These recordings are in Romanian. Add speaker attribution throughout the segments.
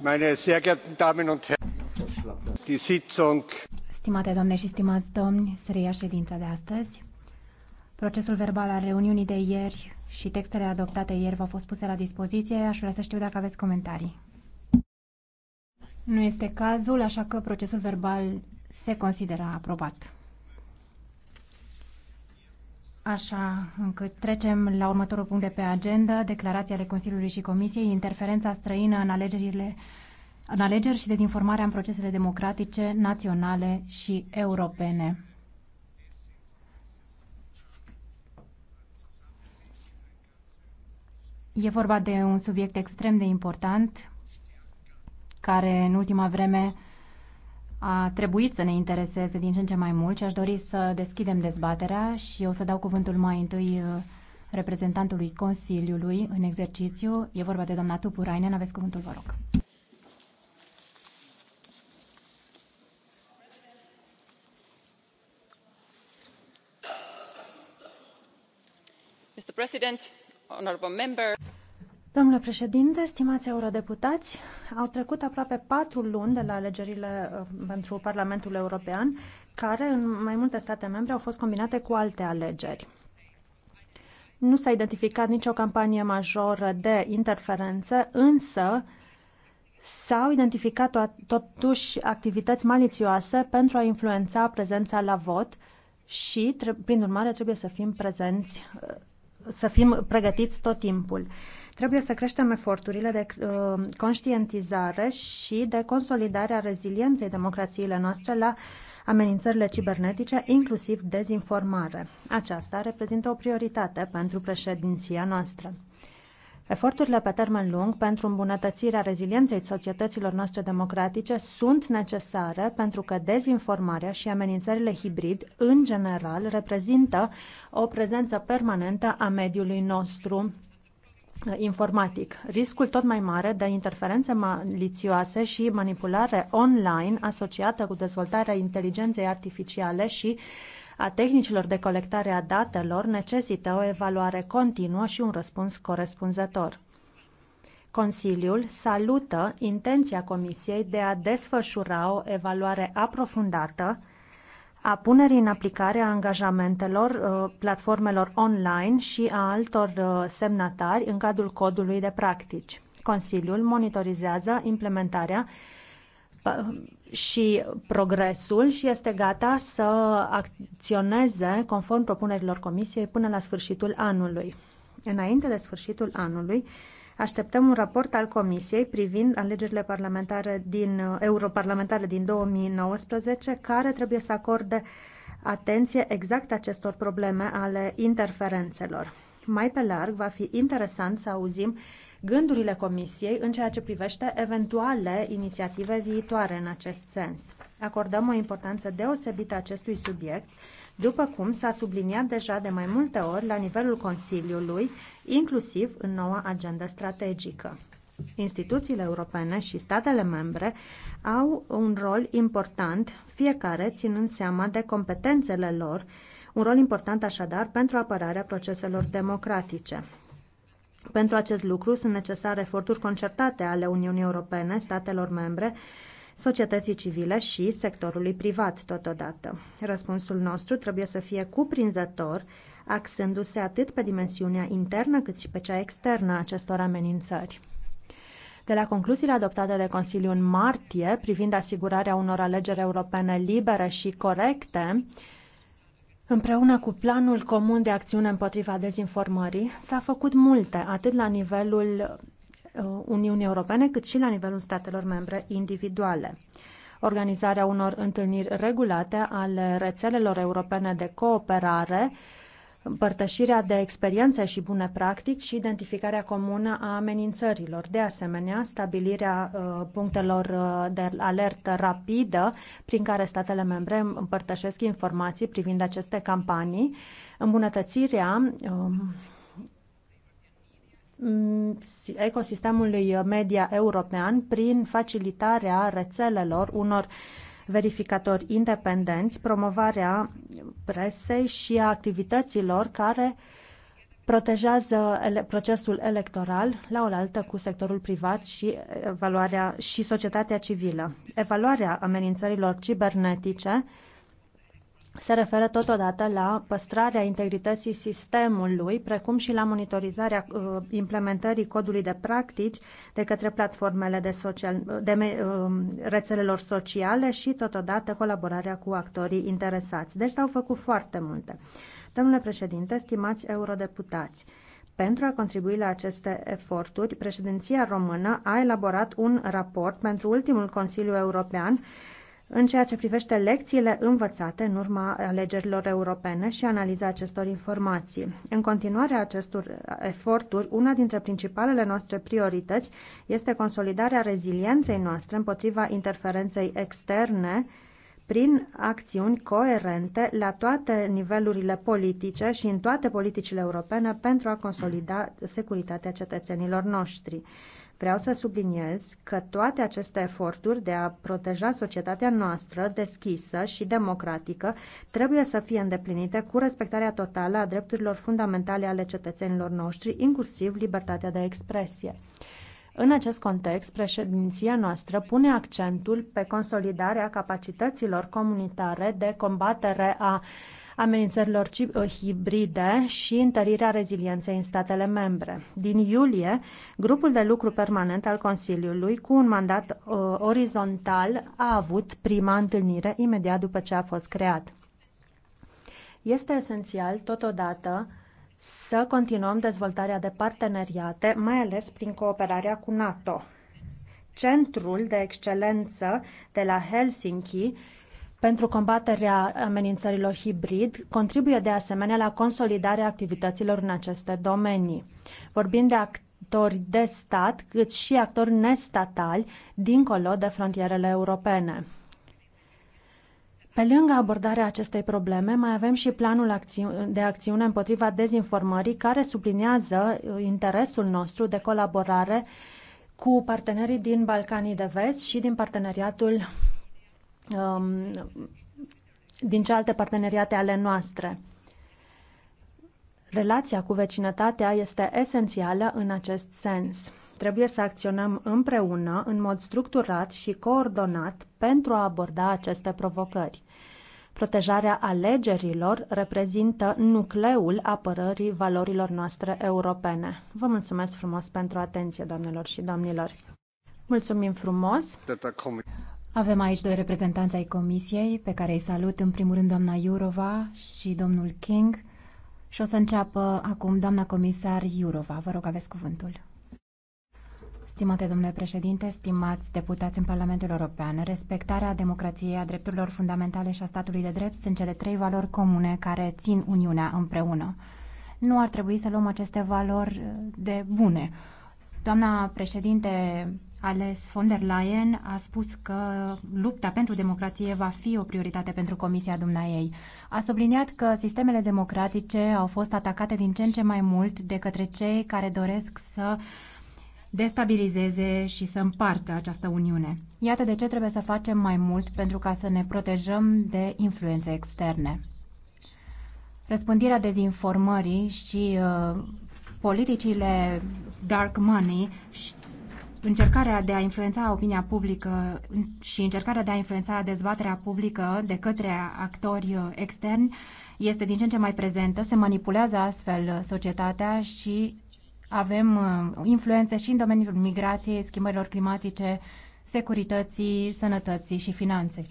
Speaker 1: Meine sehr geehrten Damen und Herren, die Sitzung.
Speaker 2: Stimate doamne și stimați domni, se reia ședința de astăzi. Procesul verbal al reuniunii de ieri și textele adoptate ieri v-au fost puse la dispoziție. Aș vrea să știu dacă aveți comentarii. Nu este cazul, așa că procesul verbal se consideră aprobat. Așa încât trecem la următorul punct de pe agenda, declarația ale Consiliului și Comisiei, interferența străină în alegerile în alegeri și dezinformarea în procesele democratice, naționale și europene. E vorba de un subiect extrem de important care în ultima vreme a trebuit să ne intereseze din ce în ce mai mult și aș dori să deschidem dezbaterea și o să dau cuvântul mai întâi uh, reprezentantului Consiliului în exercițiu. E vorba de doamna Rainen. aveți cuvântul, vă
Speaker 3: rog. Mr. President, honorable member.
Speaker 4: Domnule președinte, stimați eurodeputați, au trecut aproape patru luni de la alegerile uh, pentru Parlamentul European, care în mai multe state membre au fost combinate cu alte alegeri. Nu s-a identificat nicio campanie majoră de interferență, însă s-au identificat totuși activități malițioase pentru a influența prezența la vot și, prin urmare, trebuie să fim prezenți, uh, să fim pregătiți tot timpul. Trebuie să creștem eforturile de uh, conștientizare și de consolidare a rezilienței democrațiile noastre la amenințările cibernetice, inclusiv dezinformare. Aceasta reprezintă o prioritate pentru președinția noastră. Eforturile pe termen lung pentru îmbunătățirea rezilienței societăților noastre democratice sunt necesare pentru că dezinformarea și amenințările hibrid, în general, reprezintă o prezență permanentă a mediului nostru Uh, informatic. Riscul tot mai mare de interferențe malițioase și manipulare online asociată cu dezvoltarea inteligenței artificiale și a tehnicilor de colectare a datelor necesită o evaluare continuă și un răspuns corespunzător. Consiliul salută intenția Comisiei de a desfășura o evaluare aprofundată a punerii în aplicare a angajamentelor uh, platformelor online și a altor uh, semnatari în cadrul codului de practici. Consiliul monitorizează implementarea uh, și progresul și este gata să acționeze conform propunerilor Comisiei până la sfârșitul anului. Înainte de sfârșitul anului, Așteptăm un raport al Comisiei privind alegerile parlamentare din, uh, europarlamentare din 2019, care trebuie să acorde atenție exact acestor probleme ale interferențelor. Mai pe larg, va fi interesant să auzim gândurile Comisiei în ceea ce privește eventuale inițiative viitoare în acest sens. Acordăm o importanță deosebită acestui subiect, după cum s-a subliniat deja de mai multe ori la nivelul Consiliului inclusiv în noua agenda strategică. Instituțiile europene și statele membre au un rol important, fiecare ținând seama de competențele lor, un rol important așadar pentru apărarea proceselor democratice. Pentru acest lucru sunt necesare eforturi concertate ale Uniunii Europene, statelor membre, societății civile și sectorului privat totodată. Răspunsul nostru trebuie să fie cuprinzător, axându-se atât pe dimensiunea internă cât și pe cea externă a acestor amenințări. De la concluziile adoptate de Consiliu în martie privind asigurarea unor alegeri europene libere și corecte, Împreună cu planul comun de acțiune împotriva dezinformării, s-a făcut multe, atât la nivelul uh, Uniunii Europene, cât și la nivelul statelor membre individuale. Organizarea unor întâlniri regulate ale rețelelor europene de cooperare împărtășirea de experiențe și bune practici și identificarea comună a amenințărilor. De asemenea, stabilirea uh, punctelor uh, de alertă rapidă prin care statele membre împărtășesc informații privind aceste campanii, îmbunătățirea uh, ecosistemului media european prin facilitarea rețelelor unor uh, verificatori independenți, promovarea presei și a activităților care protejează ele procesul electoral la oaltă cu sectorul privat și evaluarea și societatea civilă. Evaluarea amenințărilor cibernetice se referă totodată la păstrarea integrității sistemului, precum și la monitorizarea uh, implementării codului de practici de către platformele de, social, de uh, rețelelor sociale și totodată colaborarea cu actorii interesați. Deci s-au făcut foarte multe. Domnule președinte, stimați eurodeputați, pentru a contribui la aceste eforturi, președinția română a elaborat un raport pentru ultimul Consiliu European uh, în ceea ce privește lecțiile învățate în urma alegerilor europene și analiza acestor informații. În continuarea acestor eforturi, una dintre principalele noastre priorități este consolidarea rezilienței noastre împotriva interferenței externe prin acțiuni coerente la toate nivelurile politice și în toate politicile europene pentru a consolida securitatea cetățenilor noștri. Vreau să subliniez că toate aceste eforturi de a proteja societatea noastră deschisă și democratică trebuie să fie îndeplinite cu respectarea totală a drepturilor fundamentale ale cetățenilor noștri, inclusiv libertatea de expresie. În acest context, președinția noastră pune accentul pe consolidarea capacităților comunitare de combatere a uh, amenințărilor uh, hibride și întărirea rezilienței în statele membre. Din iulie, grupul de lucru permanent al Consiliului, cu un mandat uh, orizontal, a avut prima întâlnire imediat după ce a fost creat. Este esențial, totodată, să continuăm dezvoltarea de parteneriate, mai ales prin cooperarea cu NATO. Centrul de excelență de la Helsinki pentru combaterea amenințărilor hibrid contribuie de asemenea la consolidarea activităților în aceste domenii. Vorbim de actori de stat, cât și actori nestatali, dincolo de frontierele europene. Pe lângă abordarea acestei probleme, mai avem și planul de acțiune împotriva dezinformării, care sublinează uh, interesul nostru de colaborare cu partenerii din Balcanii de Vest și din parteneriatul Um, din cealaltă parteneriate ale noastre. Relația cu vecinătatea este esențială în acest sens. Trebuie să acționăm împreună, în mod structurat și coordonat, pentru a aborda aceste provocări. Protejarea alegerilor reprezintă nucleul apărării valorilor noastre europene. Vă mulțumesc frumos pentru atenție, doamnelor și domnilor. Mulțumim frumos! Avem aici doi reprezentanți ai comisiei, pe care îi salut
Speaker 2: în primul rând doamna Iurova și domnul King. Și o să înceapă acum doamna comisar Iurova. Vă rog, aveți cuvântul. Stimate domnule președinte, stimați deputați în Parlamentul European, respectarea democrației, a drepturilor fundamentale și a statului de drept sunt cele trei valori comune care țin Uniunea împreună. Nu ar trebui să luăm aceste valori de bune. Doamna președinte ales von der Leyen a spus că lupta pentru democrație va fi o prioritate pentru Comisia dumneaei. A subliniat că sistemele democratice au fost atacate din ce în ce mai mult de către cei care doresc să destabilizeze și să împartă această uniune. Iată de ce trebuie să facem mai mult pentru ca să ne protejăm de influențe externe. Răspândirea dezinformării și uh, politicile dark money și încercarea de a influența opinia publică și încercarea de a influența dezbaterea publică de către actori uh, externi este din ce în ce mai prezentă, se manipulează astfel uh, societatea și avem uh, influențe și în domeniul migrației, schimbărilor climatice, securității, sănătății și finanței.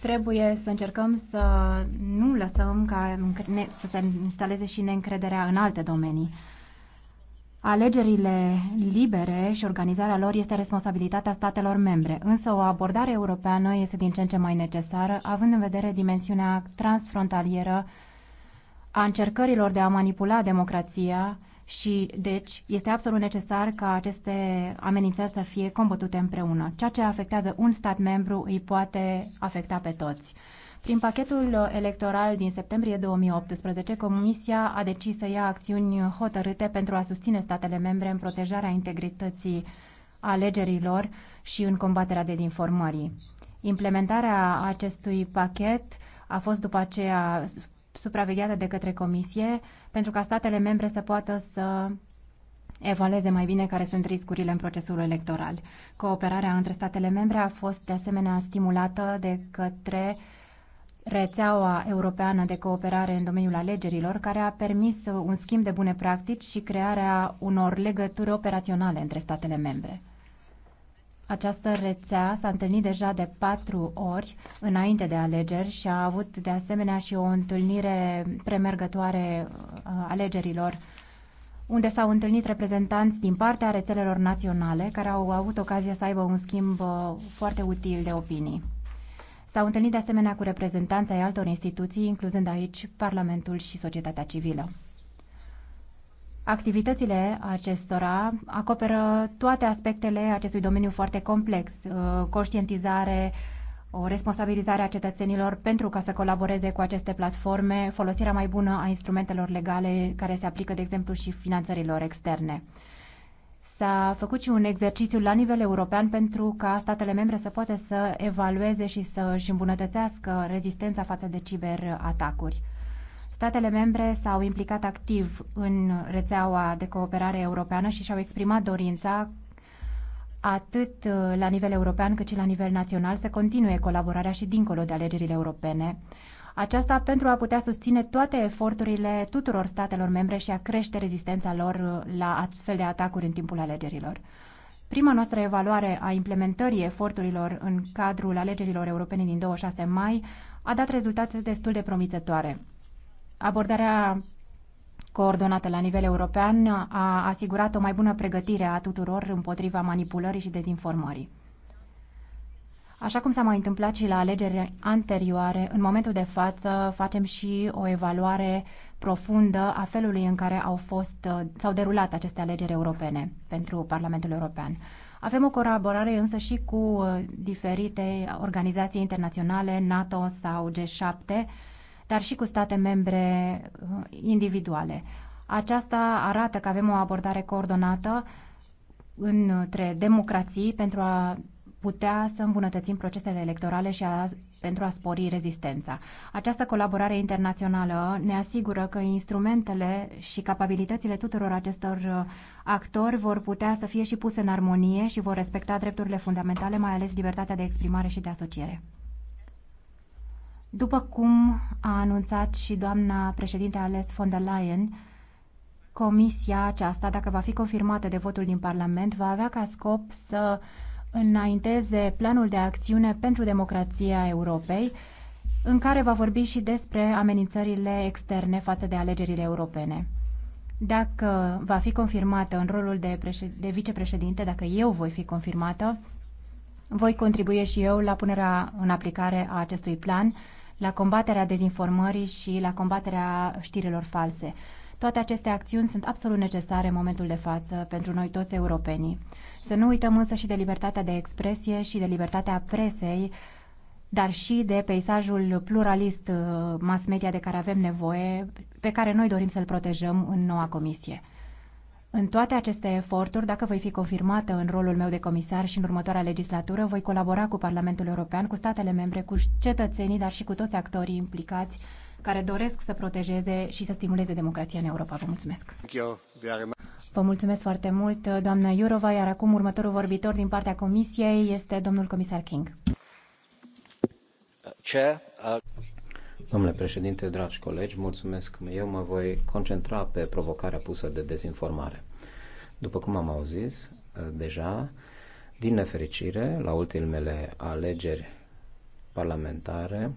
Speaker 2: Trebuie să încercăm să nu lăsăm ca să se instaleze și neîncrederea în alte domenii. Alegerile libere și organizarea lor este responsabilitatea statelor membre, însă o abordare europeană este din ce în ce mai necesară, având în vedere dimensiunea transfrontalieră a încercărilor de a manipula democrația și, deci, este absolut necesar ca aceste amenințări să fie combătute împreună. Ceea ce afectează un stat membru îi poate afecta pe toți. Prin pachetul electoral din septembrie 2018, Comisia a decis să ia acțiuni hotărâte pentru a susține statele membre în protejarea integrității alegerilor și în combaterea dezinformării. Implementarea acestui pachet a fost după aceea supravegheată de către Comisie pentru ca statele membre să poată să evalueze mai bine care sunt riscurile în procesul electoral. Cooperarea între statele membre a fost de asemenea stimulată de către uh, rețeaua europeană de cooperare în domeniul alegerilor, care a permis un schimb de bune practici și crearea unor legături operaționale între statele membre. Această rețea s-a întâlnit deja de patru ori înainte de alegeri și a avut de asemenea și o întâlnire premergătoare uh, alegerilor unde s-au întâlnit reprezentanți din partea rețelelor naționale care au avut ocazia să aibă un schimb uh, foarte util de opinii. S-au întâlnit de asemenea cu reprezentanța ai altor instituții, incluzând aici Parlamentul și societatea civilă. Activitățile acestora acoperă toate aspectele acestui domeniu foarte complex, uh, conștientizare, o responsabilizare a cetățenilor pentru ca să colaboreze cu aceste platforme, folosirea mai bună a instrumentelor legale care se aplică, de exemplu, și finanțărilor externe. S-a făcut și un exercițiu la nivel european pentru ca statele membre să poată să evalueze și să își îmbunătățească rezistența față de ciberatacuri. Statele membre s-au implicat activ în rețeaua de cooperare europeană și și-au exprimat dorința atât la nivel european cât și la nivel național să continue colaborarea și dincolo de alegerile europene aceasta pentru a putea susține toate eforturile tuturor statelor membre și a crește rezistența lor uh, la astfel de atacuri în timpul alegerilor. Prima noastră evaluare a implementării eforturilor în cadrul alegerilor europene din 26 mai a dat rezultate destul de promițătoare. Abordarea coordonată la nivel european a asigurat o mai bună pregătire a tuturor împotriva manipulării și dezinformării. Așa cum s-a mai întâmplat și la alegeri anterioare, în momentul de față facem și o evaluare profundă a felului în care au fost, s-au derulat aceste alegeri europene pentru Parlamentul European. Avem o colaborare însă și cu uh, diferite organizații internaționale, NATO sau G7, dar și cu state membre uh, individuale. Aceasta arată că avem o abordare coordonată între democrații pentru a putea să îmbunătățim procesele electorale și a, pentru a spori rezistența. Această colaborare internațională ne asigură că instrumentele și capabilitățile tuturor acestor uh, actori vor putea să fie și puse în armonie și vor respecta drepturile fundamentale, mai ales libertatea de exprimare și de asociere. După cum a anunțat și doamna președinte ales von der Leyen, Comisia aceasta, dacă va fi confirmată de votul din Parlament, va avea ca scop să înainteze planul de acțiune pentru democrația Europei, în care va vorbi și despre amenințările externe față de alegerile europene. Dacă va fi confirmată în rolul de, de vicepreședinte, dacă eu voi fi confirmată, voi contribuie și eu la punerea în aplicare a acestui plan, la combaterea dezinformării și la combaterea știrilor false. Toate aceste acțiuni sunt absolut necesare în momentul de față pentru noi toți europenii. Să nu uităm însă și de libertatea de expresie și de libertatea presei, dar și de peisajul pluralist uh, mass media de care avem nevoie, pe care noi dorim să-l protejăm în noua comisie. În toate aceste eforturi, dacă voi fi confirmată în rolul meu de comisar și în următoarea legislatură, voi colabora cu Parlamentul European, cu statele membre, cu cetățenii, dar și cu toți actorii implicați care doresc să protejeze și să stimuleze democrația în Europa. Vă mulțumesc! Vă mulțumesc foarte mult, doamna Iurova, iar acum următorul vorbitor din partea Comisiei este domnul comisar King.
Speaker 5: Ce? Uh, Domnule președinte, dragi colegi, mulțumesc. Eu mă voi concentra pe provocarea pusă de dezinformare. După cum am auzit uh, deja, din nefericire, la ultimele alegeri parlamentare,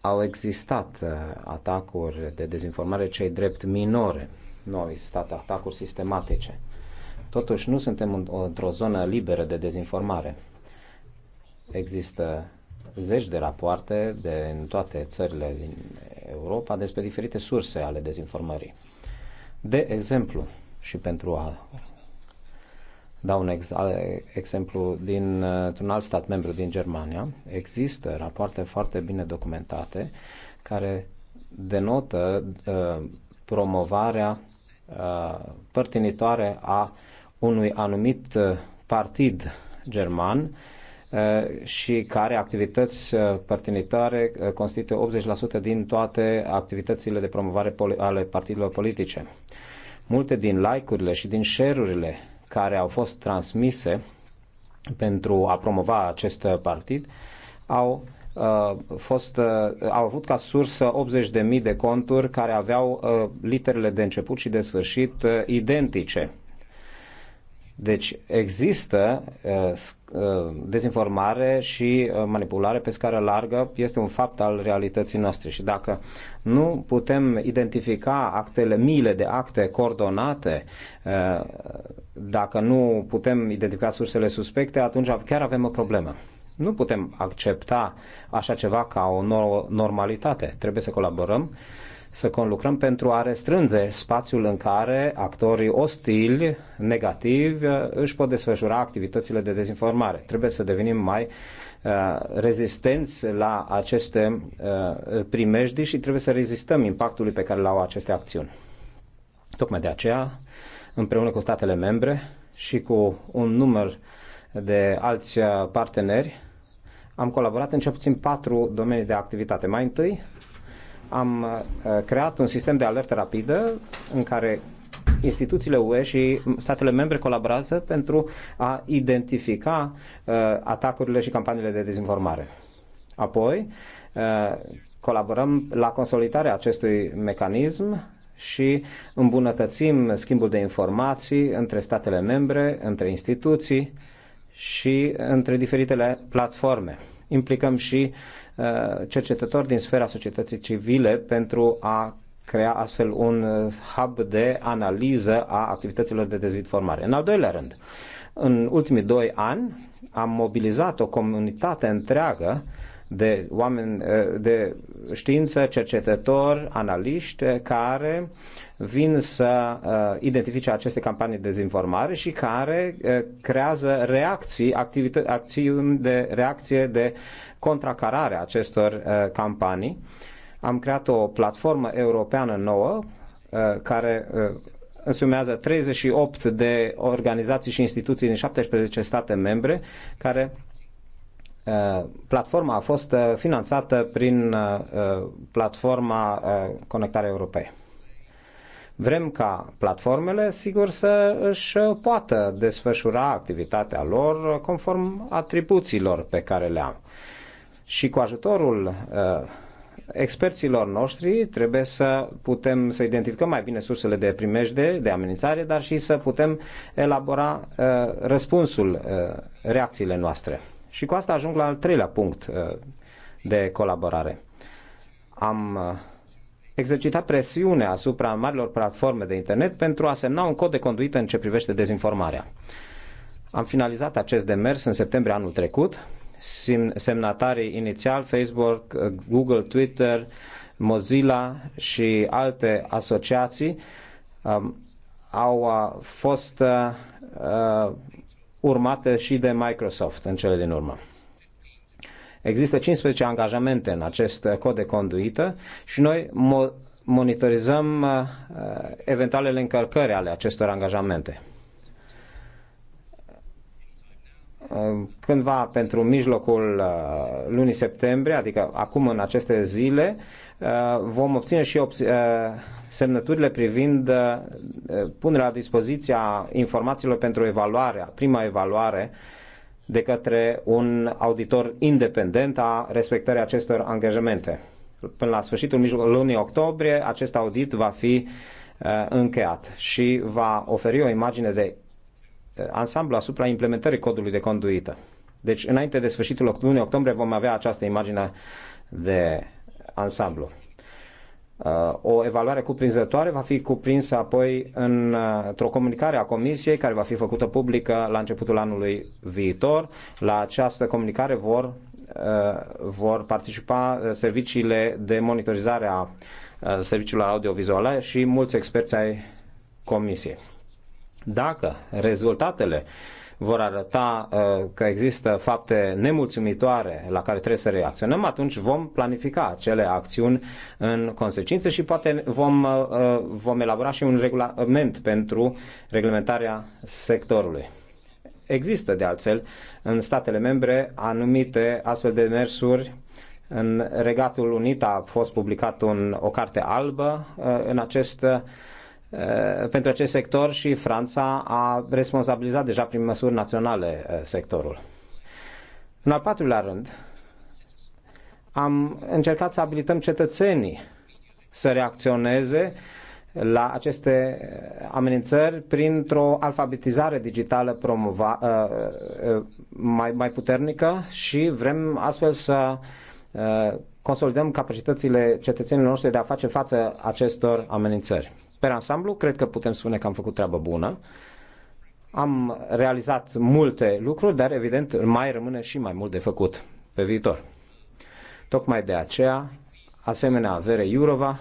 Speaker 5: au existat uh, atacuri de dezinformare cei drept minore noi state, atacuri sistematice. Totuși, nu suntem într-o zonă liberă de dezinformare. Există zeci de rapoarte de, în toate țările din Europa despre diferite surse ale dezinformării. De exemplu, și pentru a da un ex- exemplu din un alt stat membru din Germania, există rapoarte foarte bine documentate care denotă uh, promovarea Uh, părtinitoare a unui anumit uh, partid german uh, și care activități părtinitare constituie 80% din toate activitățile de promovare ale partidelor politice. Multe din like-urile și din share-urile care au fost transmise pentru a promova acest partid au Uh, fost, uh, au avut ca sursă 80.000 de conturi care aveau uh, literele de început și de sfârșit identice. Deci există dezinformare și manipulare pe scară largă, este un fapt al realității noastre și dacă nu putem identifica actele, miile de acte coordonate, dacă nu putem identifica sursele suspecte, atunci chiar avem o problemă. Nu putem accepta așa ceva ca o nouă normalitate. Trebuie să colaborăm, să conlucrăm pentru a restrânge spațiul în care actorii ostili, negativi, își pot desfășura activitățile de dezinformare. Trebuie să devenim mai uh, rezistenți la aceste uh, primejdii și trebuie să rezistăm impactului pe care l-au aceste acțiuni. Tocmai de aceea, împreună cu statele membre și cu un număr de alți uh, parteneri, am colaborat în cel puțin patru domenii de activitate. Mai întâi, am uh, creat un sistem de alertă rapidă în care instituțiile UE și statele membre colaborează pentru a identifica uh, atacurile și campaniile de dezinformare. Apoi, uh, colaborăm la consolidarea acestui mecanism și îmbunătățim schimbul de informații între statele membre, între instituții, uh, și între diferitele platforme. Implicăm și uh, cercetători din sfera societății civile pentru a crea astfel un uh, hub de analiză a activităților de formare. În al doilea rând, în ultimii doi ani am mobilizat o comunitate întreagă de oameni eh, de știință, cercetători, analiști eh, care vin să eh, identifice aceste campanii de dezinformare și care creează reacții, acțiuni de reacție de contracarare a acestor campanii. Am creat o platformă europeană nouă care însumează 38 de organizații și instituții din 17 state membre care Uh, platforma a fost uh, finanțată prin uh, platforma Conectarea Europei. Vrem ca platformele, sigur, să își poată desfășura activitatea lor conform atribuțiilor pe care le au. Și cu ajutorul experților noștri trebuie să putem să identificăm mai bine sursele de primejde, de amenințare, dar și să putem elabora răspunsul, reacțiile noastre. Și cu asta ajung la al treilea punct uh, de colaborare. Am uh, exercitat presiune asupra marilor platforme de internet pentru a semna un cod de conduită în ce privește dezinformarea. Am finalizat acest demers în septembrie anul trecut. Semnatarii inițial Facebook, uh, Google, Twitter, Mozilla și alte asociații um, au fost uh, urmate și de Microsoft în cele din urmă. Există 15 angajamente în acest cod de conduită și noi mo- monitorizăm uh, uh eventualele încălcări ale acestor angajamente. Uh, cândva pentru mijlocul uh, lunii septembrie, adică acum în aceste zile, Uh, vom obține și uh, semnăturile privind uh, punerea la dispoziția informațiilor pentru evaluarea, prima evaluare de către un auditor independent a respectării acestor angajamente. Până la sfârșitul lunii octombrie, acest audit va fi încheiat și va oferi o imagine de ansamblu asupra implementării codului de conduită. Deci, înainte de sfârșitul lunii octombrie vom avea această imagine de ansamblu. Uh, o evaluare cuprinzătoare va fi cuprinsă apoi uh, într-o comunicare a Comisiei care va fi făcută publică la începutul anului viitor. La această comunicare vor, uh, vor participa serviciile de monitorizare a serviciilor audiovizuale și mulți experți ai Comisiei. Dacă rezultatele uh, vor arăta uh, că există fapte nemulțumitoare la care trebuie să reacționăm, atunci vom planifica acele acțiuni în consecință și poate vom, uh, uh, vom elabora și un regulament pentru reglementarea sectorului. Există, de altfel, în statele membre anumite astfel de mersuri în Regatul Unit a fost publicat un, o carte albă în acest Uh, pentru acest sector și Franța a responsabilizat deja prin măsuri naționale uh, sectorul. În al patrulea rând, am încercat să abilităm cetățenii să reacționeze la aceste uh, amenințări printr-o alfabetizare digitală promova, mai, mai puternică și vrem astfel să consolidăm capacitățile cetățenilor noștri de a face față acestor amenințări. Per ansamblu, cred că putem spune că am făcut treabă bună. Am realizat multe lucruri, dar evident mai rămâne și mai mult de făcut pe viitor. Tocmai de aceea, asemenea Vere Iurova,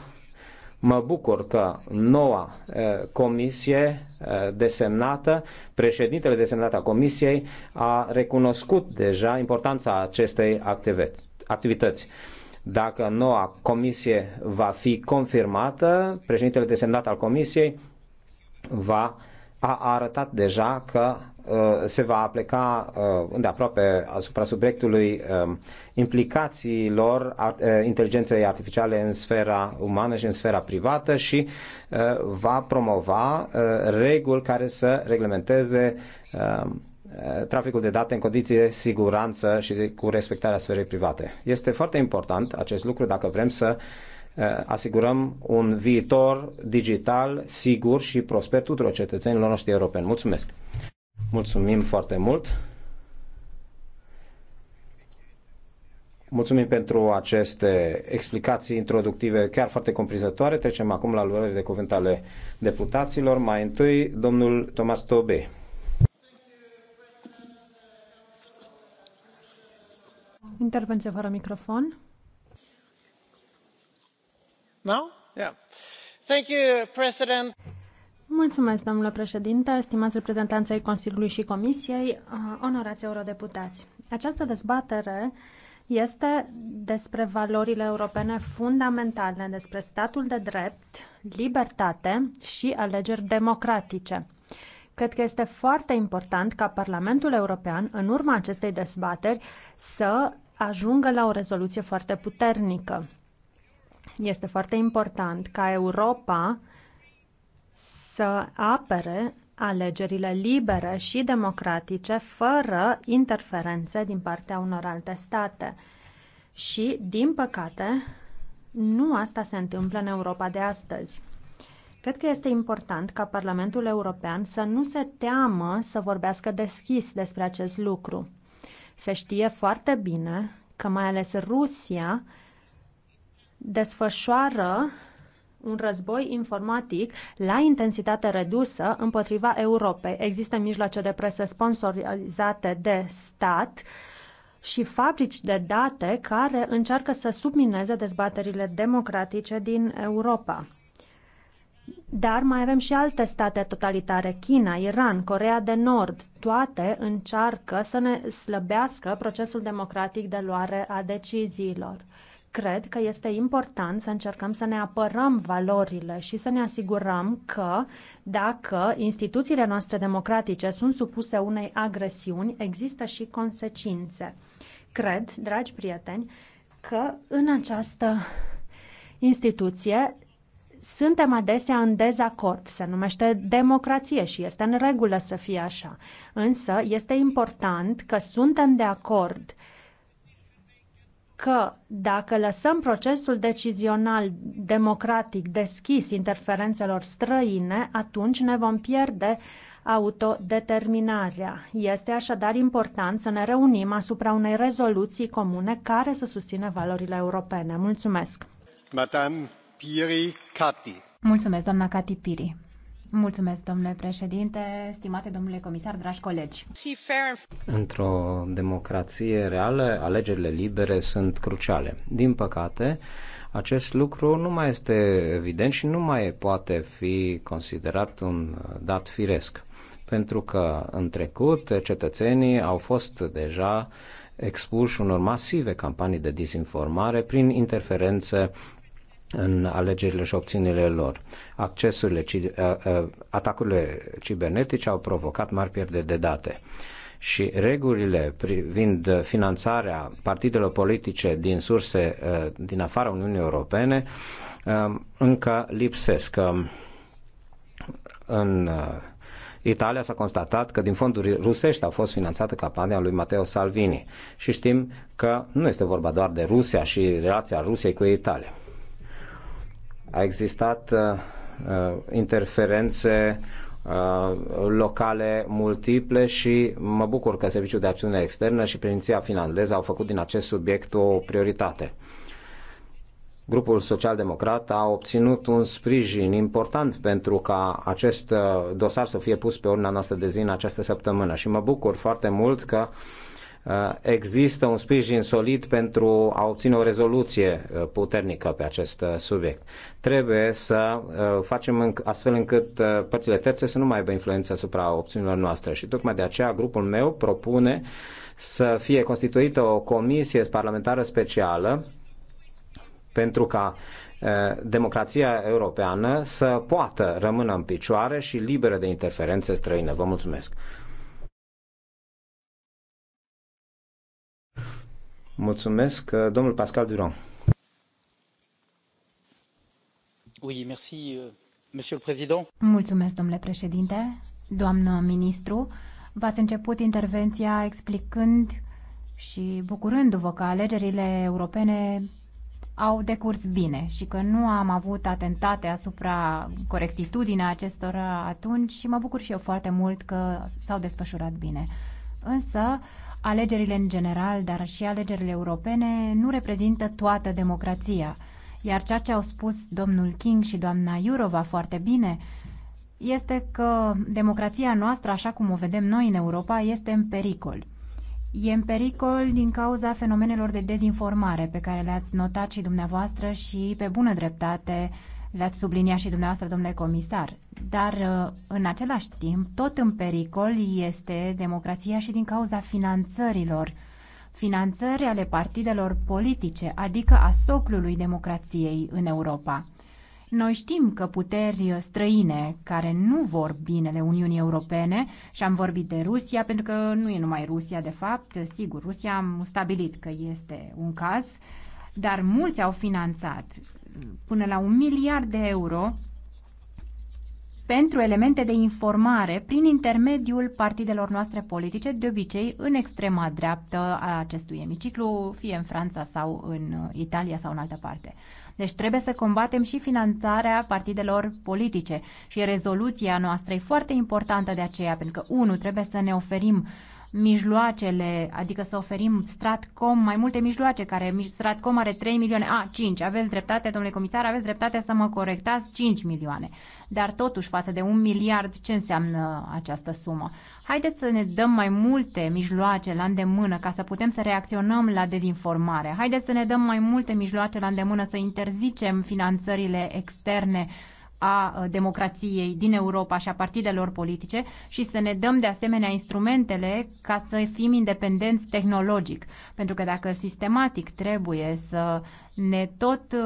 Speaker 5: mă bucur că noua eh, comisie eh, desemnată, președintele desemnat a comisiei, a recunoscut deja importanța acestei activități dacă noua comisie va fi confirmată, președintele desemnat al comisiei va a arătat deja că uh, se va aplica uh, îndeaproape asupra subiectului um, implicațiilor uh, inteligenței artificiale în sfera umană și în sfera privată și va promova reguli care să reglementeze um, Eh, traficul de date în condiții de siguranță și cu respectarea sferei private. Este foarte important acest lucru dacă vrem să eh, asigurăm un viitor digital sigur și prosper tuturor cetățenilor noștri europeni. Mulțumesc! Mulțumim foarte mult! Mulțumim pentru aceste explicații introductive chiar foarte comprinzătoare. Trecem acum la luările de cuvânt ale deputaților. Mai întâi, domnul Tomas Tobe.
Speaker 4: Intervenție fără microfon.
Speaker 3: Now? Yeah. Thank you, President.
Speaker 4: Mulțumesc, domnule președinte, stimați reprezentanți ai Consiliului și Comisiei, uh, onorați eurodeputați. Această dezbatere este despre valorile europene fundamentale, despre statul de drept, libertate și alegeri democratice. Cred că este foarte important ca Parlamentul European, în urma acestei dezbateri, să ajungă la o rezoluție foarte puternică. Este foarte important ca Europa să apere alegerile libere și democratice, fără interferențe din partea unor alte state. Și, din păcate, nu asta se întâmplă în Europa de astăzi. Cred că este important ca Parlamentul European să nu se teamă să vorbească deschis despre acest lucru. Se știe foarte bine că mai ales Rusia desfășoară un război informatic la intensitate redusă împotriva Europei. Există mijloace de presă sponsorizate de stat și fabrici de date care încearcă să submineze dezbaterile democratice din Europa. Dar mai avem și alte state totalitare, China, Iran, Corea de Nord, toate încearcă să ne slăbească procesul democratic de luare a deciziilor. Cred că este important să încercăm să ne apărăm valorile și să ne asigurăm că dacă instituțiile noastre democratice sunt supuse unei agresiuni, există și consecințe. Cred, dragi prieteni, că în această instituție suntem adesea în dezacord. Se numește democrație și este în regulă să fie așa. Însă este important că suntem de acord că dacă lăsăm procesul decizional democratic deschis interferențelor străine, atunci ne vom pierde autodeterminarea. Este așadar important să ne reunim asupra unei rezoluții comune care să susțină valorile europene. Mulțumesc!
Speaker 1: Madame Piri Cati.
Speaker 2: Mulțumesc, doamna Cati Piri. Mulțumesc, domnule președinte, stimate domnule comisar, dragi colegi.
Speaker 5: Într-o democrație reală, alegerile libere sunt cruciale. Din păcate, acest lucru nu mai este evident și nu mai poate fi considerat un dat firesc. Pentru că în trecut cetățenii au fost deja expuși unor masive campanii de dezinformare prin interferențe în alegerile și opțiunile lor. Accesurile, atacurile cibernetice au provocat mari pierderi de date și regulile privind finanțarea partidelor politice din surse din afara Uniunii Europene încă lipsesc. În Italia s-a constatat că din fonduri rusești a fost finanțată campania lui Matteo Salvini și știm că nu este vorba doar de Rusia și relația Rusiei cu Italia. A existat uh, uh, interferențe uh, locale multiple și mă bucur că Serviciul de Acțiune Externă și prinția finlandeză au făcut din acest subiect o prioritate. Grupul Social-Democrat a obținut un sprijin important pentru ca acest dosar să fie pus pe ordinea noastră de zi în această săptămână și mă bucur foarte mult că uh, Uh, există un sprijin solid pentru a obține o rezoluție uh, puternică pe acest uh, subiect. Trebuie să facem astfel încât părțile terțe să nu mai aibă influență asupra opțiunilor noastre și tocmai de aceea grupul meu propune să fie constituită o comisie parlamentară specială pentru ca democrația europeană să poată rămână în picioare și liberă de interferențe străine. Vă mulțumesc! Mulțumesc, uh, domnul Pascal Durand. Oui, merci, euh,
Speaker 6: monsieur le président.
Speaker 2: Mulțumesc, domnule președinte, doamnă ministru. V-ați început intervenția explicând și bucurându-vă că alegerile europene au decurs bine și că nu am avut atentate asupra corectitudinea acestora atunci și mă bucur și eu foarte mult că s-au desfășurat bine. Însă Alegerile în general, dar și alegerile europene, nu reprezintă toată democrația. Iar ceea ce au spus domnul King și doamna Iurova foarte bine este că democrația noastră, așa cum o vedem noi în Europa, este în pericol. E în pericol din cauza fenomenelor de dezinformare pe care le-ați notat și dumneavoastră și pe bună dreptate le-ați subliniat și dumneavoastră, domnule comisar. Dar, uh, în același timp, tot în pericol este democrația și din cauza finanțărilor. Finanțări ale partidelor politice, adică a soclului democrației în Europa. Noi știm că puteri străine care nu vor binele Uniunii Europene, și am vorbit de Rusia, pentru că nu e numai Rusia, de fapt, sigur, Rusia am stabilit că este un caz, dar mulți au finanțat până la un miliard de euro pentru elemente de informare prin intermediul partidelor noastre politice, de obicei în extrema dreaptă a acestui emiciclu, fie în Franța sau în Italia sau în altă parte. Deci trebuie să combatem și finanțarea partidelor politice și rezoluția noastră e foarte importantă de aceea, pentru că, unu, trebuie să ne oferim uh, mijloacele, adică să oferim Stratcom mai multe mijloace, care Stratcom are 3 milioane, a, 5, aveți dreptate, domnule comisar, aveți dreptate să mă corectați, 5 milioane. Dar totuși, față de un miliard, ce înseamnă această sumă? Haideți să ne dăm mai multe mijloace la îndemână ca să putem să reacționăm la dezinformare. Haideți să ne dăm mai multe mijloace la îndemână să interzicem finanțările externe a uh, democrației din Europa și a partidelor politice și să ne dăm de asemenea instrumentele ca să fim independenți tehnologic. Pentru că dacă sistematic trebuie să ne tot uh,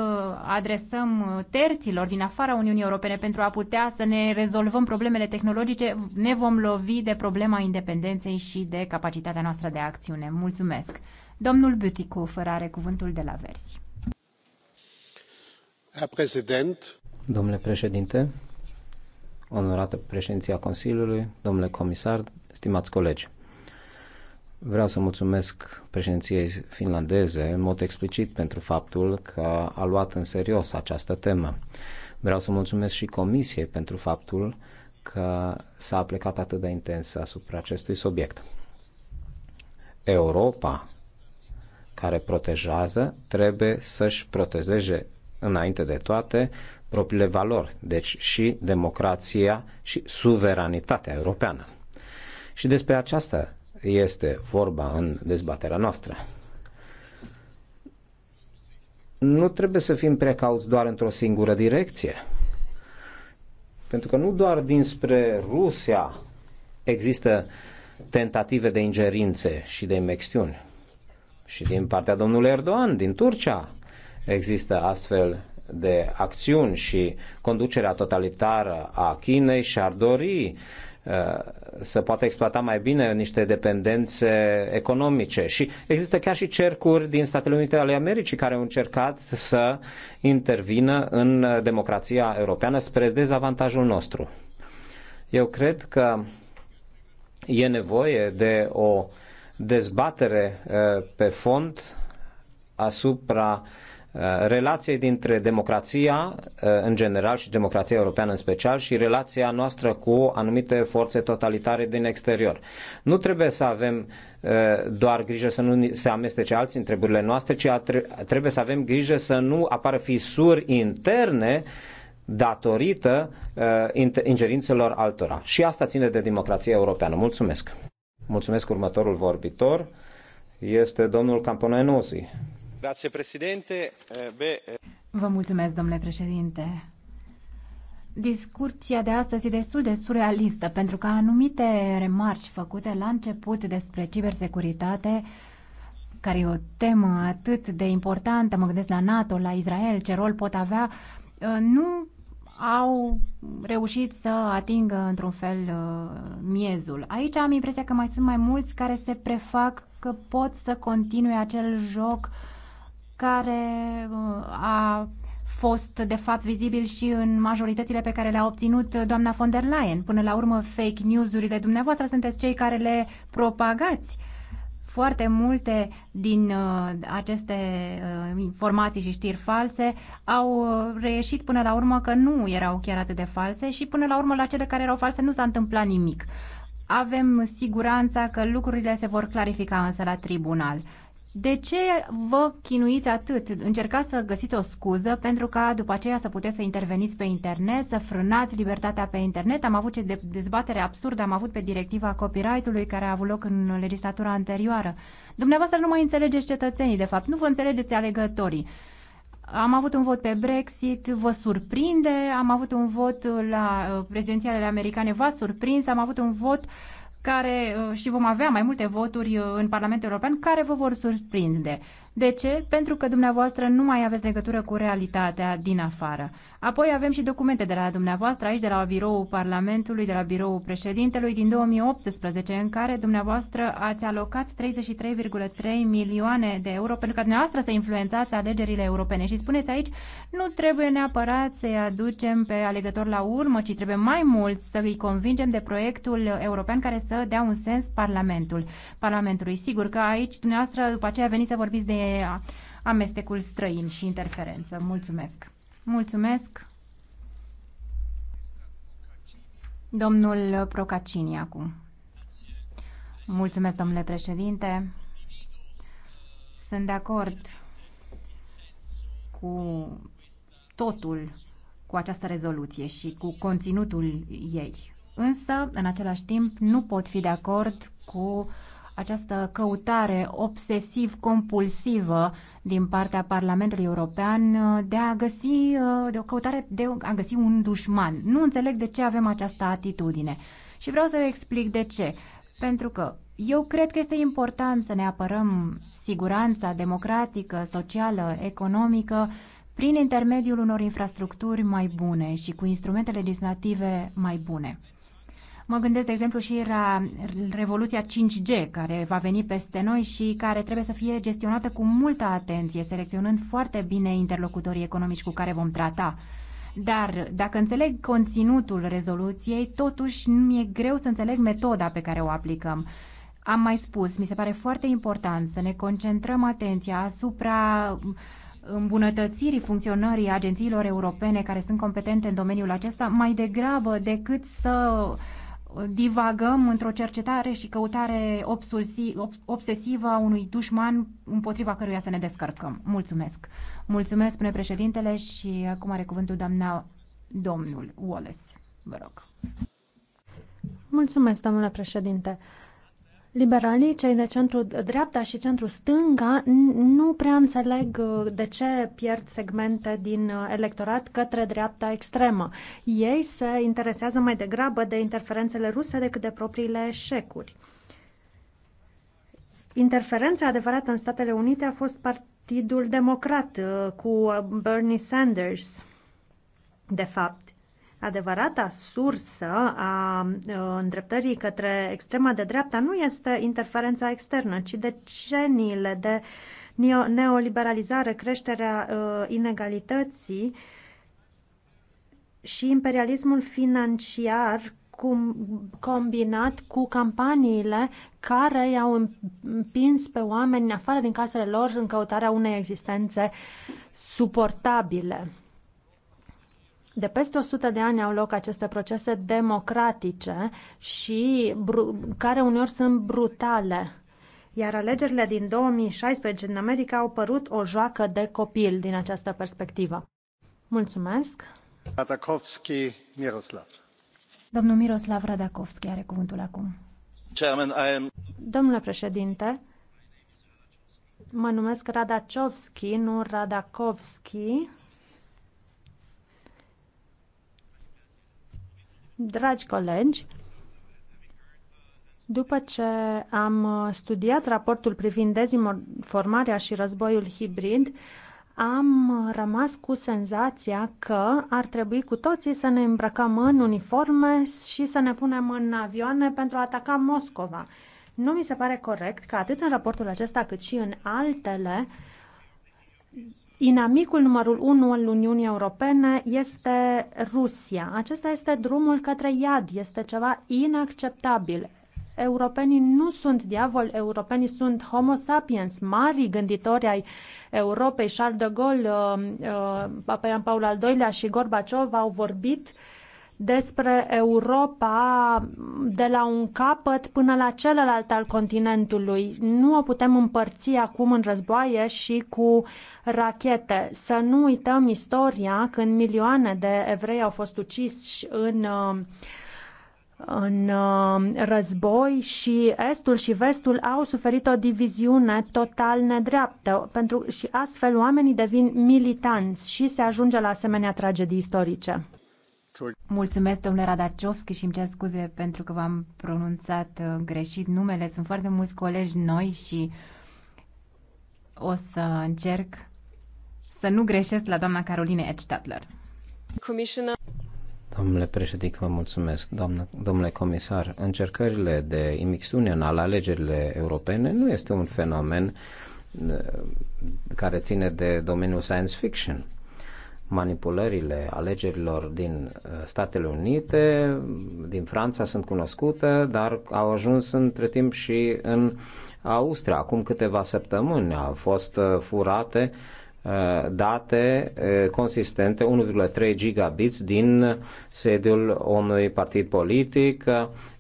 Speaker 2: adresăm uh, terților din afara Uniunii Europene pentru a putea să ne rezolvăm problemele tehnologice, ne vom lovi de problema independenței și de capacitatea noastră de acțiune. Mulțumesc! Domnul Buticu, fără are cuvântul de la versi.
Speaker 1: Herr Präsident! Domnule
Speaker 5: președinte, onorată președinția Consiliului, domnule comisar, stimați colegi, vreau să mulțumesc președinției finlandeze în mod explicit pentru faptul că a luat în serios această temă. Vreau să mulțumesc și comisiei pentru faptul că s-a aplicat atât de intens asupra acestui subiect. Europa care protejează trebuie să-și protejeze înainte de toate propriile valori, deci și democrația și suveranitatea europeană. Și despre aceasta este vorba în dezbaterea noastră. Nu trebuie să fim precauți doar într-o singură direcție. Pentru că nu doar dinspre Rusia există tentative de ingerințe și de imexiuni. Și din partea domnului Erdogan, din Turcia, Există astfel de acțiuni și conducerea totalitară a Chinei și-ar dori uh, să poată exploata mai bine niște dependențe economice. Și există chiar și cercuri din Statele Unite ale Americii care au încercat să intervină în democrația europeană spre dezavantajul nostru. Eu cred că e nevoie de o dezbatere uh, pe fond asupra uh, Uh, relației dintre democrația uh, în general și democrația europeană în special și relația noastră cu anumite forțe totalitare din exterior. Nu trebuie să avem uh, doar grijă să nu se amestece alții în treburile noastre, ci trebuie să avem grijă să nu apară fisuri interne datorită ingerințelor altora. Și asta ține de democrația europeană. Mulțumesc! Mulțumesc următorul vorbitor este domnul Camponenusi
Speaker 1: Eh, eh,
Speaker 2: Vă mulțumesc, domnule președinte. Discuția de astăzi e destul de surrealistă, pentru că anumite remarci făcute la început despre cibersecuritate, care e o temă atât de importantă, mă gândesc la NATO, la Israel, ce rol pot avea, uh, nu au reușit să atingă într-un fel uh, miezul. Aici am impresia că mai sunt mai mulți care se prefac că pot să continue acel joc uh, care uh, a fost, de fapt, vizibil și în majoritățile pe care le-a obținut doamna von der Leyen. Până la urmă, fake news-urile dumneavoastră sunteți cei care le propagați. Foarte multe din uh, aceste uh, informații și știri false au uh, reieșit până la urmă că nu erau chiar atât de false și până la urmă la cele care erau false nu s-a întâmplat nimic. Avem siguranța că lucrurile se vor clarifica însă la tribunal de ce vă chinuiți atât? Încercați să găsiți o scuză pentru ca după aceea să puteți să interveniți pe internet, să frânați libertatea pe internet. Am avut ce dezbatere absurdă am avut pe directiva copyright-ului care a avut loc în legislatura anterioară. Dumneavoastră nu mai înțelegeți cetățenii, de fapt. Nu vă înțelegeți alegătorii. Am avut un vot pe Brexit, vă surprinde, am avut un vot la uh, prezidențialele americane, v-a surprins, am avut un vot uh, care uh, și vom avea mai multe voturi uh, în Parlamentul European care vă vor surprinde. De ce? Pentru că dumneavoastră nu mai aveți legătură cu realitatea din afară. Apoi avem și documente de la dumneavoastră aici, de la biroul Parlamentului, de la biroul președintelui din 2018, în care dumneavoastră ați alocat 33,3 milioane de euro pentru ca dumneavoastră să influențați alegerile europene. Și spuneți aici, nu trebuie neapărat să-i aducem pe alegător la urmă, ci trebuie mai mult să îi convingem de proiectul european care să dea un sens Parlamentul, Parlamentului. Sigur că aici dumneavoastră după aceea veniți să vorbiți de amestecul străin și interferență. Mulțumesc! Mulțumesc. Domnul Procacini acum. Mulțumesc, domnule președinte. Sunt de acord cu totul cu această rezoluție și cu conținutul ei. Însă, în același timp, nu pot fi de acord cu această căutare obsesiv-compulsivă din partea Parlamentului European uh, de a găsi, uh, de o căutare de a găsi un dușman. Nu înțeleg de ce avem această atitudine. Și vreau să vă explic de ce. Pentru că eu cred că este important să ne apărăm siguranța democratică, socială, economică, prin intermediul unor infrastructuri mai bune și cu instrumente legislative mai bune. Mă gândesc, de exemplu, și la revoluția 5G, care va veni peste noi și care trebuie să fie gestionată cu multă atenție, selecționând foarte bine interlocutorii economici cu care vom trata. Dar, dacă înțeleg conținutul rezoluției, totuși mi-e greu să înțeleg metoda pe care o aplicăm. Am mai spus, mi se pare foarte important să ne concentrăm atenția asupra îmbunătățirii funcționării agențiilor europene care sunt competente în domeniul acesta mai degrabă decât să divagăm într-o cercetare și căutare obsesivă a unui dușman împotriva căruia să ne descărcăm. Mulțumesc. Mulțumesc, spune președintele, și acum are cuvântul doamna domnul Wallace. Vă rog.
Speaker 4: Mulțumesc, domnule președinte. Liberalii, cei de centru-dreapta și centru-stânga, nu prea înțeleg uh, de ce pierd segmente din uh, electorat către dreapta extremă. Ei se interesează mai degrabă de interferențele ruse decât de propriile eșecuri. Interferența adevărată în Statele Unite a fost Partidul Democrat uh, cu Bernie Sanders de fapt. Adevărata sursă a uh, îndreptării către extrema de dreapta nu este interferența externă, ci deceniile de neoliberalizare, creșterea uh, inegalității și imperialismul financiar cum, combinat cu campaniile care i-au împins pe oameni afară din casele lor în căutarea unei existențe suportabile. De peste 100 de ani au loc aceste procese democratice și care uneori sunt brutale. Iar alegerile din 2016 în America au părut o joacă de copil din această perspectivă. Mulțumesc!
Speaker 1: Radakovski Miroslav.
Speaker 4: Domnul Miroslav Radakovski are cuvântul acum.
Speaker 1: Chairman, I am...
Speaker 4: Domnule președinte, mă numesc Radakovski, nu Radakovski. Dragi colegi, după ce am studiat raportul privind dezinformarea și războiul hibrid, am rămas cu senzația că ar trebui cu toții să ne îmbrăcăm în uniforme și să ne punem în avioane pentru a ataca Moscova. Nu mi se pare corect că atât în raportul acesta cât și în altele Inamicul numărul 1 al Uniunii Europene este Rusia. Acesta este drumul către iad, este ceva inacceptabil. Europenii nu sunt diavol, europenii sunt homo sapiens, mari gânditori ai Europei. Charles de Gaulle, uh, uh, Papa Ioan Paul al II-lea și Gorbaciov au vorbit uh, despre Europa de la un capăt până la celălalt al continentului. Nu o putem împărți acum în războaie și cu rachete. Să nu uităm istoria când milioane de evrei au fost uciși în în război și estul și vestul au suferit o diviziune total nedreaptă pentru, și astfel oamenii devin militanți și se ajunge la asemenea tragedii istorice.
Speaker 2: Mulțumesc, domnule Radaciovski, și îmi cer scuze pentru că v-am pronunțat uh, greșit numele. Sunt foarte mulți colegi noi și o să încerc să nu greșesc la doamna Caroline Edstadler. Commissioner.
Speaker 5: Domnule președinte, vă mulțumesc. Doamnă, domnule comisar, încercările de imixtiune în al alegerile europene nu este un fenomen uh, care ține de domeniul science fiction manipulările alegerilor din uh, Statele Unite, din Franța sunt cunoscute, dar au ajuns între timp și în Austria. Acum câteva săptămâni au fost uh, furate uh, date consistente 1,3 gigabits din sediul unui partid politic,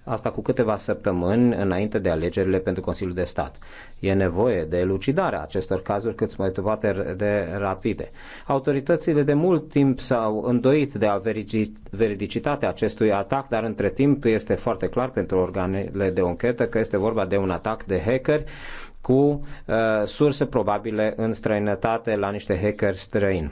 Speaker 5: asta cu câteva săptămâni înainte de alegerile pentru Consiliul de Stat. E nevoie de elucidarea acestor cazuri cât mai toate de rapide. Autoritățile de mult timp s-au îndoit de a veridicitatea acestui atac, dar între timp este foarte clar pentru organele de închetă că este vorba de un atac de hackeri cu uh, surse probabile în străinătate la niște hackeri străini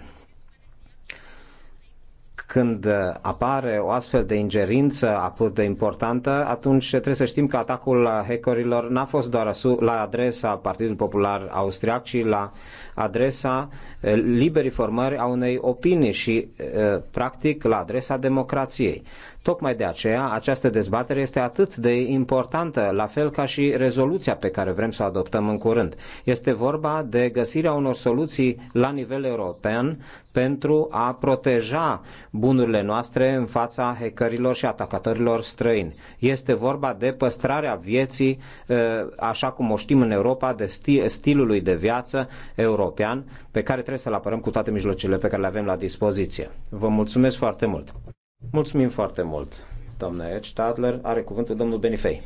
Speaker 5: când uh, apare o astfel de ingerință atât de importantă, atunci trebuie să știm că atacul hackerilor n-a fost doar la adresa Partidului Popular Austriac, ci la adresa uh, liberii formări a unei opinii și, uh, practic, la adresa democrației. Tocmai de aceea, această dezbatere este atât de importantă, la fel ca și rezoluția pe care vrem să o adoptăm în curând. Este vorba de găsirea unor soluții la nivel european pentru a proteja bunurile noastre în fața hackerilor și atacatorilor străini. Este vorba de păstrarea vieții, ă, așa cum o știm în Europa, de stilului de viață european, pe care trebuie să-l apărăm cu toate mijlocele pe care le avem la dispoziție. Vă mulțumesc foarte mult! Mulțumim foarte mult, doamna Stadler. Are cuvântul domnul Benifei.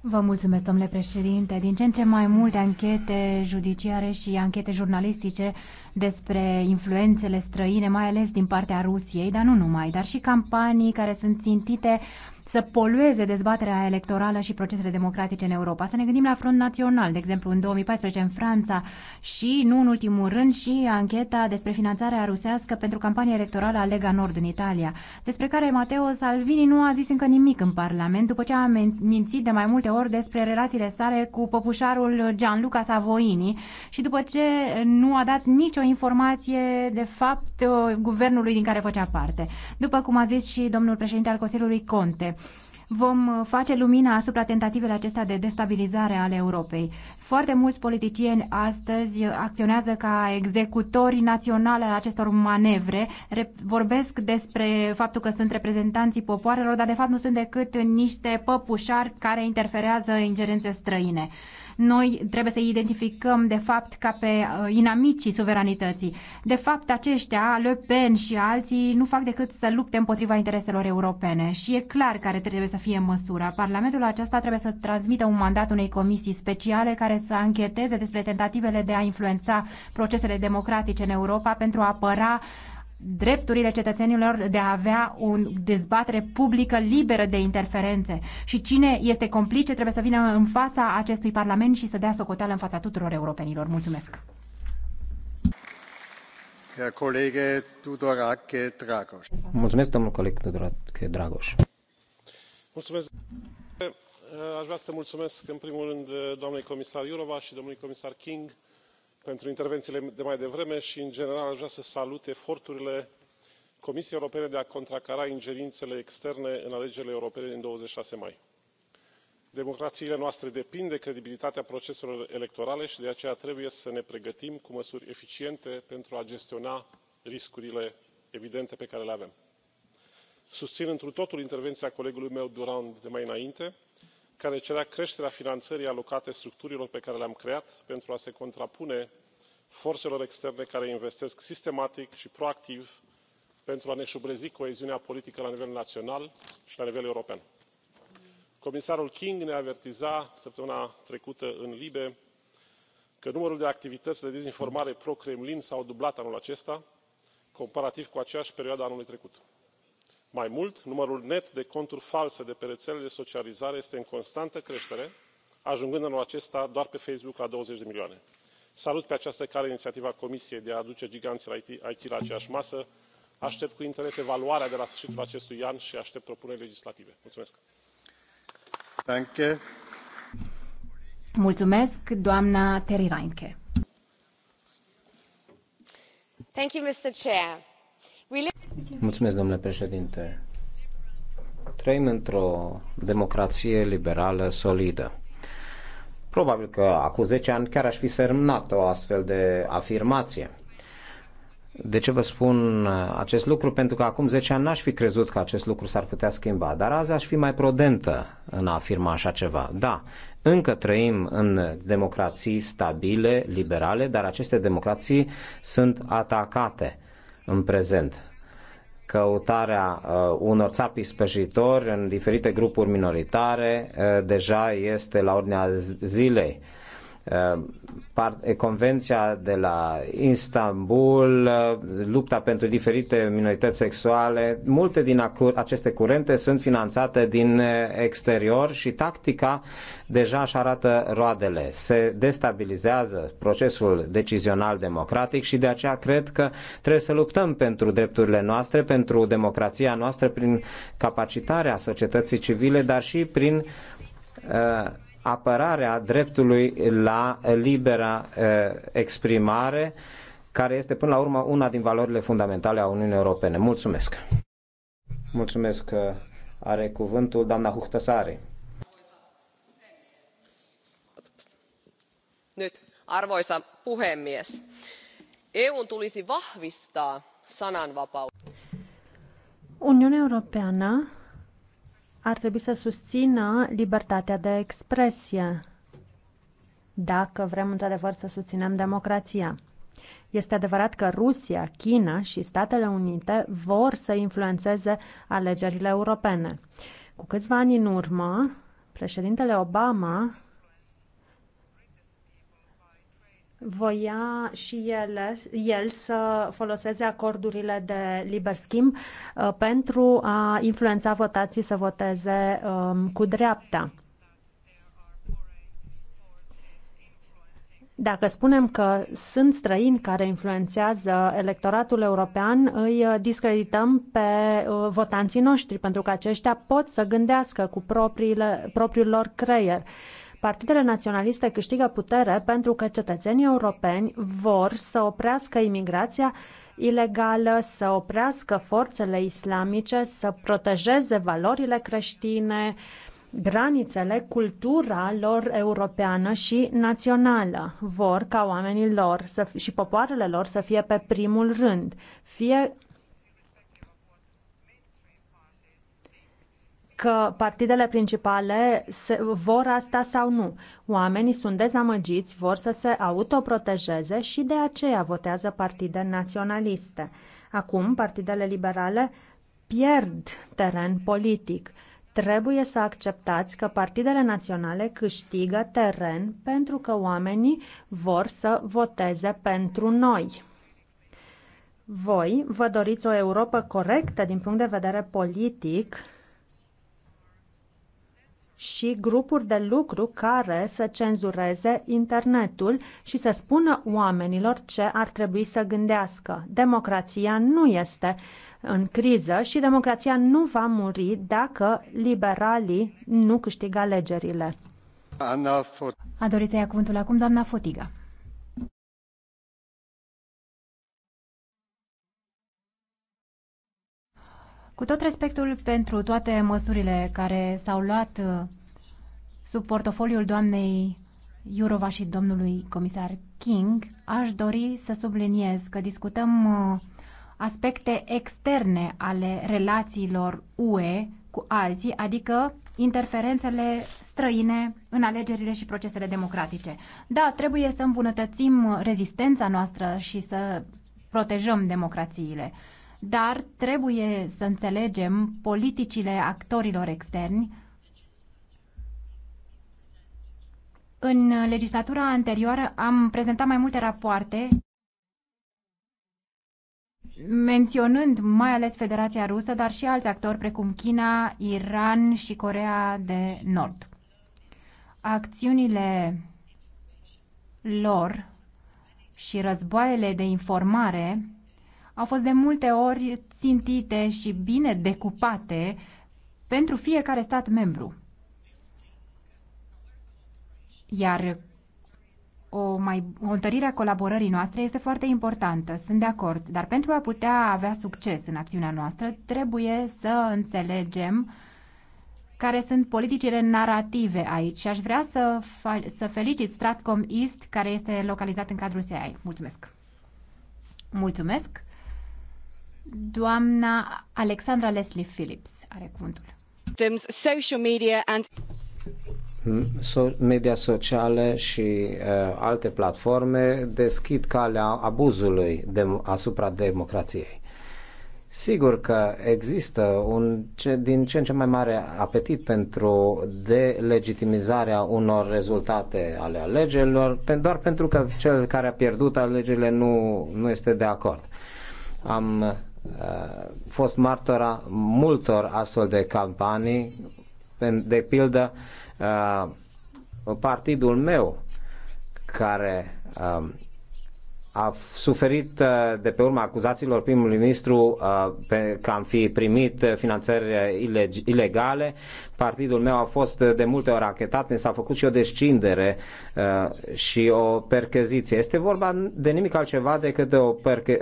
Speaker 2: Vă mulțumesc, domnule președinte. Din ce în ce mai multe anchete judiciare și anchete jurnalistice despre influențele străine, mai ales din partea Rusiei, dar nu numai, dar și campanii care sunt țintite să polueze dezbaterea electorală și procesele democratice în Europa. Să ne gândim la front național, de exemplu în 2014 în Franța și, nu în ultimul rând, și ancheta despre finanțarea rusească pentru campania electorală a Lega Nord în Italia, despre care Matteo Salvini nu a zis încă nimic în Parlament, după ce a mințit de mai multe ori despre relațiile sale cu păpușarul Gianluca Savoini și după ce nu a dat nicio informație, de fapt, uh, guvernului din care făcea parte. După cum a zis și domnul președinte al Consiliului Conte, vom uh, face lumina asupra tentativele acestea de destabilizare ale Europei. Foarte mulți politicieni astăzi acționează ca executori naționale al acestor manevre, vorbesc despre faptul că sunt reprezentanții popoarelor, dar de fapt nu sunt decât niște păpușari care interferează ingerențe străine noi trebuie să identificăm de fapt ca pe uh, inamicii suveranității. De fapt, aceștia, Le Pen și alții, nu fac decât să lupte împotriva intereselor europene și e clar care trebuie să fie măsura. Parlamentul acesta trebuie să transmită un mandat unei comisii speciale care să ancheteze despre tentativele de a influența procesele democratice în Europa pentru a apăra uh, drepturile cetățenilor de a avea o dezbatere publică liberă de interferențe. Și cine este complice trebuie să vină în fața acestui Parlament și să dea socoteală în fața tuturor europenilor. Mulțumesc!
Speaker 5: Mulțumesc, domnul coleg Tudorache Dragoș.
Speaker 1: Mulțumesc. Aș vrea să mulțumesc în primul rând doamnei comisar Iurova și domnului comisar King pentru intervențiile de mai devreme și în general aș vrea să salut eforturile comisiei europene de a contracara ingerințele externe în alegerile europene din douăzeci și șase mai. democrațiile noastre depind de credibilitatea proceselor electorale și de aceea trebuie să ne pregătim cu măsuri eficiente pentru a gestiona riscurile evidente pe care le avem. susțin întru totul intervenția colegului meu durand de mai înainte care cerea creșterea finanțării alocate structurilor pe care le am creat pentru a se contrapune forțelor externe care investesc sistematic și proactiv pentru a ne șubrezi coeziunea politică la nivel național și la nivel european. comisarul king ne avertiza săptămâna trecută în libe că numărul de activități de dezinformare pro kremlin s a dublat anul acesta comparativ cu aceeași perioadă a anului trecut mai mult numărul net de conturi false de pe rețelele de socializare este în constantă creștere ajungând anul acesta doar pe facebook la douăzeci de milioane. salut pe această cale inițiativa comisiei de a aduce giganții it la aceeași masă aștept cu interes evaluarea de la sfârșitul acestui an și aștept propuneri legislative. mulțumesc.
Speaker 2: Mulțumesc,
Speaker 4: Thank you, Mr.
Speaker 5: Mulțumesc, domnule președinte. Trăim într-o democrație liberală solidă. Probabil că acum 10 ani chiar aș fi semnat o astfel de afirmație. De ce vă spun acest lucru? Pentru că acum 10 ani n-aș fi crezut că acest lucru s-ar putea schimba, dar azi aș fi mai prudentă în a afirma așa ceva. Da, încă trăim în democrații stabile, liberale, dar aceste democrații sunt atacate în prezent. Căutarea uh, unor țapi spăjitori în diferite grupuri minoritare uh, deja este la ordinea zilei. Uh, Uh, convenția de la Istanbul, uh, lupta pentru diferite minorități sexuale, multe din aceste curente sunt finanțate din uh, exterior și tactica deja își arată roadele. Se destabilizează procesul decizional democratic și de aceea cred că trebuie să luptăm pentru drepturile noastre, pentru democrația noastră, prin capacitarea societății civile, dar și prin uh, apărarea dreptului la libera eh, exprimare, care este până la urmă una din valorile fundamentale a Uniunii Europene. Mulțumesc! Mulțumesc că eh, are cuvântul doamna Huhtasari.
Speaker 3: Nyt, arvoisa puhemies, EUn tulisi vahvistaa sananvapautta.
Speaker 4: Uniunea Europeană ar trebui să susțină libertatea de expresie, dacă vrem într-adevăr să susținem democrația. Este adevărat că Rusia, China și Statele Unite vor să influențeze alegerile europene. Cu câțiva ani în urmă, președintele Obama voia și el, el să foloseze acordurile de liber schimb uh, pentru a influența votații să voteze um, cu dreapta. Dacă spunem că sunt străini care influențează electoratul european, îi discredităm pe uh, votanții noștri, pentru că aceștia pot să gândească cu propriile, propriul lor creier. Partidele naționaliste câștigă putere pentru că cetățenii europeni vor să oprească imigrația ilegală, să oprească forțele islamice, să protejeze valorile creștine, granițele, cultura lor europeană și națională. Vor ca oamenii lor să, și popoarele lor să fie pe primul rând, fie că partidele principale se, vor asta sau nu. Oamenii sunt dezamăgiți, vor să se autoprotejeze și de aceea votează partide naționaliste. Acum, partidele liberale pierd teren politic. Trebuie să acceptați că partidele naționale câștigă teren pentru că oamenii vor să voteze pentru noi. Voi vă doriți o Europa corectă din punct de vedere politic, și grupuri de lucru care să cenzureze internetul și să spună oamenilor ce ar trebui să gândească. Democrația nu este în criză și democrația nu va muri dacă liberalii nu câștigă alegerile. Ana A dorit să ia cuvântul acum doamna Fotiga.
Speaker 2: Cu tot respectul pentru toate măsurile care s-au luat uh, sub portofoliul doamnei Iurova și domnului comisar King, aș dori să subliniez că discutăm uh, aspecte externe ale relațiilor UE cu alții, adică interferențele străine în alegerile și procesele democratice. Da, trebuie să îmbunătățim rezistența noastră și să protejăm democrațiile dar trebuie să înțelegem politicile actorilor externi. În legislatura anterioară am prezentat mai multe rapoarte menționând mai ales Federația Rusă, dar și alți actori precum China, Iran și Corea de Nord. Acțiunile lor și războaiele de informare au fost de multe ori țintite și bine decupate pentru fiecare stat membru. Iar o, mai, o întărire a colaborării noastre este foarte importantă, sunt de acord, dar pentru a putea avea succes în acțiunea noastră, trebuie să înțelegem care sunt politicile narrative aici și aș vrea să, să felicit Stratcom East, care este localizat în cadrul SEAI. Mulțumesc! Mulțumesc! Doamna Alexandra Leslie Phillips are cuvântul. Social media and
Speaker 5: mm, media sociale și uh, alte platforme deschid calea abuzului de, asupra democrației. Sigur că există un ce, din ce în ce mai mare apetit pentru delegitimizarea unor rezultate ale alegerilor, doar pentru că cel care a pierdut alegerile nu, nu este de acord. Am Uh, fost martora multor astfel de campanii, de pildă uh, partidul meu care uh, a suferit uh, de pe urma acuzațiilor primului ministru uh, că am fi primit uh, finanțări ilegale. Partidul meu a fost de multe ori achetat, ne s-a făcut și o descindere și o percheziție. Este vorba de nimic altceva decât de o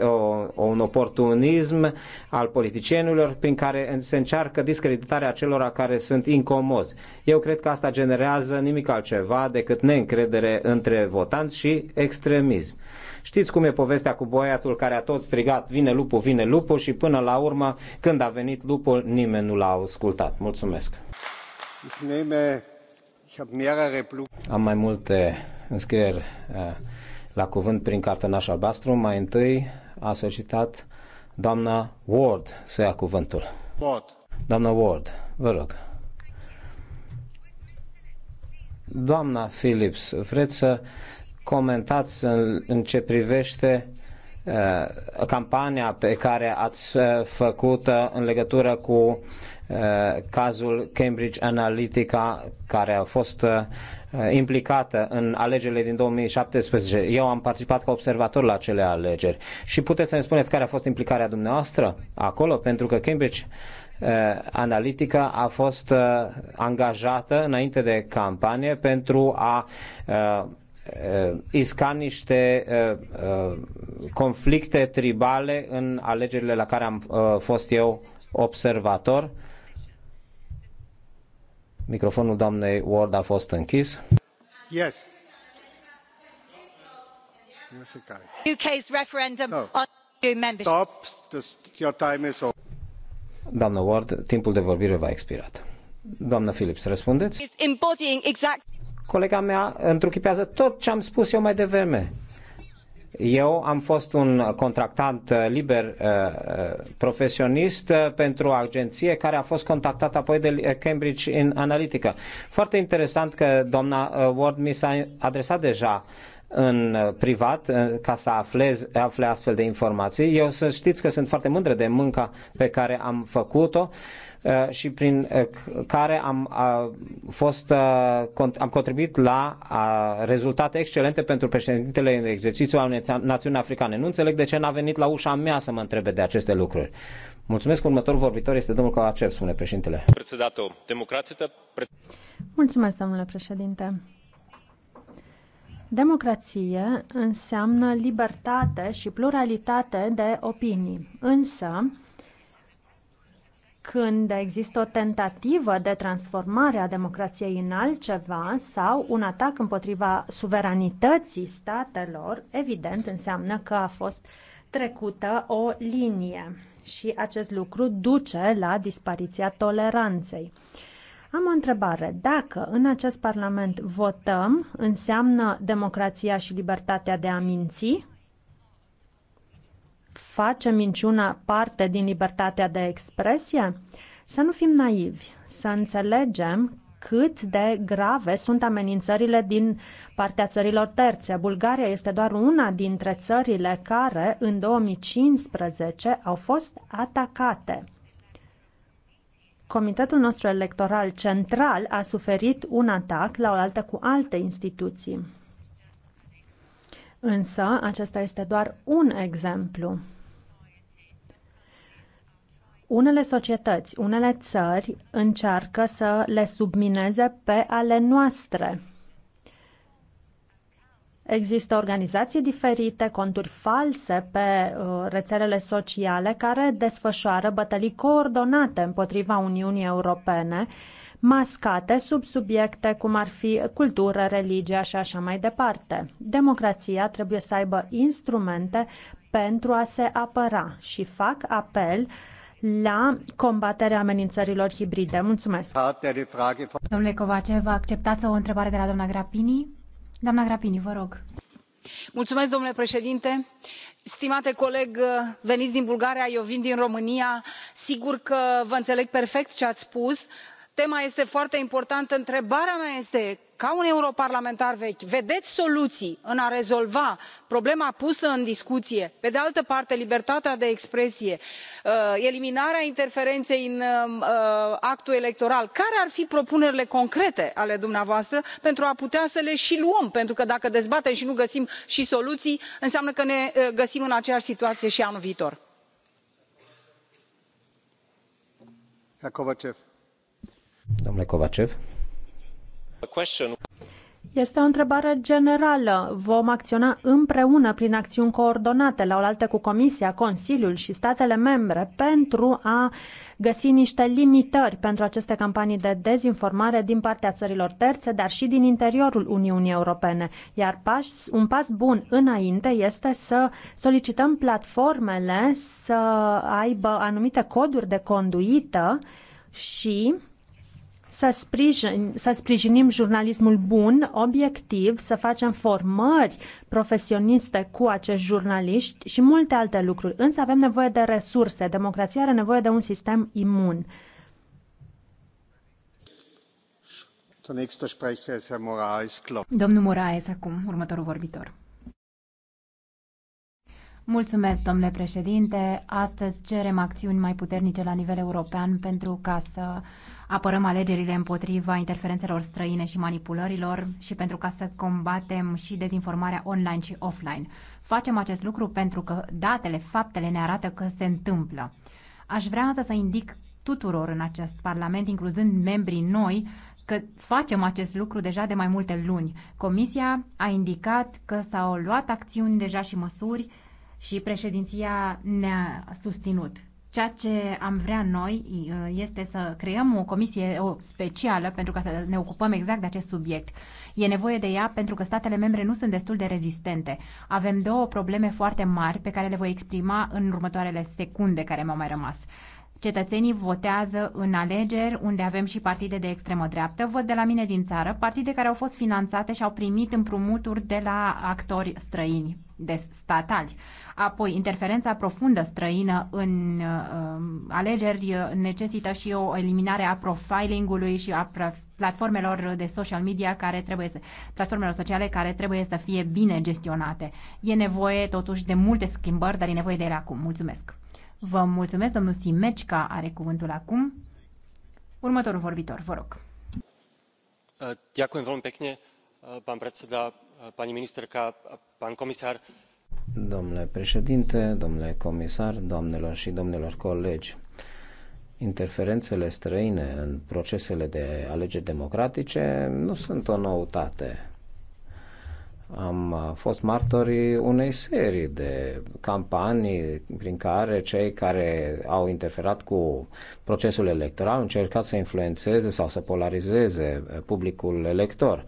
Speaker 5: o, un oportunism al politicienilor prin care se încearcă discreditarea celor care sunt incomozi. Eu cred că asta generează nimic altceva decât neîncredere între votanți și extremism Știți cum e povestea cu boiatul care a tot strigat, vine lupul, vine lupul și până la urmă, când a venit lupul, nimeni nu l-a ascultat. Mulțumesc! Am mai multe înscrieri eh, la cuvânt prin cartonaș albastru. Mai întâi a solicitat doamna Ward să ia cuvântul. Ward. Doamna Ward, vă rog. Doamna Phillips, vreți să comentați în, în ce privește uh, campania pe care ați uh, făcut în legătură cu uh, cazul Cambridge Analytica care a fost uh, implicată în alegerile din 2017. Eu am participat ca observator la acele alegeri. Și puteți să-mi spuneți care a fost implicarea dumneavoastră acolo? Pentru că Cambridge uh, Analytica a fost uh, angajată înainte de campanie pentru a Uh, isca niște uh, uh, conflicte tribale în alegerile la care am fost eu observator. Microfonul doamnei Ward a fost închis.
Speaker 1: Yes. UK's referendum on EU membership. Stop. your time is over.
Speaker 5: Doamna Ward, timpul de vorbire va expirat. Doamna Phillips, răspundeți? Exact... Colega mea întruchipează tot ce am spus eu mai devreme. Eu am fost un contractant liber uh, uh, profesionist uh, pentru o agenție care a fost contactată apoi de Cambridge Analytica. Foarte interesant că doamna Ward mi s-a adresat deja în privat ca să aflez, afle astfel de informații. Eu să știți că sunt foarte mândră de munca pe care am făcut-o Uh, și prin uh, care am fost uh, am contribuit la rezultate excelente pentru președintele în exercițiu al unei națiuni africane. Nu înțeleg de ce n-a venit la ușa mea să mă întrebe de aceste lucruri. Mulțumesc, următorul vorbitor este domnul Kovacev, spune președintele.
Speaker 4: Mulțumesc, domnule președinte. Democrație înseamnă libertate și pluralitate de opinii, însă când există o tentativă de transformare a democrației în altceva sau un atac împotriva suveranității statelor, evident înseamnă că a fost trecută o linie și acest lucru duce la dispariția toleranței. Am o întrebare. Dacă în acest Parlament votăm, înseamnă democrația și libertatea de a minți? face minciuna parte din libertatea de expresie? Să nu fim naivi, să înțelegem cât de grave sunt amenințările din partea țărilor terțe. Bulgaria este doar una dintre țările care în 2015 au fost atacate. Comitetul nostru electoral central a suferit un atac la o altă cu alte instituții. Însă, acesta este doar un exemplu. Unele societăți, unele țări încearcă să le submineze pe ale noastre. Există organizații diferite, conturi false pe uh, rețelele sociale care desfășoară bătălii coordonate împotriva Uniunii Europene mascate sub subiecte cum ar fi cultură, religia și așa mai departe. Democrația trebuie să aibă instrumente pentru a se apăra și fac apel la combaterea amenințărilor hibride. Mulțumesc! Domnule vă acceptați o întrebare de la doamna Grapini?
Speaker 2: Doamna Grapini, vă rog. Mulțumesc, domnule președinte stimate coleg veniți din bulgaria eu vin din românia sigur că vă înțeleg perfect ce ați spus tema este foarte importantă întrebarea mea este ca un europarlamentar vechi vedeți soluții în a rezolva problema pusă în discuție pe de
Speaker 3: altă parte libertatea de expresie uh, eliminarea interferenței în um, uh, actul electoral care ar fi propunerile concrete ale dumneavoastră pentru a putea să le și luăm pentru că dacă dezbatem și nu găsim și soluții înseamnă că ne uh, găsim în aceeași situație și anul viitor?
Speaker 5: Domnule Kovacev.
Speaker 4: Este o întrebare generală. Vom acționa împreună prin acțiuni coordonate la oaltă cu Comisia, Consiliul și statele membre pentru a găsi niște limitări pentru aceste campanii de dezinformare din partea țărilor terțe, dar și din interiorul Uniunii Europene. Iar pas, un pas bun înainte este să solicităm platformele să aibă anumite coduri de conduită și să, sprijin, să sprijinim jurnalismul bun, obiectiv, să facem formări profesioniste cu acești jurnaliști și multe alte lucruri. Însă avem nevoie de resurse. Democrația are nevoie de un sistem imun.
Speaker 2: Domnul Moraes, acum, următorul vorbitor. Mulțumesc, domnule președinte. Astăzi cerem acțiuni mai puternice la nivel european pentru ca să apărăm alegerile împotriva interferențelor străine și manipulărilor și pentru ca să combatem și dezinformarea online și offline. Facem acest lucru pentru că datele, faptele ne arată că se întâmplă. Aș vrea însă să indic tuturor în acest Parlament, incluzând membrii noi, că facem acest lucru deja de mai multe luni. Comisia a indicat că s-au luat acțiuni deja și măsuri și președinția ne-a susținut. Ceea ce am vrea noi ă, este să creăm o comisie specială pentru ca să ne ocupăm exact de acest subiect. E nevoie de ea pentru că statele membre nu sunt destul de rezistente. Avem două probleme foarte mari pe care le voi exprima în următoarele secunde care m-au mai rămas. Cetățenii votează în alegeri unde avem și partide de extremă dreaptă. Văd de la mine din țară partide care au fost finanțate și au primit împrumuturi de la actori străini de statali. Apoi, interferența profundă străină în uh, alegeri necesită și o eliminare a profilingului și a platformelor de social media care trebuie să, platformelor sociale care trebuie să fie bine gestionate. E nevoie totuși de multe schimbări, dar e nevoie de ele acum. Mulțumesc! Vă mulțumesc, domnul Simecica are cuvântul acum. Următorul vorbitor, vă
Speaker 1: rog. Ďakujem veľmi pekne, pán predseda Pani Domnule președinte,
Speaker 5: domnule comisar, doamnelor și domnilor colegi, interferențele străine în procesele de alegeri democratice nu sunt o noutate. Am fost martorii unei serii de campanii prin care cei care au interferat cu procesul electoral au încercat să influențeze sau să polarizeze publicul elector.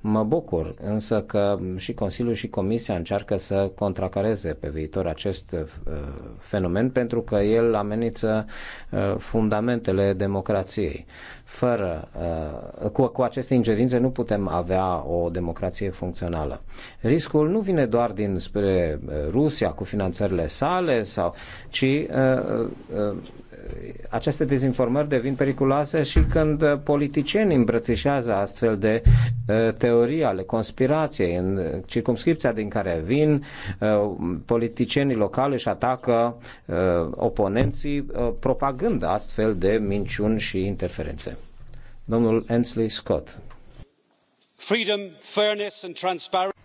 Speaker 5: Mă bucur însă că și Consiliul și Comisia încearcă să contracareze pe viitor acest uh, fenomen pentru că el amenință uh, fundamentele democrației. Fără, uh, cu, cu aceste ingerințe nu putem avea o democrație funcțională. Riscul nu vine doar dinspre Rusia cu finanțările sale, sau, ci aceste dezinformări devin periculoase și când politicieni îmbrățișează astfel de uh, teorii ale conspirației. În circumscripția din care vin, uh, politicienii locali își atacă uh, oponenții propagând astfel de minciuni și interferențe. Domnul Ensley Scott.
Speaker 1: Freedom, fairness and transparency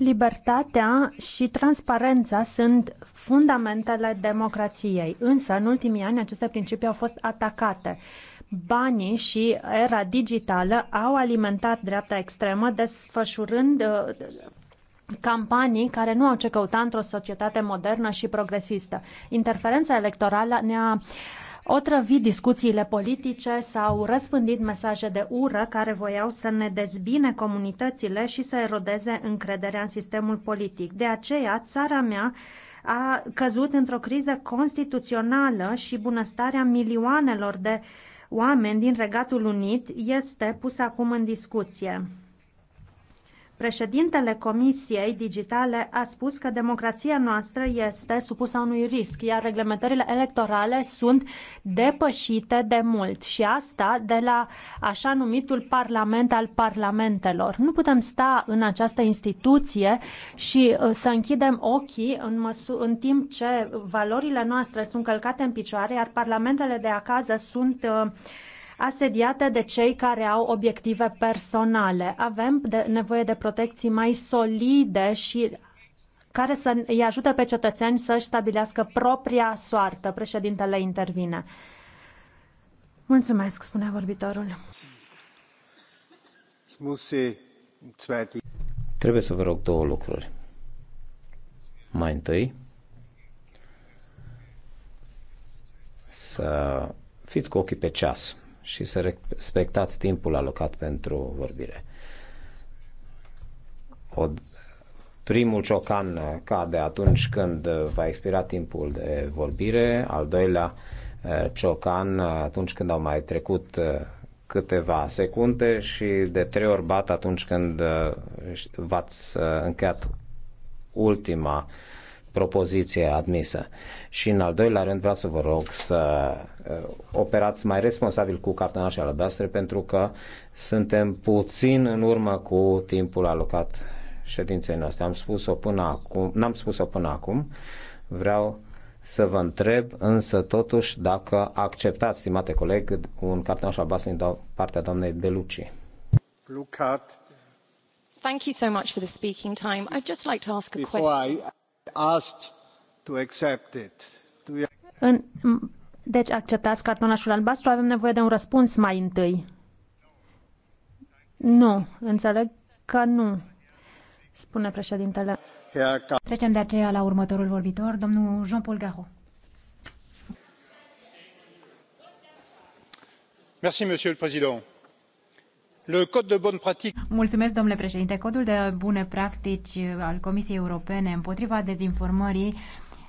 Speaker 4: Libertatea și transparența sunt fundamentele democrației, însă în ultimii ani aceste principii au fost atacate. Banii și era digitală au alimentat dreapta extremă, desfășurând uh, campanii care nu au ce căuta într-o societate modernă și progresistă. Interferența electorală ne-a uh, otrăvit discuțiile politice, s-au răspândit mesaje de ură care voiau să ne dezbine comunitățile și să erodeze încrederea în sistemul politic. De aceea, țara mea a căzut într-o criză constituțională și bunăstarea milioanelor de oameni din Regatul Unit este pusă acum în discuție. Președintele Comisiei Digitale a spus că democrația noastră este supusă unui risc, iar reglementările electorale sunt depășite de mult și asta de la așa numitul Parlament al Parlamentelor. Nu putem sta în această instituție și uh, să închidem ochii în, măsu- în timp ce valorile noastre sunt călcate în picioare, iar parlamentele de acasă sunt uh, asediate de cei care au obiective personale. Avem de, nevoie de protecții mai solide și care să îi ajute pe cetățeni să-și stabilească propria soartă. Președintele intervine. Mulțumesc, spune vorbitorul.
Speaker 5: Trebuie să vă rog două lucruri. Mai întâi, să fiți cu ochii pe ceas și să respectați timpul alocat pentru vorbire. O, primul ciocan cade atunci când va expira timpul de vorbire, al doilea eh, ciocan eh, atunci când au mai trecut eh, câteva secunde și de trei ori bat atunci când v-ați încheiat ultima propoziție admisă. Și în al doilea rând vreau să vă rog să uh, operați mai responsabil cu cartonașele albastre pentru că suntem puțin în urmă cu timpul alocat ședinței noastre. Am spus-o până acum, n-am spus-o până acum, vreau să vă întreb însă totuși dacă acceptați, stimate coleg, un cartonaș albastru din partea doamnei Beluci. Thank you so much for the speaking time. I'd just like to ask a question
Speaker 4: deci acceptați cartonașul albastru, avem nevoie de un răspuns mai întâi. Nu, înțeleg că nu, spune președintele. Trecem de aceea la următorul vorbitor, domnul
Speaker 2: Jean-Paul Garot.
Speaker 1: Mulțumesc, monsieur le président
Speaker 2: Mulțumesc, domnule președinte. Codul de bune practici uh, al Comisiei Europene împotriva dezinformării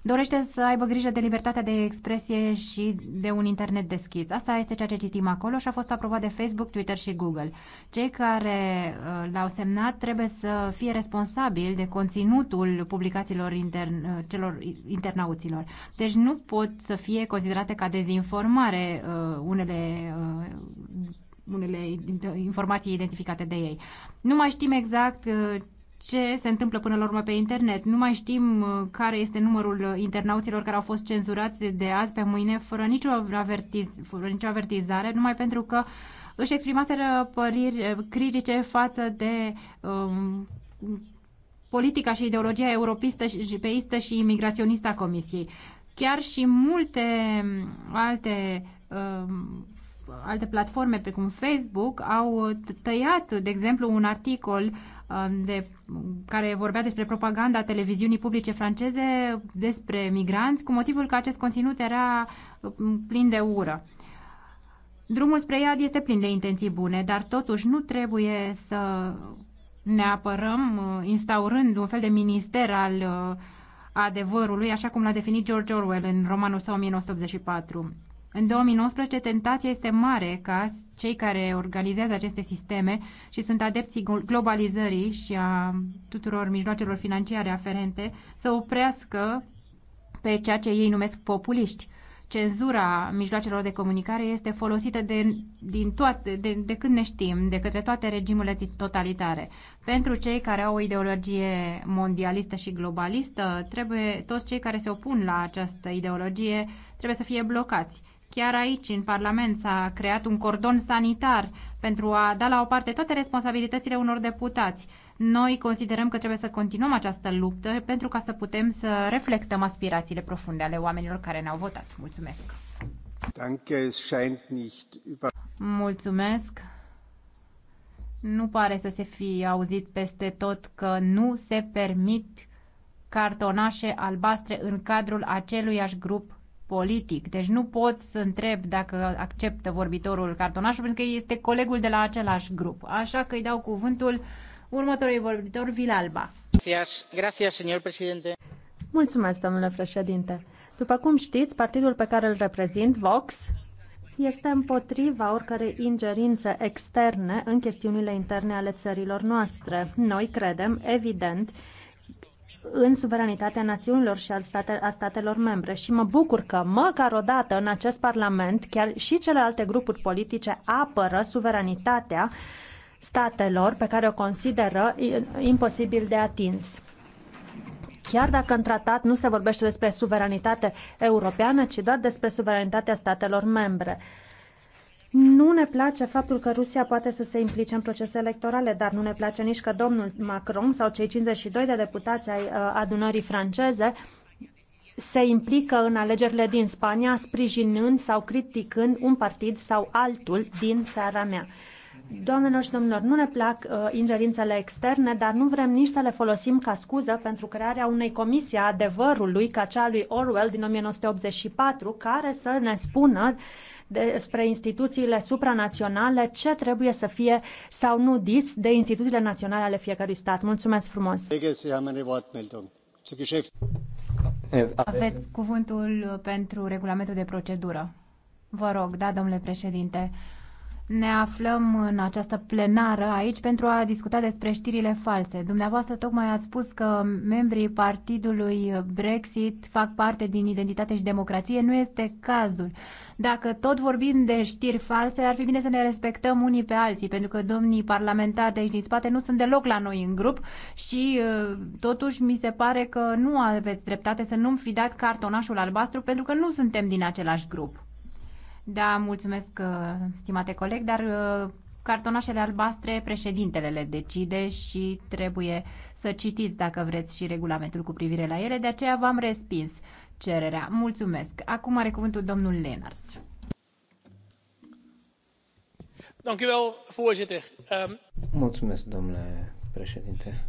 Speaker 2: dorește să aibă grijă de libertatea de expresie și de un internet deschis. Asta este ceea ce citim acolo și a fost aprobat de Facebook, Twitter și Google. Cei care uh, l-au semnat trebuie să fie responsabili de conținutul publicațiilor intern, uh, celor internauților. Deci nu pot să fie considerate ca dezinformare unele unele informații identificate de ei. Nu mai știm exact uh, ce se întâmplă până la urmă pe internet. Nu mai știm uh, care este numărul uh, internauților care au fost cenzurați de azi pe mâine fără nicio, avertiz, fără nicio avertizare, numai pentru că își exprimaseră păriri critice față de um, politica și ideologia europistă și peistă și imigraționistă a Comisiei. Chiar și multe alte um, alte platforme precum Facebook au uh, tăiat, de exemplu, un articol um, de, care vorbea despre propaganda televiziunii publice franceze despre migranți, cu motivul că acest conținut era um, plin de ură. Drumul spre iad este plin de intenții bune, dar totuși nu trebuie să ne apărăm uh, instaurând un fel de minister al uh, adevărului, așa cum l-a definit George Orwell în romanul său 1984. În 2019, tentația este mare ca cei care organizează aceste sisteme și sunt adepții globalizării și a tuturor mijloacelor financiare aferente să oprească pe ceea ce ei numesc populiști. Cenzura mijloacelor de comunicare este folosită de, din toate, de, de când ne știm, de către toate regimurile totalitare. Pentru cei care au o ideologie mondialistă și globalistă, trebuie toți cei care se opun la această ideologie trebuie să fie blocați. Chiar aici, în Parlament, s-a creat un cordon sanitar pentru a da la o parte toate responsabilitățile unor deputați. Noi considerăm că trebuie să continuăm această luptă pentru ca să putem să reflectăm aspirațiile profunde ale oamenilor care ne-au votat. Mulțumesc! Mulțumesc! Nu pare să se fi auzit peste tot că nu se permit cartonașe albastre în cadrul aceluiași grup politic. Deci nu pot să întreb dacă acceptă vorbitorul cartonașul, pentru că este colegul de la același grup. Așa că îi dau cuvântul următorului vorbitor, Vilalba. Gracias, gracias, señor presidente.
Speaker 4: Mulțumesc, domnule președinte. După cum știți, partidul pe care îl reprezint, Vox, este împotriva oricărei ingerințe externe în chestiunile interne ale țărilor noastre. Noi credem, evident, în suveranitatea națiunilor și al state, a statelor membre. Și mă bucur că măcar odată în acest Parlament chiar și celelalte grupuri politice apără suveranitatea statelor pe care o consideră imposibil de atins chiar dacă în tratat nu se vorbește despre suveranitate europeană, ci doar despre suveranitatea statelor membre. Nu ne place faptul că Rusia poate să se implice în procese electorale, dar nu ne place nici că domnul Macron sau cei 52 de deputați ai uh, adunării franceze se implică în alegerile din Spania, sprijinând sau criticând un partid sau altul din țara mea. Doamnelor și domnilor, nu ne plac uh, ingerințele externe, dar nu vrem nici să le folosim ca scuză pentru crearea unei comisii a adevărului, ca cea lui Orwell din 1984, care să ne spună uh, despre instituțiile supranaționale, ce trebuie să fie sau nu dis de instituțiile naționale ale fiecărui stat. Mulțumesc frumos!
Speaker 1: Aveți
Speaker 2: cuvântul pentru regulamentul de procedură. Vă rog, da, domnule președinte ne aflăm în această plenară aici pentru a discuta despre știrile false. Dumneavoastră tocmai ați spus că membrii partidului Brexit fac parte din identitate și democrație. Nu este cazul. Dacă tot vorbim de știri false, ar fi bine să ne respectăm unii pe alții, pentru că domnii parlamentari de aici din spate nu sunt deloc la noi în grup și uh, totuși mi se pare că nu aveți dreptate să nu-mi fi dat cartonașul albastru pentru că nu suntem din același grup. Da, mulțumesc, uh, stimate coleg, dar uh, cartonașele albastre președintele le decide și trebuie să citiți dacă vreți și regulamentul cu privire la ele, de aceea v-am respins cererea. Mulțumesc. Acum are cuvântul domnul Lenars.
Speaker 7: Ehm,
Speaker 5: mulțumesc, domnule președinte.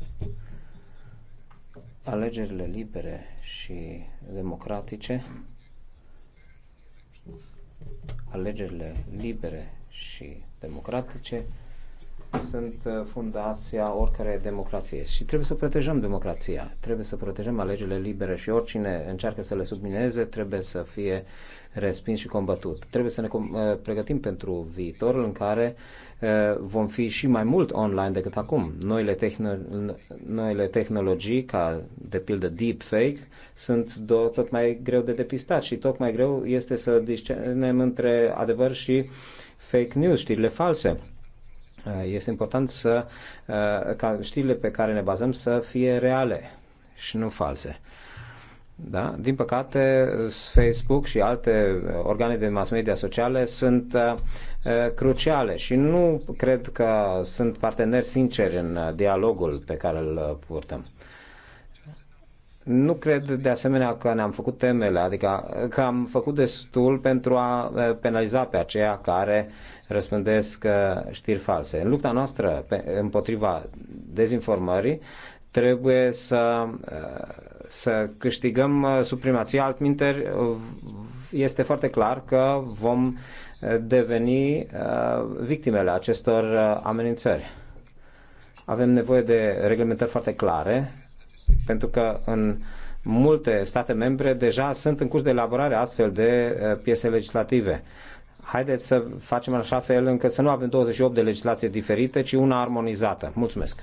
Speaker 5: Alegerile libere și democratice alegerile libere și democratice sunt uh, fundația oricărei democrație și trebuie să protejăm democrația, trebuie să protejăm alegerile libere și oricine încearcă să le submineze trebuie să fie respins și combătut. Trebuie să ne eh, pregătim pentru viitorul în care eh, vom fi și mai mult online decât acum. Noile, tehno- noile tehnologii, ca de pildă deepfake, sunt tot mai greu de depistat și tot mai greu este să discernem între adevăr și fake news, știrile false. Eh, este important să, ca știrile pe care ne bazăm să fie reale și nu false. Da? Din păcate, Facebook și alte uh, organe de mass media sociale sunt uh, uh, cruciale și nu cred că sunt parteneri sinceri în uh, dialogul pe care îl purtăm. Nu cred de asemenea că ne-am făcut temele, adică că am făcut destul pentru a penaliza pe aceia care răspândesc știri false. În lupta noastră împotriva dezinformării Trebuie să, eh, să câștigăm eh, suprimația, altminteri este foarte clar că vom eh, deveni victimele acestor amenințări. Avem nevoie de reglementări foarte clare, pentru că în multe state membre deja sunt în curs de elaborare astfel de piese legislative. Haideți să facem așa fel încât să nu avem 28 de legislații diferite, ci una armonizată. Mulțumesc!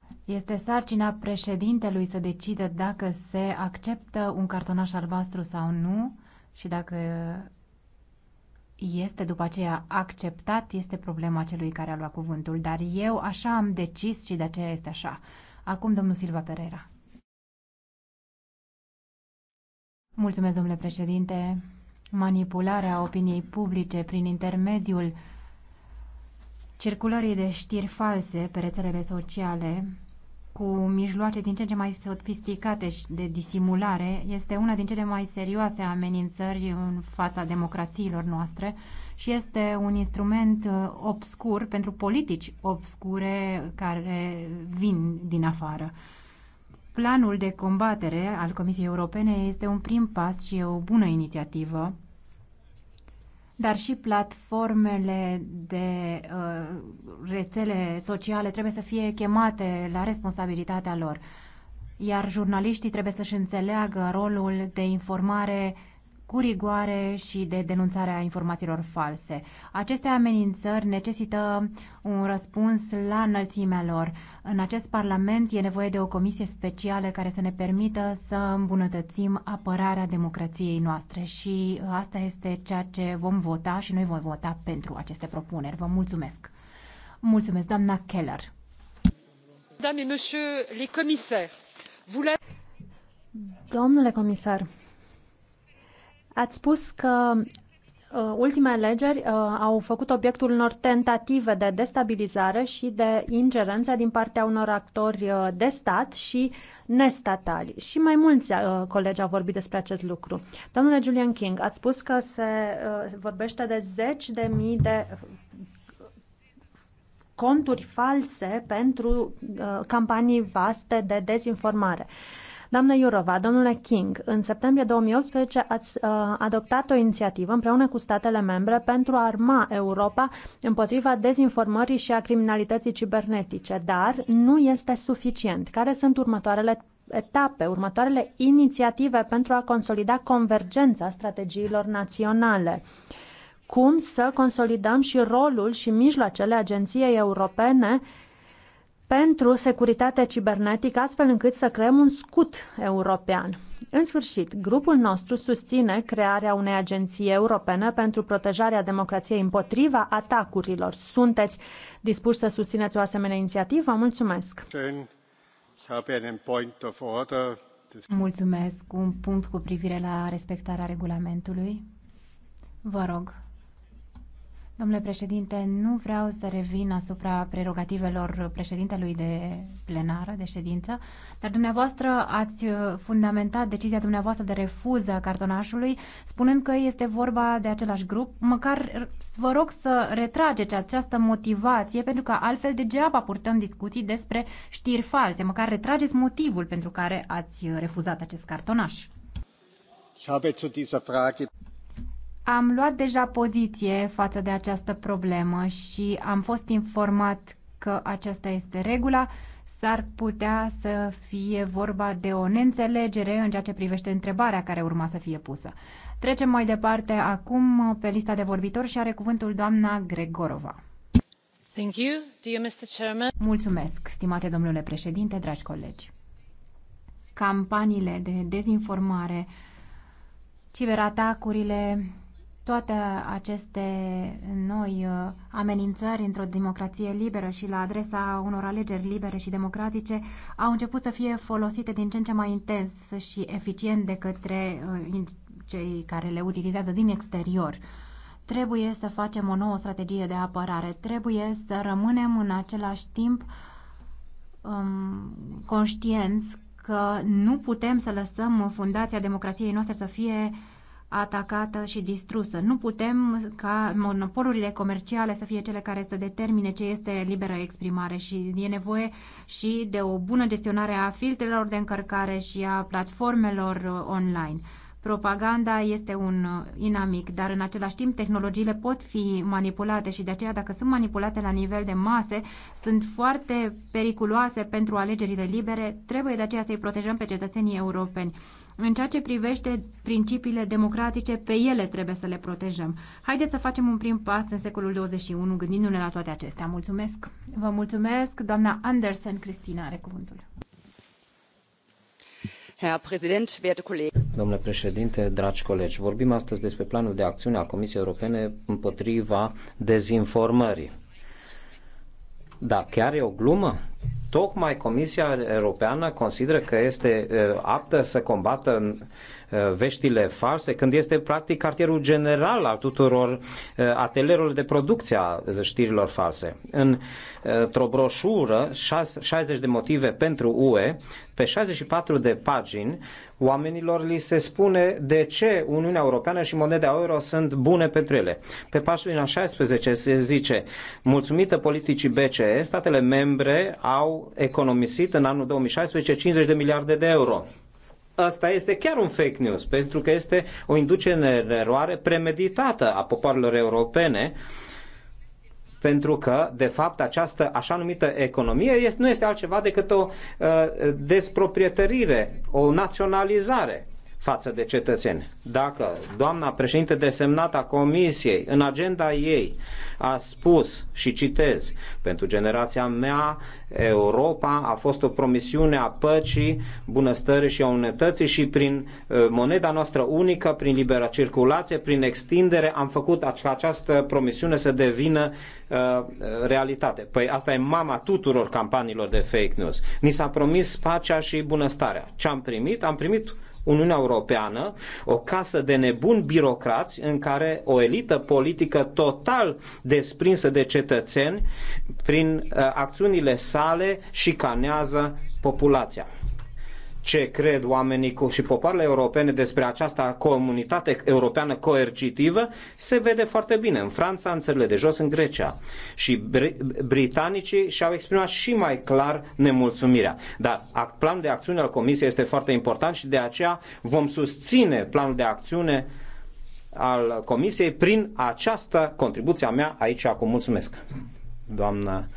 Speaker 2: Este sarcina președintelui să decidă dacă se acceptă un cartonaș albastru sau nu și dacă este după aceea acceptat, este problema celui care a luat cuvântul. Dar eu așa am decis și de aceea este așa. Acum domnul Silva Pereira. Mulțumesc, domnule președinte. Manipularea opiniei publice prin intermediul circulării de știri false pe rețelele sociale cu mijloace din ce în ce mai sofisticate și de disimulare este una din cele mai serioase amenințări în fața democrațiilor noastre și este un instrument uh, obscur pentru politici obscure care vin din afară. Planul de combatere al Comisiei Europene este un prim pas și o bună inițiativă dar și platformele de uh, rețele sociale trebuie să fie chemate la responsabilitatea lor. Iar jurnaliștii trebuie să-și înțeleagă rolul de informare uh, cu rigoare și de denunțarea informațiilor false. Aceste amenințări necesită un răspuns la înălțimea lor. În acest Parlament e nevoie de o comisie specială care să ne permită să îmbunătățim apărarea democrației noastre și asta este ceea ce vom vota și noi vom vota pentru aceste propuneri. Vă mulțumesc! Mulțumesc, doamna Keller!
Speaker 7: Doamne,
Speaker 4: Domnule comisar, Ați spus că uh, ultimele alegeri uh, au făcut obiectul unor tentative de destabilizare și de ingerență din partea unor actori uh, de stat și nestatali. Și mai mulți uh, colegi au vorbit despre acest lucru. Domnule Julian King, ați spus că se uh, vorbește de zeci de mii de uh, conturi false pentru uh, campanii vaste de dezinformare. Uh, Doamnă Iurova, domnule King, în septembrie 2018 ați uh, adoptat o inițiativă împreună cu statele membre pentru a arma Europa împotriva dezinformării și a criminalității cibernetice, dar nu este suficient. Care sunt următoarele etape, următoarele inițiative pentru a consolida convergența strategiilor naționale? Cum să consolidăm și rolul și mijloacele Agenției Europene uh, pentru securitatea cibernetică, astfel încât să creăm un scut european. În sfârșit, grupul nostru susține crearea unei agenții europene pentru protejarea democrației împotriva atacurilor. Sunteți dispuși să susțineți o asemenea inițiativă? Mulțumesc! Mulțumesc. Un punct cu privire la respectarea
Speaker 2: regulamentului. Vă rog. Domnule președinte, nu vreau să revin asupra prerogativelor președintelui de plenară, de ședință, dar dumneavoastră ați fundamentat decizia dumneavoastră de refuz a cartonașului, spunând că este vorba de același grup. Măcar vă rog să retrageți această motivație, pentru că altfel degeaba purtăm discuții despre știri false. Măcar retrageți motivul pentru care ați refuzat acest cartonaș. Am luat deja poziție față de această problemă și am fost informat că aceasta este regula. S-ar putea să fie vorba de o neînțelegere în ceea ce privește întrebarea care urma să fie pusă. Trecem mai departe acum pe lista de vorbitori și are cuvântul doamna Gregorova. Thank you, dear Mr. Chairman. Mulțumesc, stimate domnule președinte, dragi colegi. Campaniile de dezinformare, ciberatacurile, toate aceste noi uh, amenințări într-o democrație liberă și la adresa unor alegeri libere și democratice au început să fie folosite din ce în ce mai intens și eficient de către uh, cei care le utilizează din exterior. Trebuie să facem o nouă strategie de apărare, trebuie să rămânem în același timp um, conștienți că nu putem să lăsăm fundația democrației noastre să fie uh, atacată și distrusă. Nu putem ca monopolurile comerciale să fie cele care să determine ce este liberă exprimare și e nevoie și de o bună gestionare a filtrelor de încărcare și a platformelor uh, online. Propaganda este un uh, inamic, dar în același timp tehnologiile pot fi manipulate și de aceea dacă sunt manipulate la nivel de mase, sunt foarte periculoase pentru alegerile libere. Trebuie de aceea să-i protejăm pe cetățenii europeni. În ceea ce privește principiile democratice, pe ele trebuie să le protejăm. Haideți să facem un prim pas în secolul 21, gândindu-ne la toate acestea. Mulțumesc! Vă mulțumesc! Doamna Anderson, Cristina, are cuvântul.
Speaker 5: Domnule președinte, dragi colegi, vorbim astăzi despre planul de acțiune al Comisiei Europene împotriva dezinformării. Da, chiar e o glumă? Tocmai Comisia Europeană consideră că este eh, aptă să combată Uh, veștile false, când este practic cartierul general al tuturor uh, atelierelor de producție a știrilor false. Uh, într-o broșură, 60 de motive pentru UE, pe 64 de pagini, oamenilor li se spune de ce Uniunea Europeană și moneda euro sunt bune pentru ele. Pe pagina 16 se zice, mulțumită politicii BCE, statele membre au economisit în anul 2016 50 de miliarde de euro ăsta este chiar un fake news, pentru că este o inducere în eroare premeditată a popoarelor europene, pentru că, de fapt, această așa numită economie este, nu este altceva decât o uh, desproprietărire, o naționalizare față de cetățeni. Dacă doamna președinte desemnată a comisiei în agenda ei a spus și citez, pentru generația mea Europa a fost o promisiune a păcii, bunăstării și a unității și prin ă, moneda noastră unică, prin libera circulație, prin extindere am făcut această promisiune să devină ă, realitate. Păi asta e mama tuturor campaniilor de fake news. Ni s-a promis pacea și bunăstarea. Ce am primit? Am primit Uniunea Europeană o casă de nebuni birocrați în care o elită politică total desprinsă de cetățeni prin uh, acțiunile sale șicanează populația ce cred oamenii cu și popoarele europene despre această comunitate europeană coercitivă se vede foarte bine în Franța, în țările de jos, în Grecia. Și br- britanicii și-au exprimat și mai clar nemulțumirea. Dar planul de acțiune al Comisiei este foarte important și de aceea vom susține planul de acțiune al Comisiei prin această contribuție a mea aici acum. Mulțumesc. Doamnă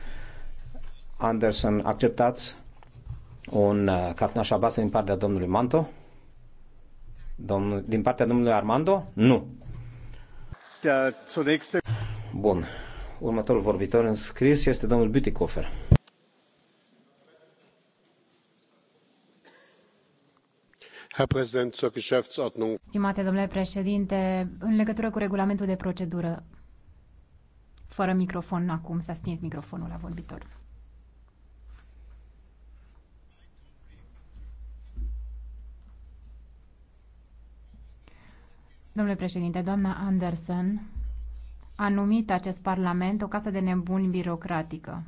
Speaker 5: Anderson, acceptați un uh, cartonaș albastru din partea domnului Manto? Domnul, din partea domnului Armando? Nu. Da, Bun. Următorul vorbitor înscris este domnul Bütikofer.
Speaker 2: Stimate domnule președinte, în legătură cu regulamentul de procedură, fără microfon acum, s-a stins microfonul la vorbitor. Domnule președinte, doamna Anderson a numit acest parlament o casă de nebuni birocratică.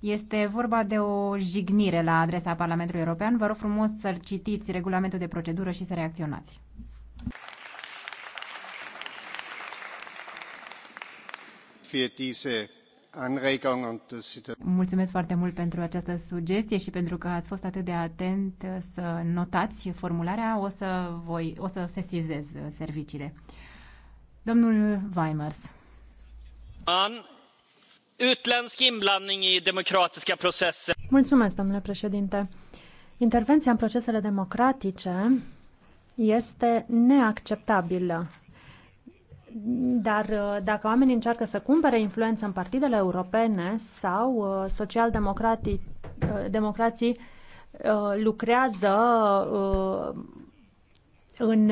Speaker 2: Este vorba de o jignire la adresa Parlamentului European. Vă rog frumos să citiți regulamentul de procedură și să reacționați.
Speaker 1: Für diese Er- Mulțumesc
Speaker 2: foarte mult pentru această sugestie și pentru că ați fost atât de atent să notați formularea. O să, voi, o să sesizez
Speaker 4: serviciile. Domnul Weimers.
Speaker 3: An i demokratiska processer.
Speaker 4: Mulțumesc, domnule președinte. Intervenția în procesele democratice este neacceptabilă dar uh, dacă oamenii încearcă să cumpere influență în partidele europene sau uh, social uh, democrații, lucrează în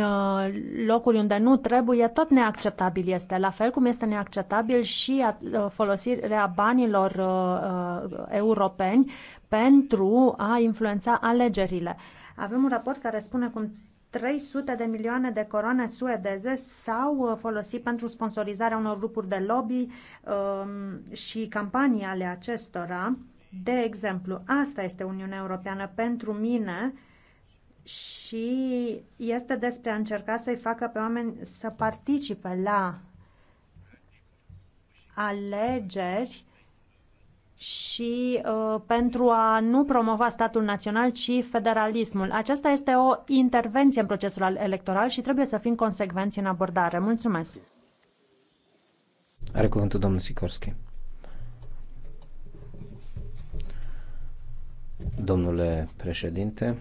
Speaker 4: locuri unde nu trebuie, tot neacceptabil este. La fel cum este neacceptabil și folosirea banilor europeni pentru a influența alegerile. Avem un raport care spune cum 300 de milioane de coroane suedeze s-au uh, folosit pentru sponsorizarea unor grupuri de lobby um, și campanii ale acestora. De exemplu, asta este Uniunea Europeană pentru mine și este despre a încerca să-i facă pe oameni să participe la alegeri și uh, pentru a nu promova statul național, ci federalismul. Aceasta este o intervenție în procesul electoral și trebuie să fim consecvenți în abordare. Mulțumesc!
Speaker 5: Are cuvântul domnul Sikorski. Domnule președinte,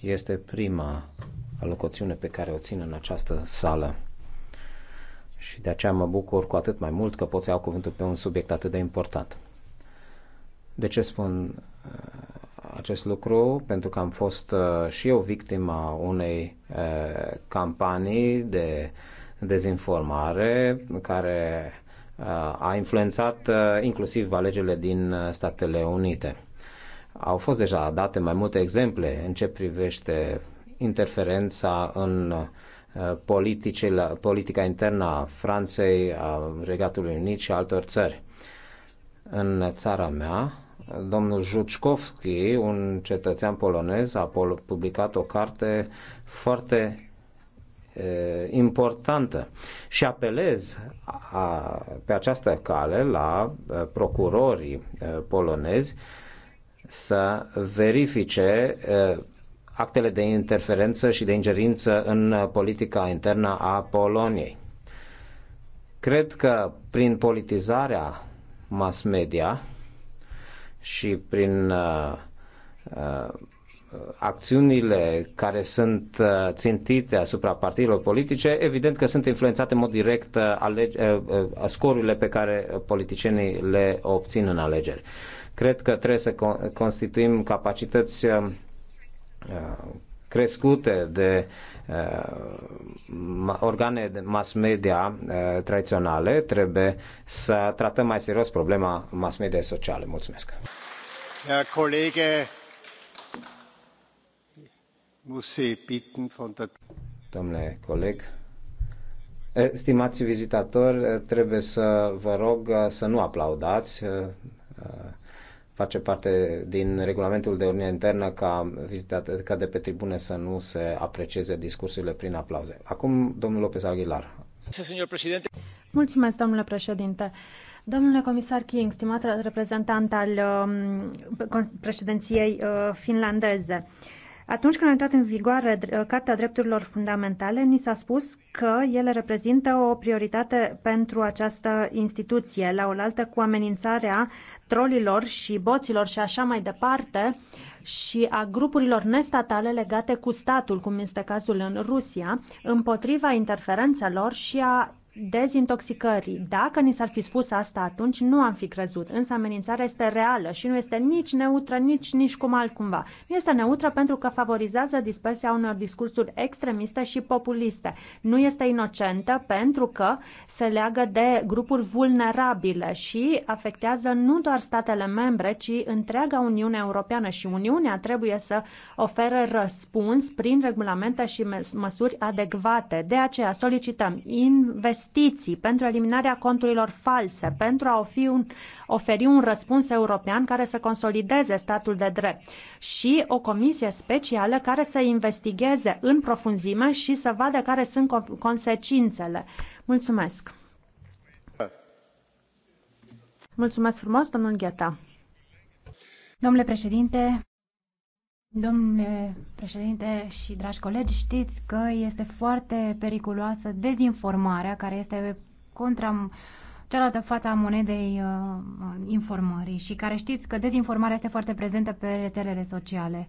Speaker 5: este prima alocuțiune pe care o țin în această sală și de aceea mă bucur cu atât mai mult că pot să iau cuvântul pe un subiect atât de important. De ce spun uh, acest lucru? Pentru că am fost uh, și eu victima unei uh, campanii de dezinformare care a influențat inclusiv alegerile din Statele Unite. Au fost deja date mai multe exemple în ce privește interferența în politicile, politica internă a Franței, a Regatului Unit și altor țări. În țara mea, domnul Juczkowski, un cetățean polonez, a publicat o carte foarte importantă și apelez a, pe această cale la procurorii polonezi să verifice actele de interferență și de ingerință în politica internă a Poloniei. Cred că prin politizarea mass media și prin uh, uh, acțiunile care sunt uh, țintite asupra partidelor politice, evident că sunt influențate în mod direct uh, alege, uh, scorurile pe care politicienii le obțin în alegeri. Cred că trebuie să constituim capacități Uh, crescute de uh, organe de mass media uh, tradiționale, trebuie să tratăm mai serios problema mass media sociale. Mulțumesc!
Speaker 1: Herr Kollege, muss Sie bitten von der...
Speaker 5: Domnule coleg, stimați vizitatori, trebuie să vă rog să nu aplaudați face parte din regulamentul de ordine internă ca, vizitat, ca de pe tribune să nu se aprecieze discursurile prin aplauze. Acum, domnul Lopez Aguilar.
Speaker 4: Mulțumesc, domnule președinte. Domnule comisar King, stimat reprezentant al um, președinției uh, finlandeze, atunci când a intrat în vigoare uh, Carta Drepturilor Fundamentale, ni s-a spus că ele reprezintă o prioritate pentru această instituție, la oaltă cu amenințarea trolilor și boților și așa mai departe și a grupurilor nestatale legate cu statul, cum este cazul în Rusia, împotriva interferențelor și a dezintoxicării. Dacă ni s-ar fi spus asta atunci, nu am fi crezut. Însă amenințarea este reală și nu este nici neutră, nici, nici cum altcumva. Nu este neutră pentru că favorizează dispersia unor discursuri extremiste și populiste. Nu este inocentă pentru că se leagă de grupuri vulnerabile și afectează nu doar statele membre, ci întreaga Uniune Europeană și Uniunea trebuie să ofere răspuns prin regulamente și măsuri adecvate. De aceea solicităm investiții investiții, pentru eliminarea conturilor false, pentru a oferi un, oferi un răspuns european care să consolideze statul de drept și o comisie specială care să investigheze în profunzime și să vadă care sunt consecințele. Mulțumesc! Mulțumesc frumos, domnul Gheta. Domnule președinte,
Speaker 2: Domnule președinte și dragi colegi, știți că este foarte periculoasă dezinformarea care este contra cealaltă fața a monedei uh, informării și care știți că dezinformarea este foarte prezentă pe rețelele sociale.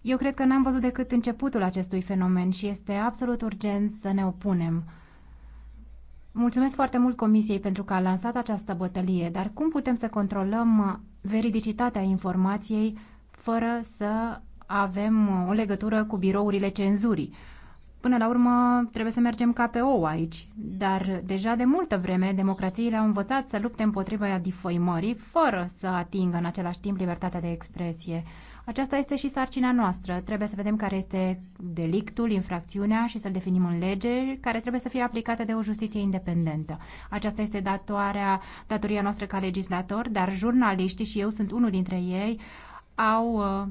Speaker 2: Eu cred că n-am văzut decât începutul acestui fenomen și este absolut urgent să ne opunem. Mulțumesc foarte mult Comisiei pentru că a lansat această bătălie, dar cum putem să controlăm veridicitatea informației fără să avem uh, o legătură cu birourile cenzurii. Până la urmă, trebuie să mergem ca pe ou aici. Dar deja de multă vreme, democrațiile au învățat să lupte împotriva difăimării, fără să atingă în același timp libertatea de expresie. Aceasta este și sarcina noastră. Trebuie să vedem care este delictul, infracțiunea și să-l definim în lege, care trebuie să fie aplicată de o justiție independentă. Aceasta este datoarea, datoria noastră ca legislator, dar jurnaliștii, și eu sunt unul dintre ei, au uh,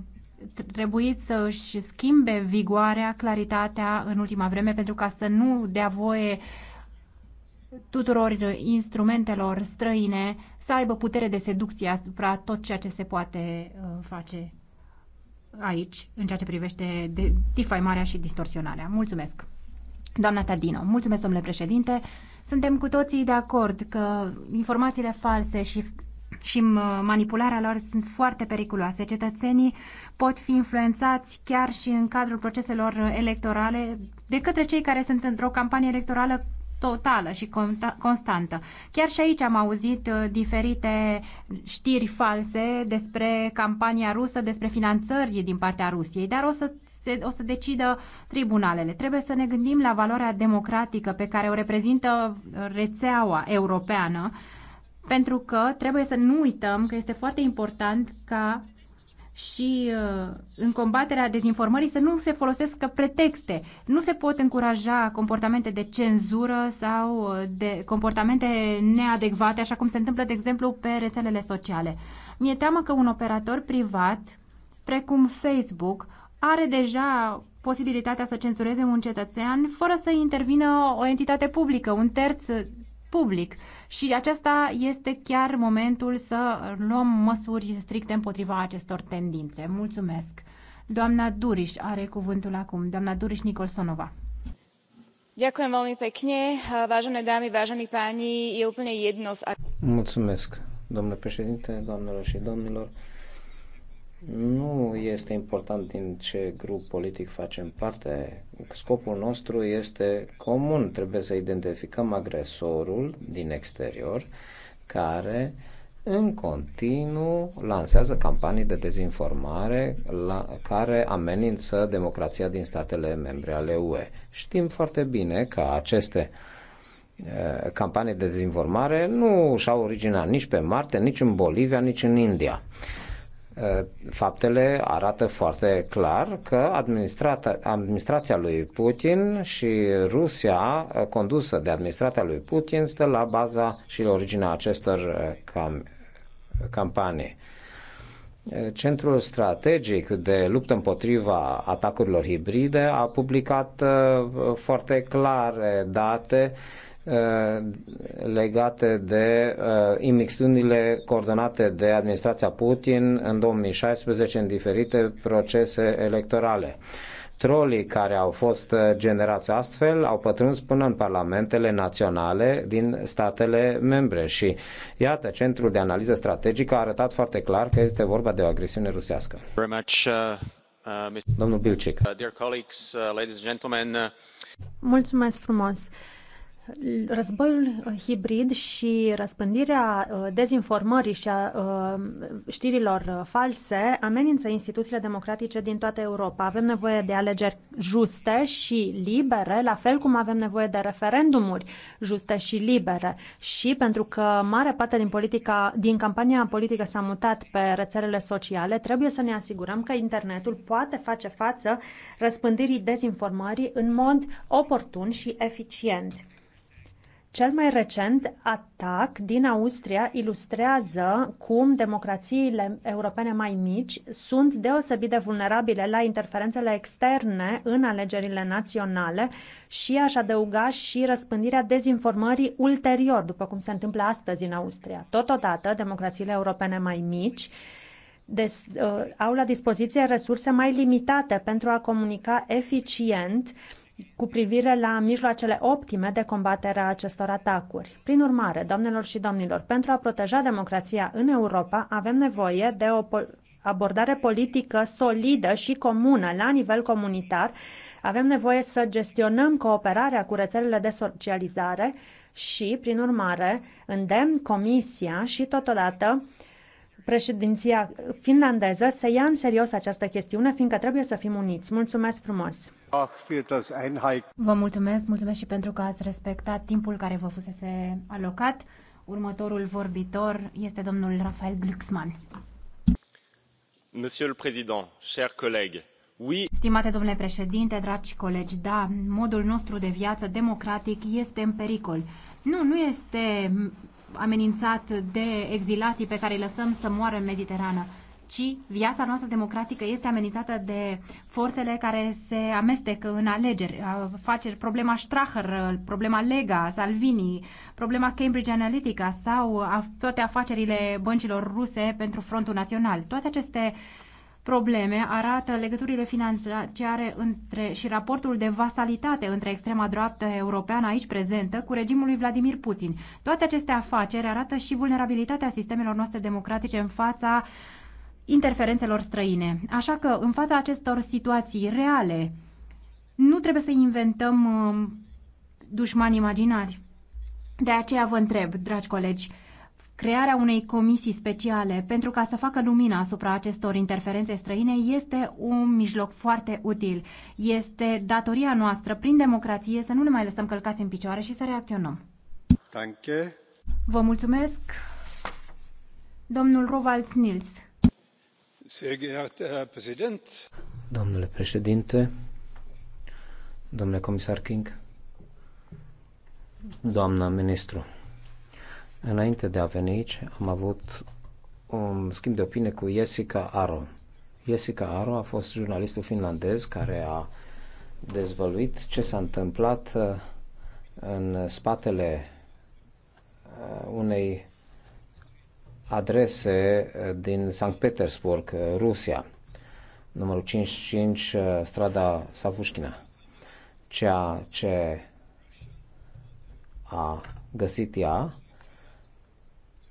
Speaker 2: trebuit să își schimbe vigoarea, claritatea în ultima vreme pentru ca să nu dea voie tuturor instrumentelor străine să aibă putere de seducție asupra tot ceea ce se poate uh, face aici în ceea ce privește de difaimarea și distorsionarea. Mulțumesc! Doamna Tadino, mulțumesc, domnule președinte. Suntem cu toții de acord că informațiile false și și manipularea lor sunt foarte periculoase. Cetățenii pot fi influențați chiar și în cadrul proceselor electorale de către cei care sunt într-o campanie electorală totală și constantă. Chiar și aici am auzit uh, diferite știri false despre campania rusă, despre finanțări din partea Rusiei, dar o să, se, o să decidă tribunalele. Trebuie să ne gândim la valoarea democratică pe care o reprezintă uh, rețeaua europeană pentru că trebuie să nu uităm că este foarte important ca și uh, în combaterea dezinformării să nu se folosesc pretexte. Nu se pot încuraja comportamente de cenzură sau uh, de comportamente neadecvate, așa cum se întâmplă, de exemplu, pe rețelele sociale. Mi-e teamă că un operator privat, precum Facebook, are deja posibilitatea să cenzureze un cetățean fără să intervină o entitate publică, un terț public și acesta este chiar momentul să luăm măsuri stricte împotriva acestor tendințe. Mulțumesc! Doamna Duriș are cuvântul acum. Doamna Duriș Nicolsonova. Ďakujem veľmi pekne. Vážené dámy, vážení páni, je úplne jedno z...
Speaker 5: Mulțumesc, domnule președinte, doamnelor și domnilor. Nu este important din ce grup politic facem parte. Scopul nostru este comun. Trebuie să identificăm agresorul din exterior care în continuu lansează campanii de dezinformare la, care amenință democrația din statele membre ale UE. Știm foarte bine că aceste eh, campanii de dezinformare nu și-au originat nici pe Marte, nici în Bolivia, nici în India. Eh, faptele arată foarte clar că administrația lui Putin și Rusia eh, condusă de administrația lui Putin stă la baza și la originea acestor eh, cam, campanii. Centrul Strategic de Luptă împotriva atacurilor hibride a publicat foarte clare date Uh, legate de uh, imixtiunile coordonate de administrația Putin în 2016 în diferite procese electorale. Trolii care au fost uh, generați astfel au pătruns până în parlamentele naționale din statele membre și iată, Centrul de Analiză Strategică a arătat foarte clar că este vorba de o agresiune rusească. Domnul Bilcic.
Speaker 4: Mulțumesc frumos. Războiul uh, hibrid și răspândirea uh, dezinformării și a uh, știrilor false amenință instituțiile democratice din toată Europa. Avem nevoie de alegeri juste și libere, la fel cum avem nevoie de referendumuri juste și libere. Și pentru că mare parte din, politica, din campania politică s-a mutat pe rețelele sociale, trebuie să ne asigurăm că internetul poate face față răspândirii dezinformării în mod oportun și eficient. Cel mai recent atac din Austria ilustrează cum democrațiile europene mai mici sunt deosebit de vulnerabile la interferențele externe în alegerile naționale și aș adăuga și răspândirea dezinformării ulterior, după cum se întâmplă astăzi în Austria. Totodată, democrațiile europene mai mici des, uh, au la dispoziție resurse mai limitate pentru a comunica eficient uh, cu privire la mijloacele optime de combatere a acestor atacuri. Prin urmare, doamnelor și domnilor, pentru a proteja democrația în Europa, avem nevoie de o abordare politică solidă și comună la nivel comunitar. Avem nevoie să gestionăm cooperarea cu rețelele de socializare și, prin urmare, îndemn Comisia și, totodată, uh, președinția finlandeză să ia în serios această chestiune, fiindcă trebuie să fim uniți. Mulțumesc frumos! Vă mulțumesc,
Speaker 2: mulțumesc și pentru că ați respectat timpul care vă fusese alocat. Următorul vorbitor este domnul Rafael Glucksmann.
Speaker 1: Monsieur le Président, chers collègues,
Speaker 2: oui. Stimate domnule președinte, dragi colegi, da, modul nostru de viață democratic este în pericol. Nu, nu este amenințat de exilații pe care îi lăsăm să moară în Mediterană, ci viața noastră democratică este amenințată de forțele care se amestecă în alegeri, Face problema Strahăr, problema Lega, Salvini, problema Cambridge Analytica sau toate afacerile băncilor ruse pentru Frontul Național. Toate aceste uh, probleme arată legăturile financiare între, și raportul de vasalitate între extrema dreaptă europeană aici prezentă cu regimul lui Vladimir Putin. Toate aceste afaceri arată și vulnerabilitatea sistemelor noastre democratice în fața interferențelor străine. Așa că, în fața acestor situații reale, nu trebuie să inventăm um, dușmani imaginari. De aceea vă întreb, dragi colegi, Crearea unei comisii speciale pentru ca să facă lumina asupra acestor interferențe străine este un mijloc foarte util. Este datoria noastră, prin democrație, să nu ne mai lăsăm călcați în picioare și să reacționăm.
Speaker 1: Danke.
Speaker 2: Vă mulțumesc, domnul Rovalds Nils.
Speaker 5: Domnule președinte, domnule comisar King, doamna ministru, Înainte de a veni aici, am avut un schimb de opinie cu Jessica Aro. Jessica Aro a fost jurnalistul finlandez care a dezvăluit ce s-a întâmplat uh, în spatele uh, unei adrese uh, din Sankt Petersburg, Rusia, numărul 55, strada Savușchina. Ceea ce a găsit ea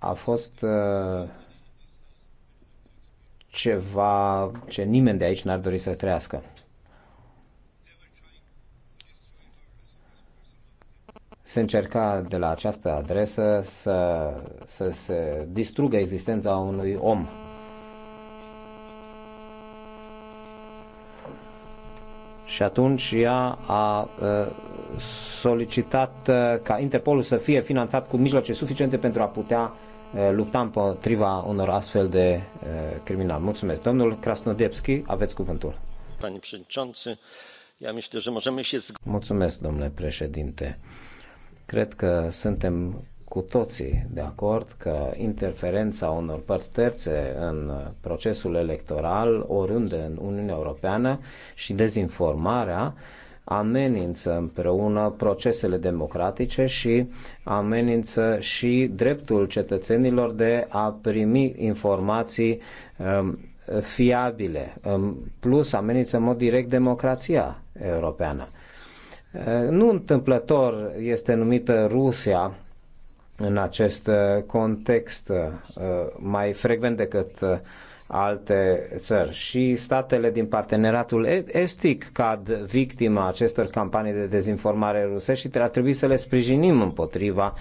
Speaker 5: a fost uh, ceva ce nimeni de aici n-ar dori să trăiască. se încerca de la această adresă să, să se distrugă existența unui om. Și atunci ea a uh, solicitat uh, ca Interpolul să fie finanțat cu mijloace suficiente pentru a putea Eh, lupta împotriva unor astfel de eh, criminali. Mulțumesc. Domnul Krasnodebski, aveți cuvântul. Mulțumesc, domnule președinte. Cred că suntem cu toții de acord că interferența unor părți terțe în procesul electoral, oriunde în Uniunea Europeană, și dezinformarea uh, amenință împreună procesele democratice și amenință și dreptul cetățenilor de a primi informații um, fiabile. Plus amenință în mod direct democrația europeană. Uh, nu întâmplător este numită Rusia în acest uh, context uh, mai frecvent decât alte țări și statele din parteneratul estic cad victima acestor campanii de dezinformare rusești și ar trebui să le sprijinim împotriva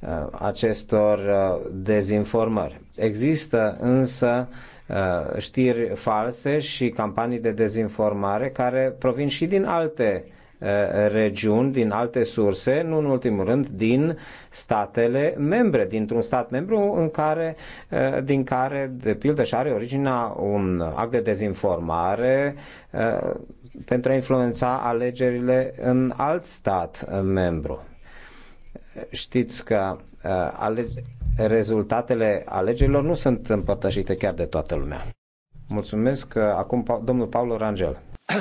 Speaker 5: uh, acestor uh, dezinformări. Există însă uh, știri false și campanii de dezinformare care provin și din alte Eh, regiuni, din alte surse, nu în ultimul rând din statele membre, dintr-un stat membru în care, eh, din care, de pildă, și are originea un act de dezinformare eh, pentru a influența alegerile în alt stat membru. Știți că alege, rezultatele alegerilor nu sunt împărtășite chiar de toată lumea. Mulțumesc. Acum domnul Paul Rangel.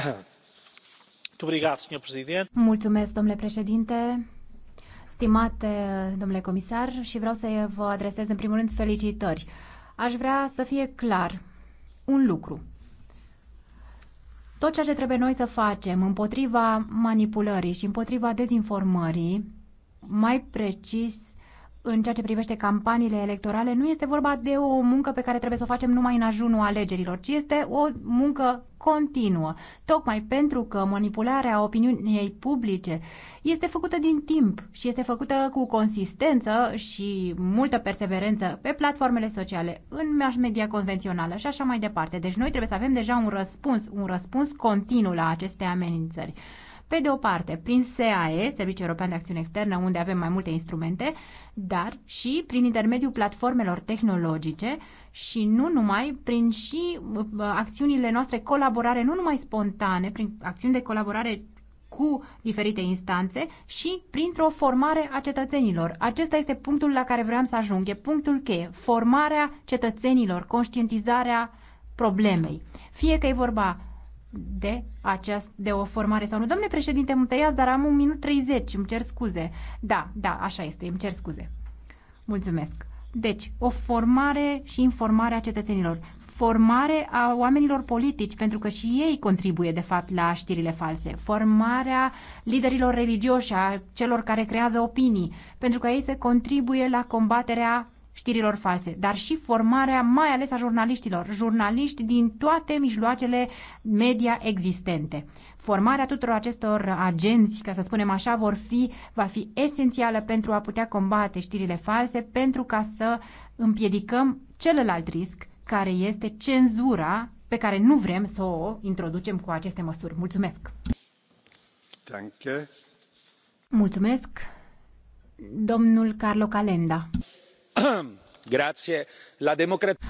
Speaker 2: Mulțumesc, domnule președinte. Stimate domnule comisar, și vreau să vă adresez în primul rând felicitări. Aș vrea să fie clar un lucru. Tot ceea ce trebuie noi să facem împotriva manipulării și împotriva dezinformării, mai precis în ceea ce privește campaniile electorale, nu este vorba de o muncă pe care trebuie să o facem numai în ajunul alegerilor, ci este o muncă continuă, tocmai pentru că manipularea opiniunii publice este făcută din timp și este făcută cu consistență și multă perseverență pe platformele sociale, în mass media convențională și așa mai departe. Deci noi trebuie să avem deja un răspuns, un răspuns continuu la aceste amenințări. Pe de o parte, prin SAE, Serviciul European de Acțiune Externă, unde avem mai multe instrumente, dar și prin intermediul platformelor tehnologice și nu numai, prin și uh, uh, acțiunile noastre colaborare, nu numai spontane, prin acțiuni de colaborare cu diferite instanțe și printr-o formare a cetățenilor. Acesta este punctul la care vreau să ajung. E punctul cheie. Formarea cetățenilor, conștientizarea problemei. Fie că e vorba de, aceast, de o formare sau nu. Domnule președinte, mă tăiați, dar am un minut 30, îmi cer scuze. Da, da, așa este, îmi cer scuze. Mulțumesc. Deci, o formare și informare a cetățenilor. Formare a oamenilor politici, pentru că și ei contribuie, de fapt, la știrile false. Formarea liderilor religioși, a celor care creează opinii, pentru că ei se contribuie la combaterea știrilor false, dar și formarea mai ales a jurnaliștilor, jurnaliști din toate mijloacele media existente. Formarea tuturor acestor agenți, ca să spunem așa, vor fi, va fi esențială pentru a putea combate știrile false, pentru ca să împiedicăm celălalt risc, care este cenzura pe care nu vrem să o introducem cu aceste măsuri. Mulțumesc! Danke. Mulțumesc, domnul Carlo Calenda.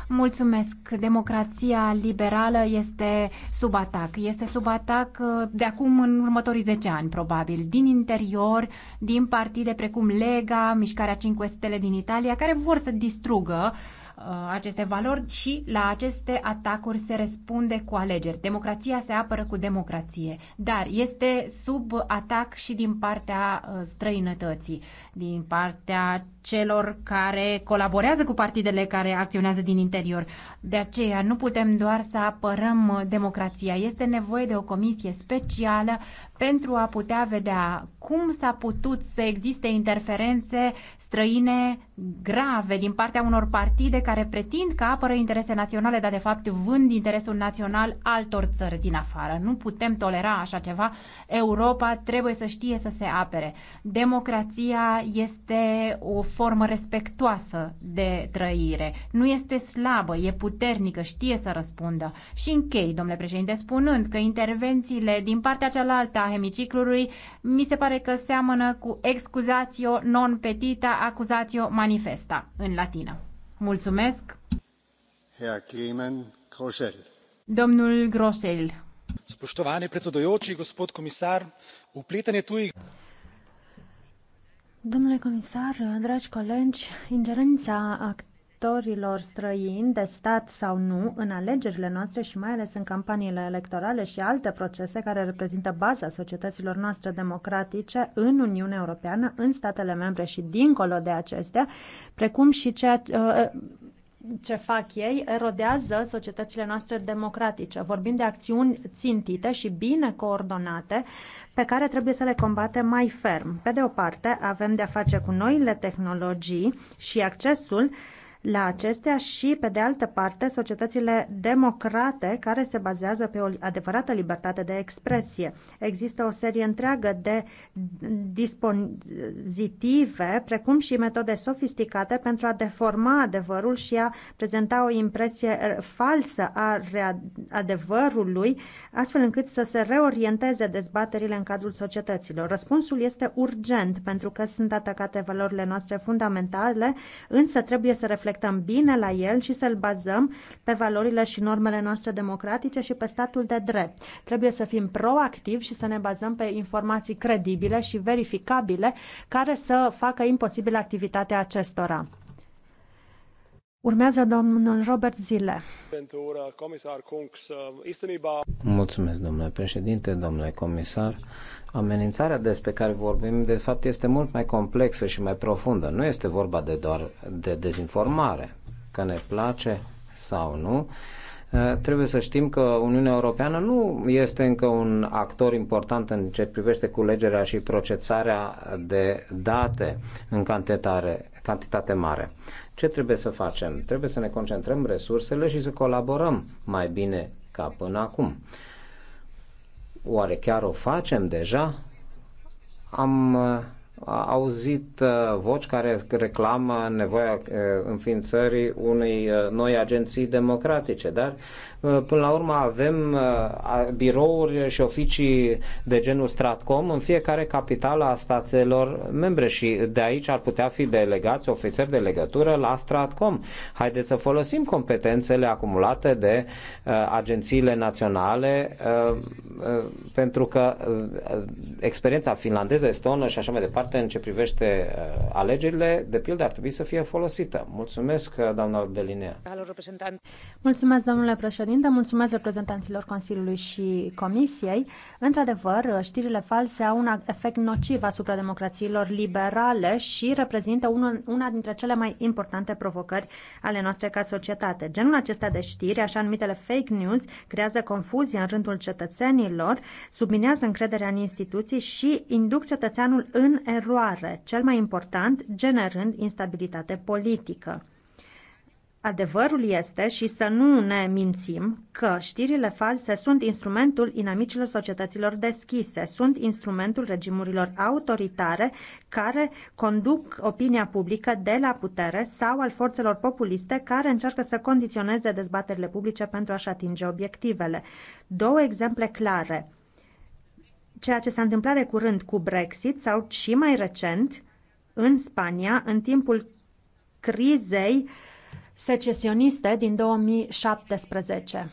Speaker 2: Mulțumesc. Democrația liberală este sub atac. Este sub atac uh, de acum în următorii 10 ani, probabil, din interior, din partide precum Lega, Mișcarea 5 Stele din Italia, care vor să distrugă uh, aceste valori și la aceste atacuri se răspunde cu alegeri. Democrația se apără cu democrație, dar este sub atac și din partea uh, străinătății, din partea celor care colaborează cu partidele care acționează din interior. De aceea nu putem doar să apărăm democrația. Este nevoie de o comisie specială pentru a putea vedea cum s-a putut să existe interferențe străine grave din partea unor partide care pretind că apără interese naționale, dar de fapt vând interesul național altor țări din afară. Nu putem tolera așa ceva. Europa trebuie să știe să se apere. Democrația este o formă respectoasă de trăire. Nu este slabă, e puternică, știe să răspundă. Și închei, domnule președinte, spunând că intervențiile din partea cealaltă a hemiciclului mi se pare că seamănă cu excuzatio non petita accusatio manifesta în latină. Mulțumesc!
Speaker 1: Herr Clemen Groschel. Domnul
Speaker 4: Groschel.
Speaker 1: Spuștovane prețodoioci, gospod komisar, upletanje tui.
Speaker 4: Domnule comisar, dragi colegi, ingerența actorilor străini, de stat sau nu, în alegerile noastre și mai ales în campaniile electorale și alte procese care reprezintă baza societăților noastre democratice în Uniunea Europeană, în statele membre și dincolo de acestea, precum și ceea, ce fac ei erodează societățile noastre democratice. Vorbim de acțiuni țintite și bine coordonate pe care trebuie să le combatem mai ferm. Pe de o parte, avem de-a face cu noile tehnologii și accesul uh, la acestea și, pe de altă parte, societățile democrate care se bazează pe o adevărată libertate de expresie. Există o serie întreagă de dispozitive, precum și metode sofisticate pentru a deforma adevărul și a prezenta o impresie falsă a adevărului, astfel încât să se reorienteze dezbaterile în cadrul societăților. Răspunsul este urgent pentru că sunt atacate valorile noastre fundamentale, însă trebuie să reflectăm reflectăm bine la el și să-l bazăm pe valorile și normele noastre democratice și pe statul de drept. Trebuie să fim proactivi și să ne bazăm pe informații credibile și verificabile care să facă imposibil activitatea acestora. Urmează domnul Robert Zile.
Speaker 1: Uh,
Speaker 5: Mulțumesc, domnule președinte, domnule comisar. Amenințarea despre care vorbim, de fapt, este mult mai complexă și mai profundă. Nu este vorba de doar de dezinformare, că ne place sau nu. Eh, trebuie să știm că Uniunea Europeană nu este încă un actor important în ce privește culegerea și procesarea de date în cantitate, cantitate mare. Ce trebuie să facem? Trebuie să ne concentrăm resursele și să colaborăm mai bine ca până acum Oare chiar o facem deja? Am uh, auzit uh, voci care reclamă nevoia uh, înființării unei noi agenții democratice, dar Până la urmă avem uh, birouri și oficii de genul Stratcom în fiecare capitală a stațelor membre și de aici ar putea fi delegați ofițeri de legătură la Stratcom. Haideți să folosim competențele acumulate de uh, agențiile naționale uh, pentru că experiența finlandeză, estonă și așa mai departe în ce privește alegerile, de pildă, ar trebui să fie folosită. Mulțumesc, doamna Belinea.
Speaker 4: Mulțumesc, domnule președinte președinte, mulțumesc reprezentanților Consiliului și Comisiei. Într-adevăr, știrile false au un efect nociv asupra democrațiilor liberale și reprezintă una dintre cele mai importante provocări ale noastre ca societate. Genul acesta de știri, așa numitele fake news, creează confuzie în rândul cetățenilor, subminează încrederea în instituții și induc cetățeanul în eroare, cel mai important, generând instabilitate politică. Adevărul este, și să nu ne mințim, că știrile false sunt instrumentul inamicilor societăților deschise, sunt instrumentul regimurilor autoritare care conduc opinia publică de la putere sau al forțelor populiste care încearcă să condiționeze dezbaterile publice pentru a-și atinge obiectivele. Două exemple clare. Ceea ce s-a întâmplat de curând cu Brexit sau și mai recent în Spania, în timpul crizei uh, secesioniste din 2017.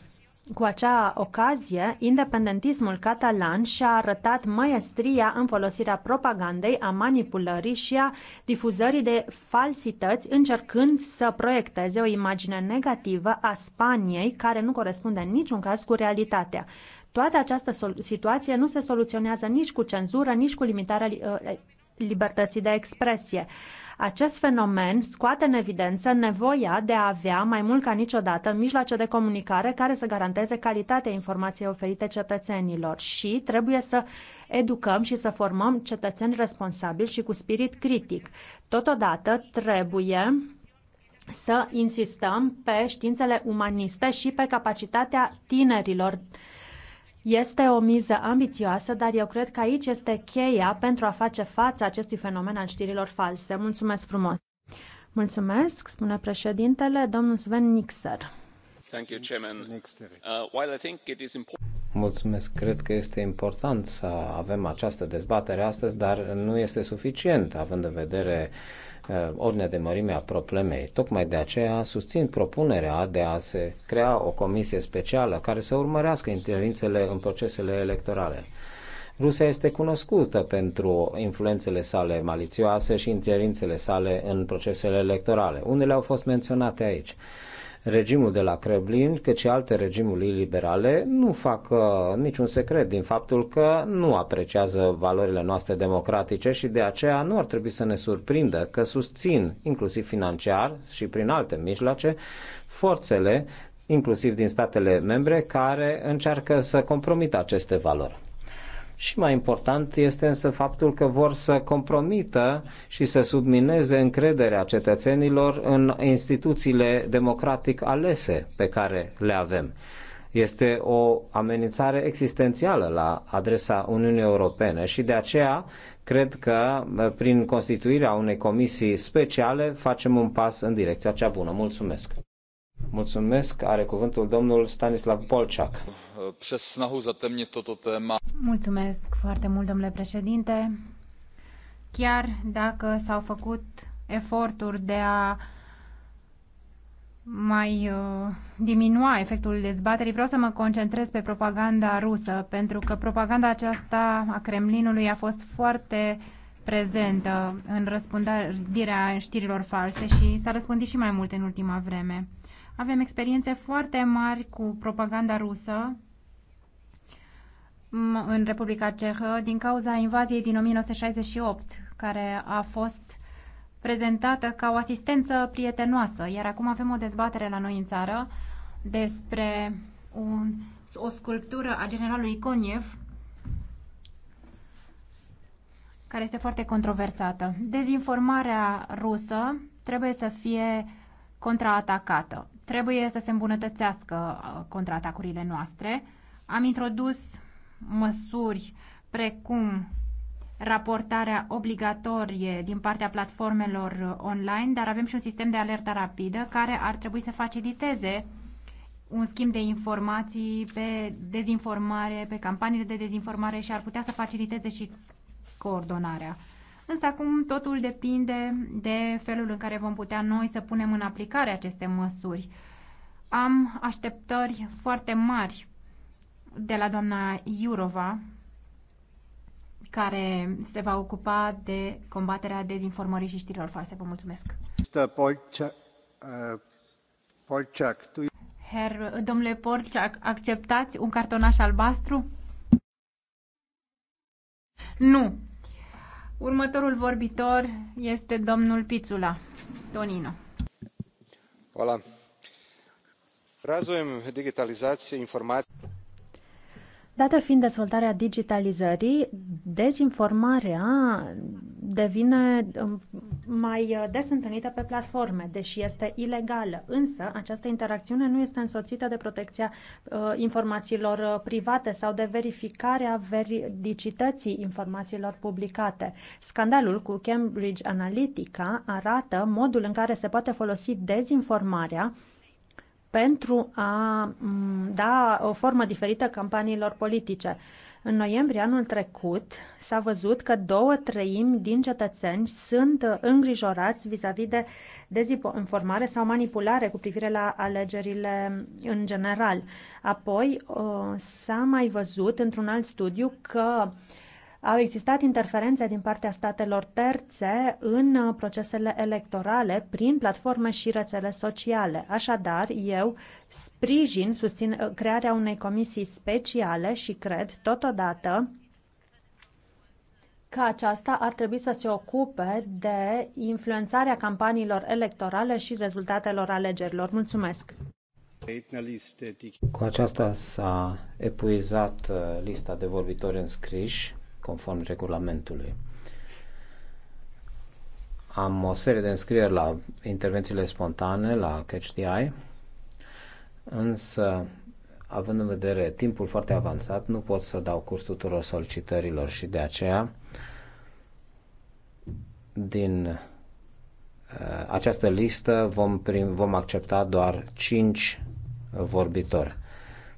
Speaker 4: Cu acea ocazie, independentismul catalan și-a arătat maestria în folosirea propagandei, a manipulării și a difuzării de falsități, încercând să proiecteze o imagine negativă a Spaniei, care nu corespunde în niciun caz cu realitatea. Toată această situație nu se soluționează nici cu cenzură, nici cu limitarea eh, libertății de expresie. Acest fenomen scoate în evidență nevoia de a avea mai mult ca niciodată mijloace de comunicare care să garanteze calitatea informației oferite cetățenilor și trebuie să educăm și să formăm cetățeni responsabili și cu spirit critic. Totodată trebuie să insistăm pe științele umaniste și pe capacitatea tinerilor este o miză ambițioasă, dar eu cred că aici este cheia pentru a face față acestui fenomen al știrilor false. Mulțumesc frumos! Mulțumesc, spune președintele, domnul Sven Nixer.
Speaker 5: Mulțumesc. Cred că este important să avem această dezbatere astăzi, dar nu este suficient, având în vedere Uh, ordine de mărime a problemei. Tocmai de aceea susțin propunerea de a se crea o comisie specială care să urmărească intervințele în procesele electorale. Rusia este cunoscută pentru influențele sale malițioase și ingerințele sale în procesele electorale. Unele au fost menționate aici regimul de la Kremlin, cât și alte regimuri liberale, nu fac uh, niciun secret din faptul că nu apreciază valorile noastre democratice și de aceea nu ar trebui să ne surprindă că susțin, inclusiv financiar și prin alte mijloace, forțele inclusiv din statele membre, care încearcă să compromită aceste valori. Și mai important este însă faptul că vor să compromită și să submineze încrederea cetățenilor în instituțiile democratic alese pe care le avem. Este o amenințare existențială la adresa Uniunii Europene și de aceea cred că prin constituirea unei comisii speciale facem un pas în direcția cea bună. Mulțumesc! Mulțumesc. Are cuvântul domnul Stanislav Polciac.
Speaker 2: Mulțumesc foarte mult, domnule președinte. Chiar dacă s-au făcut eforturi de a mai uh, diminua efectul dezbaterii, vreau să mă concentrez pe propaganda rusă, pentru că propaganda aceasta a Kremlinului a fost foarte prezentă în răspândirea știrilor false și s-a răspândit și mai mult în ultima vreme. Avem experiențe foarte mari cu propaganda rusă în Republica Cehă din cauza invaziei din 1968, care a fost prezentată ca o asistență prietenoasă, iar acum avem o dezbatere la noi în țară despre un, o sculptură a generalului Koniev care este foarte controversată. Dezinformarea rusă trebuie să fie contraatacată. Trebuie să se îmbunătățească uh, contraatacurile noastre. Am introdus măsuri precum raportarea obligatorie din partea platformelor uh, online, dar avem și un sistem de alertă rapidă care ar trebui să faciliteze un schimb de informații pe dezinformare, pe campaniile de dezinformare și ar putea să faciliteze și coordonarea. Însă acum totul depinde de felul în care vom putea noi să punem în aplicare aceste măsuri. Am așteptări foarte mari de la doamna Iurova, care se va ocupa de combaterea dezinformării și știrilor false. Vă mulțumesc.
Speaker 1: Uh,
Speaker 2: Her, domnule Porciac, acceptați un cartonaș albastru? Nu. Următorul vorbitor este domnul Pițula, Tonino.
Speaker 5: Hola. Razvojem digitalizacije informacije
Speaker 4: Dată fiind dezvoltarea digitalizării, dezinformarea devine um, mai des întâlnită pe platforme, deși este ilegală. Însă, această interacțiune nu este însoțită de protecția uh, informațiilor uh, private sau de verificarea veridicității informațiilor publicate. Scandalul cu Cambridge Analytica arată modul în care se poate folosi dezinformarea uh, pentru a da o formă diferită campaniilor politice. În noiembrie anul trecut s-a văzut că două treimi din cetățeni sunt îngrijorați vis-a-vis -vis de dezinformare sau manipulare cu privire la alegerile în general. Apoi uh, s-a mai văzut într-un alt studiu că uh, au existat interferențe din partea statelor terțe în uh, procesele electorale prin platforme și rețele sociale. Așadar, eu sprijin, susțin uh, crearea unei comisii speciale și cred totodată că aceasta ar trebui să se ocupe de influențarea campaniilor electorale și rezultatelor alegerilor. Mulțumesc!
Speaker 5: Cu aceasta s-a epuizat uh, lista de vorbitori înscriși conform regulamentului. Am o serie de înscrieri la intervențiile spontane, la Catch the Eye, însă, având în vedere timpul foarte avansat, nu pot să dau curs tuturor solicitărilor și de aceea, din uh, această listă vom, prim, vom accepta doar 5 vorbitori.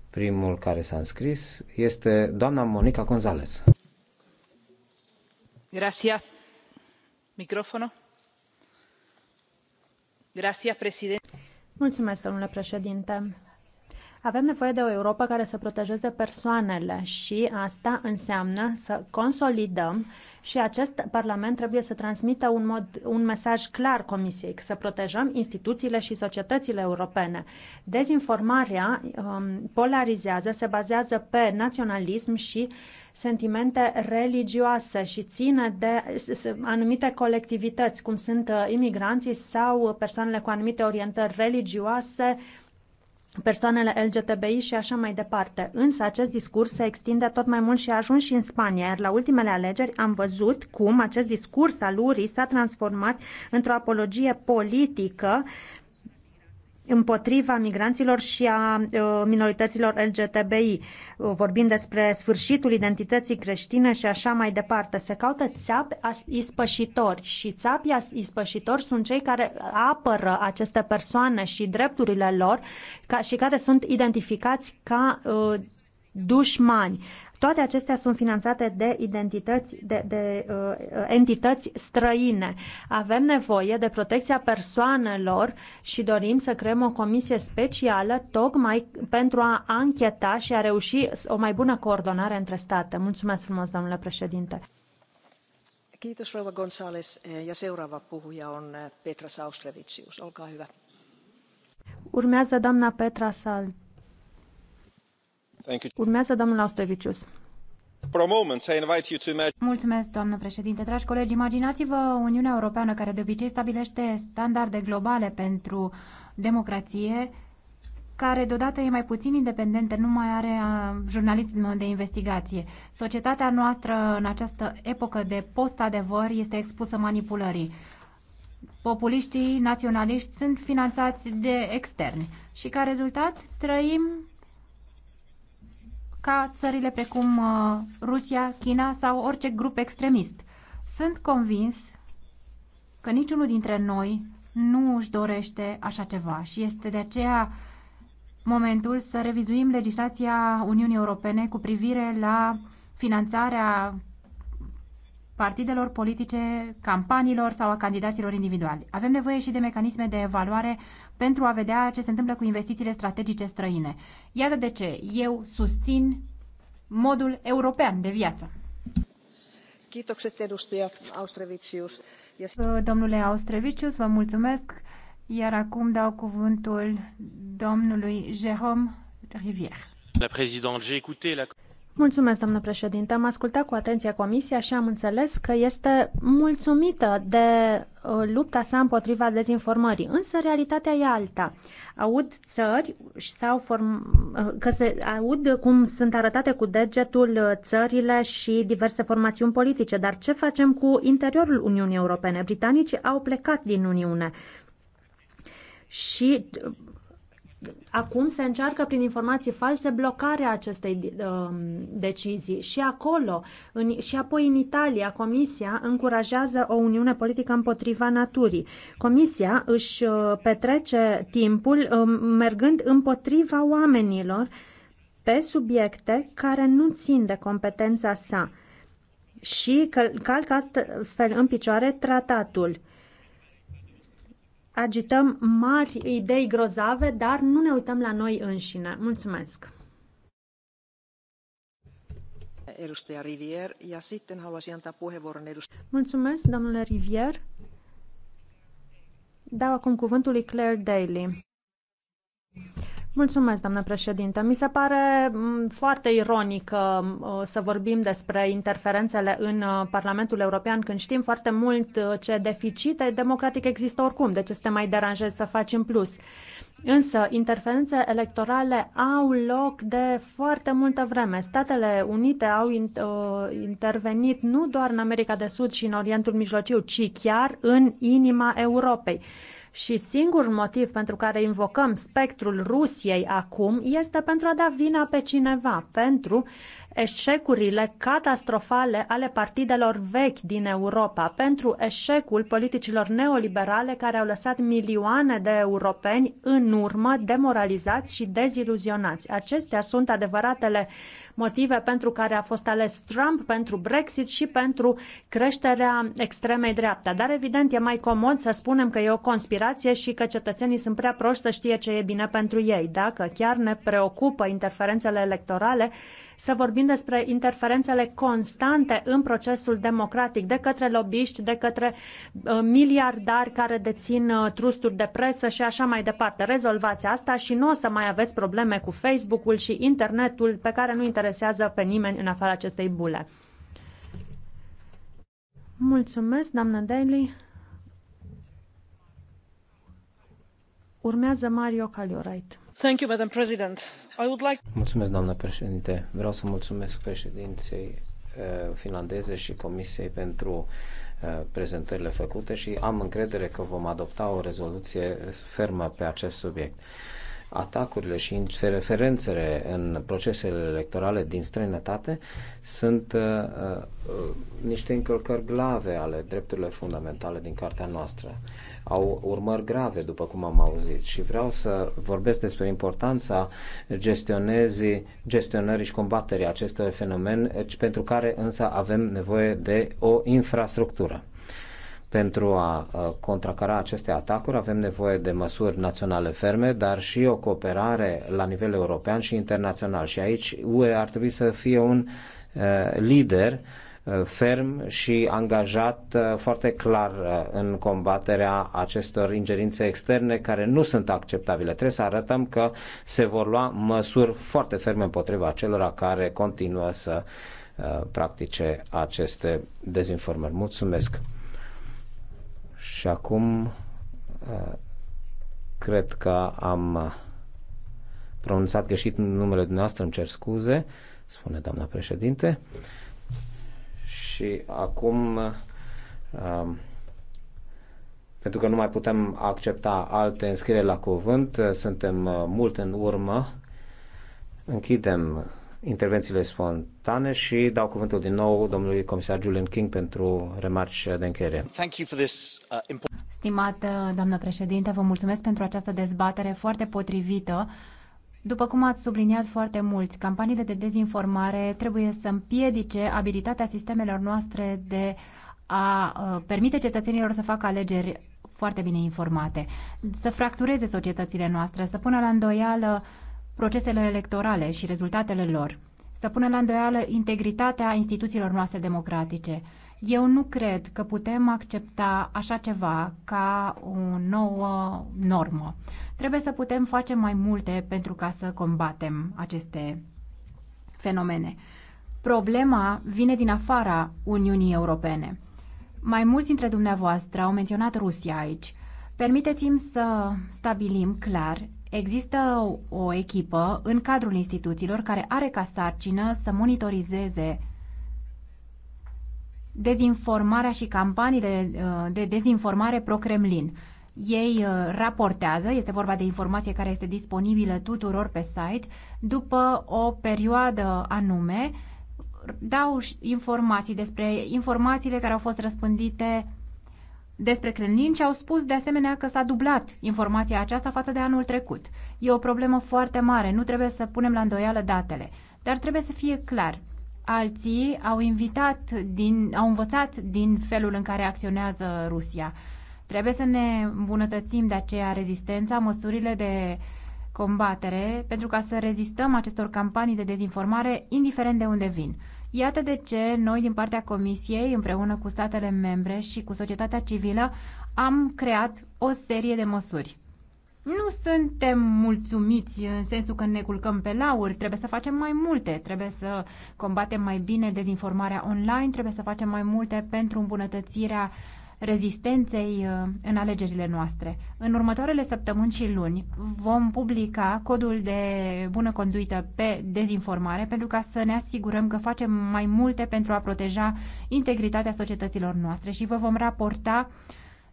Speaker 5: Primul care s-a înscris este doamna Monica Gonzalez
Speaker 4: domnule președinte avem nevoie de o Europa care să protejeze persoanele și asta înseamnă să consolidăm și acest Parlament trebuie să transmită un, mod, un mesaj clar Comisiei, să protejăm instituțiile și societățile europene. Dezinformarea um, polarizează, se bazează pe naționalism și sentimente religioase și ține de anumite colectivități, cum sunt uh, imigranții sau persoanele cu anumite orientări religioase, uh, persoanele LGTBI și așa mai departe. Însă acest discurs se extinde tot mai mult și a ajuns și în Spania, iar la ultimele alegeri am văzut cum acest discurs al URI s-a transformat într-o apologie politică împotriva migranților și a uh, minorităților LGTBI, uh, vorbind despre sfârșitul identității creștine și așa mai departe. Se caută țapi ispășitori și țapii ispășitori sunt cei care apără aceste persoane și drepturile lor ca, și care sunt identificați ca uh, dușmani. Toate acestea sunt finanțate de, identități, de, de uh, entități străine. Avem nevoie de protecția persoanelor și dorim să creăm o comisie specială tocmai pentru a ancheta și a reuși o mai bună coordonare între state. Mulțumesc frumos, domnule președinte.
Speaker 3: Kiitos, Rova González. Ja seuraava puhuja on eh, Petra Saustrevitsius. Olkaa hyvä.
Speaker 4: Urmează doamna Petra Salt. Urmează domnul Austrevicius. Mulțumesc, doamnă președinte. Dragi colegi,
Speaker 2: imaginați-vă Uniunea Europeană, care de obicei stabilește standarde globale pentru democrație, care deodată e mai puțin independentă, nu mai are uh, jurnalism de investigație. Societatea noastră în această epocă de post-adevăr este expusă manipulării. Populiștii naționaliști sunt finanțați de externi și ca rezultat trăim ca țările precum uh, Rusia, China sau orice grup extremist. Sunt convins că niciunul dintre noi nu își dorește așa ceva și este de aceea momentul să revizuim legislația Uniunii Europene cu privire la finanțarea partidelor politice, campaniilor sau a candidaților individuali. Avem nevoie și de mecanisme de evaluare pentru a vedea ce se întâmplă cu investițiile strategice străine. Iată de ce eu susțin modul european de viață. Domnule Austrevicius, vă mulțumesc, iar acum dau
Speaker 4: cuvântul domnului Jérôme Rivière. La Mulțumesc, doamnă președinte. Am ascultat cu atenție comisia și am înțeles că este mulțumită de uh, lupta sa împotriva dezinformării, însă realitatea e alta. Aud țări sau form- uh, că se aud cum sunt arătate cu degetul uh, țările și diverse formațiuni politice, dar ce facem cu interiorul Uniunii Europene? Britanicii au plecat din Uniune. Și acum se încearcă prin informații false blocarea acestei uh, decizii și acolo în, și apoi în Italia Comisia încurajează o uniune politică împotriva naturii. Comisia își uh, petrece timpul uh, mergând împotriva oamenilor pe subiecte care nu țin de competența sa și calcă astfel în picioare tratatul. Uh, agităm mari idei grozave, dar nu ne uităm la noi înșine. Mulțumesc!
Speaker 3: Edustaja Rivier, ja sitten haluaisin antaa puheenvuoron edustaja...
Speaker 4: Mulțumesc, domnule Rivier. Dau acum cuvântul lui Claire Daly. Mulțumesc, doamnă președintă. Mi se pare mm, foarte ironic mm, uh, să vorbim despre interferențele în uh, Parlamentul European când știm foarte mult uh, ce deficite democratic există oricum. De ce să te mai deranjezi să faci în plus? Însă, interferențe electorale au loc de foarte multă vreme. Statele Unite au intervenit nu doar în America de Sud și în Orientul Mijlociu, ci chiar în inima Europei. Și singurul motiv pentru care invocăm spectrul Rusiei acum este pentru a da vina pe cineva, pentru eșecurile catastrofale ale partidelor vechi din Europa, pentru eșecul politicilor neoliberale care au lăsat milioane de europeni în urmă, demoralizați și deziluzionați. Acestea sunt adevăratele motive pentru care a fost ales Trump pentru Brexit și pentru creșterea extremei dreapte. Dar evident e mai comod să spunem că e o conspirație și că cetățenii sunt prea proști să știe ce e bine pentru ei. Dacă chiar ne preocupă interferențele electorale, să vorbim despre interferențele constante în procesul democratic de către lobbyști, de către uh, miliardari care dețin uh, trusturi de presă și așa mai departe. Rezolvați asta și nu o să mai aveți probleme cu Facebook-ul și internetul pe care nu interesează pe nimeni în afara acestei bule. Mulțumesc, doamnă Daly. Urmează Mario Caliorite.
Speaker 7: Thank you, Madam President
Speaker 5: Mulțumesc, doamnă președinte. Vreau să mulțumesc președinței eh, finlandeze și Comisiei pentru eh, prezentările făcute și am încredere că vom adopta o rezoluție fermă pe acest subiect. Atacurile și referențele în procesele electorale din străinătate sunt uh, niște încălcări grave ale drepturilor fundamentale din cartea noastră. Uh, au urmări grave, după cum am auzit. Și vreau să vorbesc despre importanța gestionării, gestionării și combaterii acestui fenomen, eh, pentru care însă avem nevoie de o infrastructură. Pentru a eh, contracara aceste atacuri avem nevoie de măsuri naționale ferme, dar și o cooperare la nivel european și internațional. Și aici UE ar trebui să fie un eh, lider ferm și angajat uh, foarte clar uh, în combaterea acestor ingerințe externe care nu sunt acceptabile. Trebuie să arătăm că se vor lua măsuri foarte ferme împotriva celor care continuă să uh, practice aceste dezinformări. Mulțumesc! Și acum cred că am pronunțat greșit numele dumneavoastră, îmi cer scuze, spune doamna președinte și acum, um, pentru că nu mai putem accepta alte înscrieri la cuvânt, suntem uh, mult în urmă, închidem intervențiile spontane și dau cuvântul din nou domnului comisar Julian King pentru remarci de
Speaker 7: încheiere. Uh,
Speaker 2: Stimată doamnă președinte, vă mulțumesc pentru această dezbatere foarte potrivită după cum ați subliniat foarte mulți, campaniile de dezinformare trebuie să împiedice abilitatea sistemelor noastre de a permite cetățenilor să facă alegeri foarte bine informate, să fractureze societățile noastre, să pună la îndoială procesele electorale și rezultatele lor, să pună la îndoială integritatea instituțiilor noastre democratice. Eu nu cred că putem accepta așa ceva ca o nouă normă. Trebuie să putem face mai multe pentru ca să combatem aceste fenomene. Problema vine din afara Uniunii Europene. Mai mulți dintre dumneavoastră au menționat Rusia aici. Permiteți-mi să stabilim clar Există o echipă în cadrul instituțiilor care are ca sarcină să monitorizeze dezinformarea și campaniile uh, de dezinformare pro-Kremlin. Ei uh, raportează, este vorba de informație care este disponibilă tuturor pe site, după o perioadă anume, dau informații despre informațiile care au fost răspândite despre Kremlin și au spus de asemenea că s-a dublat informația aceasta față de anul trecut. E o problemă foarte mare, nu trebuie să punem la îndoială datele, dar trebuie să fie clar. Alții au invitat din, au învățat din felul în care acționează Rusia Trebuie să ne îmbunătățim de aceea rezistența, măsurile de combatere, pentru ca să rezistăm acestor campanii de dezinformare, indiferent de unde vin. Iată de ce noi, din partea Comisiei, împreună cu statele membre și cu societatea civilă, am creat o serie de măsuri. Nu suntem mulțumiți în sensul că ne culcăm pe lauri, trebuie să facem mai multe, trebuie să combatem mai bine dezinformarea online, trebuie să facem mai multe pentru îmbunătățirea uh, rezistenței uh, în alegerile noastre. În următoarele săptămâni și luni vom publica codul de bună conduită pe dezinformare pentru ca să ne asigurăm că facem mai multe pentru a proteja integritatea societăților noastre și vă vom raporta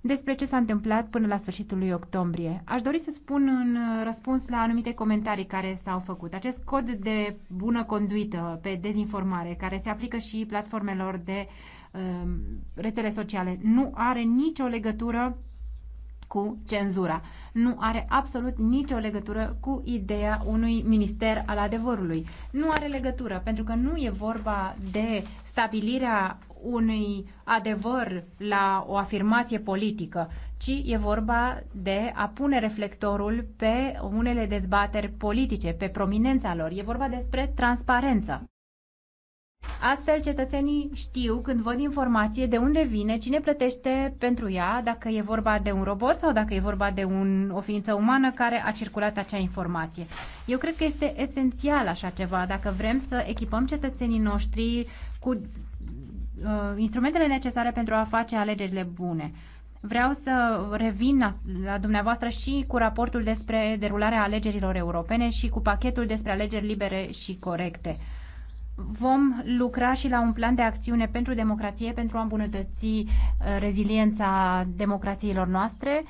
Speaker 2: despre ce s-a întâmplat până la sfârșitul lui octombrie. Aș dori să spun în răspuns la anumite comentarii care s-au făcut. Acest cod de bună conduită pe dezinformare, care se aplică și platformelor de uh, Um, rețele sociale. Nu are nicio legătură cu cenzura. Nu are absolut nicio legătură cu ideea unui minister al adevărului. Nu are legătură, pentru că nu e vorba de stabilirea unui adevăr la o afirmație politică, ci e vorba de a pune reflectorul pe unele dezbateri politice, pe prominența lor. E vorba despre transparență. Astfel, cetățenii știu când văd informație de unde vine, cine plătește pentru ea, dacă e vorba de un robot sau dacă e vorba de un, o ființă umană care a circulat acea informație. Eu cred că este esențial așa ceva dacă vrem să echipăm cetățenii noștri cu uh, instrumentele necesare pentru a face alegerile bune. Vreau să revin la, la dumneavoastră și cu raportul despre derularea alegerilor europene și cu pachetul despre alegeri libere și corecte vom lucra și la un plan de acțiune pentru democrație, pentru a îmbunătăți uh, reziliența democrațiilor noastre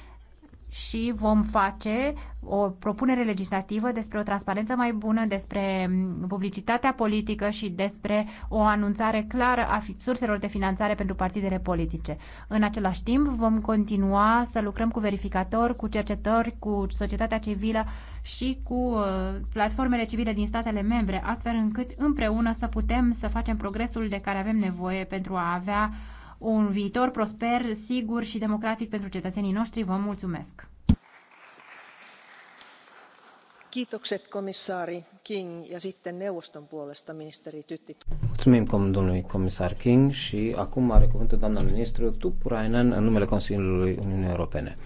Speaker 2: și vom face o propunere legislativă despre o transparență mai bună, despre publicitatea politică și despre o anunțare clară a surselor de finanțare pentru partidele politice. În același timp, vom continua să lucrăm cu verificatori, cu cercetori, cu societatea civilă și cu uh, platformele civile din statele membre, astfel încât împreună să putem să facem progresul de care avem nevoie pentru a avea un viitor prosper, sigur și democratic pentru cetățenii noștri. Vă mulțumesc!
Speaker 3: Kiitokset komissaari King ja sitten neuvoston puolesta ministeri Tytti.
Speaker 5: Mulțumim domnului comisar King și acum are cuvântul doamna ministru Tupurainen în numele Consiliului Uniunii Europene.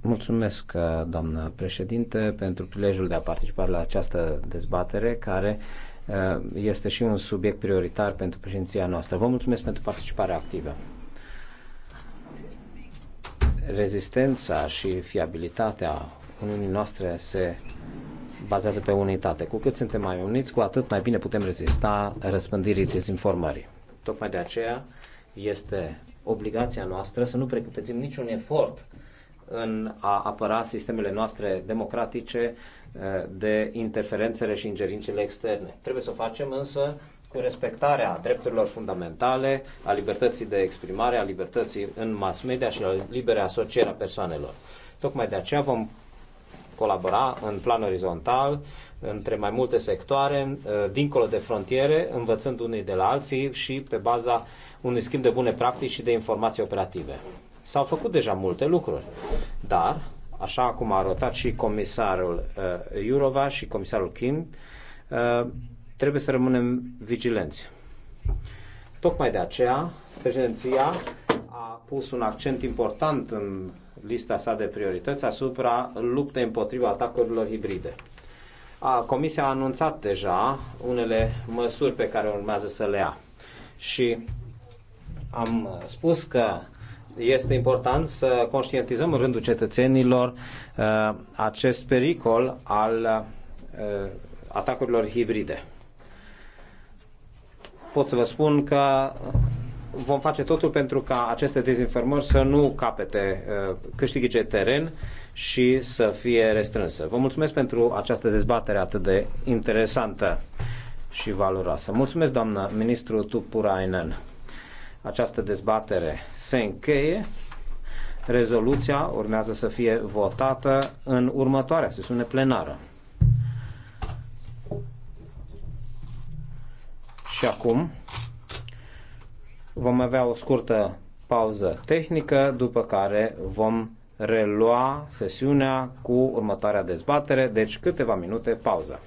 Speaker 5: Mulțumesc, doamnă președinte, pentru prilejul de a participa la această dezbatere care Eh, este și un subiect prioritar pentru președinția noastră. Vă mulțumesc pentru participarea activă. Rezistența și fiabilitatea Uniunii noastre se bazează pe unitate. Cu cât suntem mai uniți, cu atât mai bine putem rezista răspândirii dezinformării. Tocmai de aceea este obligația noastră să nu precupețim niciun efort în a apăra sistemele noastre democratice, de interferențele și ingerințele externe. Trebuie să o facem însă cu respectarea drepturilor fundamentale, a libertății de exprimare, a libertății în mass media și a liberei asociere a persoanelor. Tocmai de aceea vom colabora în plan orizontal între mai multe sectoare, uh, dincolo de frontiere, învățând unii de la alții și pe baza unui schimb de bune practici și de informații operative. S-au făcut deja multe lucruri, dar așa cum a arătat și comisarul uh, Iurova și comisarul Kim, uh, trebuie să rămânem vigilenți. Tocmai de aceea, președinția a pus un accent important în lista sa de priorități asupra luptei împotriva atacurilor hibride. A, Comisia a anunțat deja unele măsuri pe care urmează să le ia. Și am spus că este important să conștientizăm în rândul cetățenilor uh, acest pericol al uh, atacurilor hibride. Pot să vă spun că vom face totul pentru ca aceste dezinformări să nu capete, uh, câștige teren și să fie restrânsă. Vă mulțumesc pentru această dezbatere atât de interesantă și valoroasă. Mulțumesc, doamnă ministru Tupurainen. Această dezbatere se încheie. Rezoluția urmează să fie votată în următoarea sesiune plenară. Și acum vom avea o scurtă pauză tehnică, după care vom relua sesiunea cu următoarea dezbatere, deci câteva minute pauză.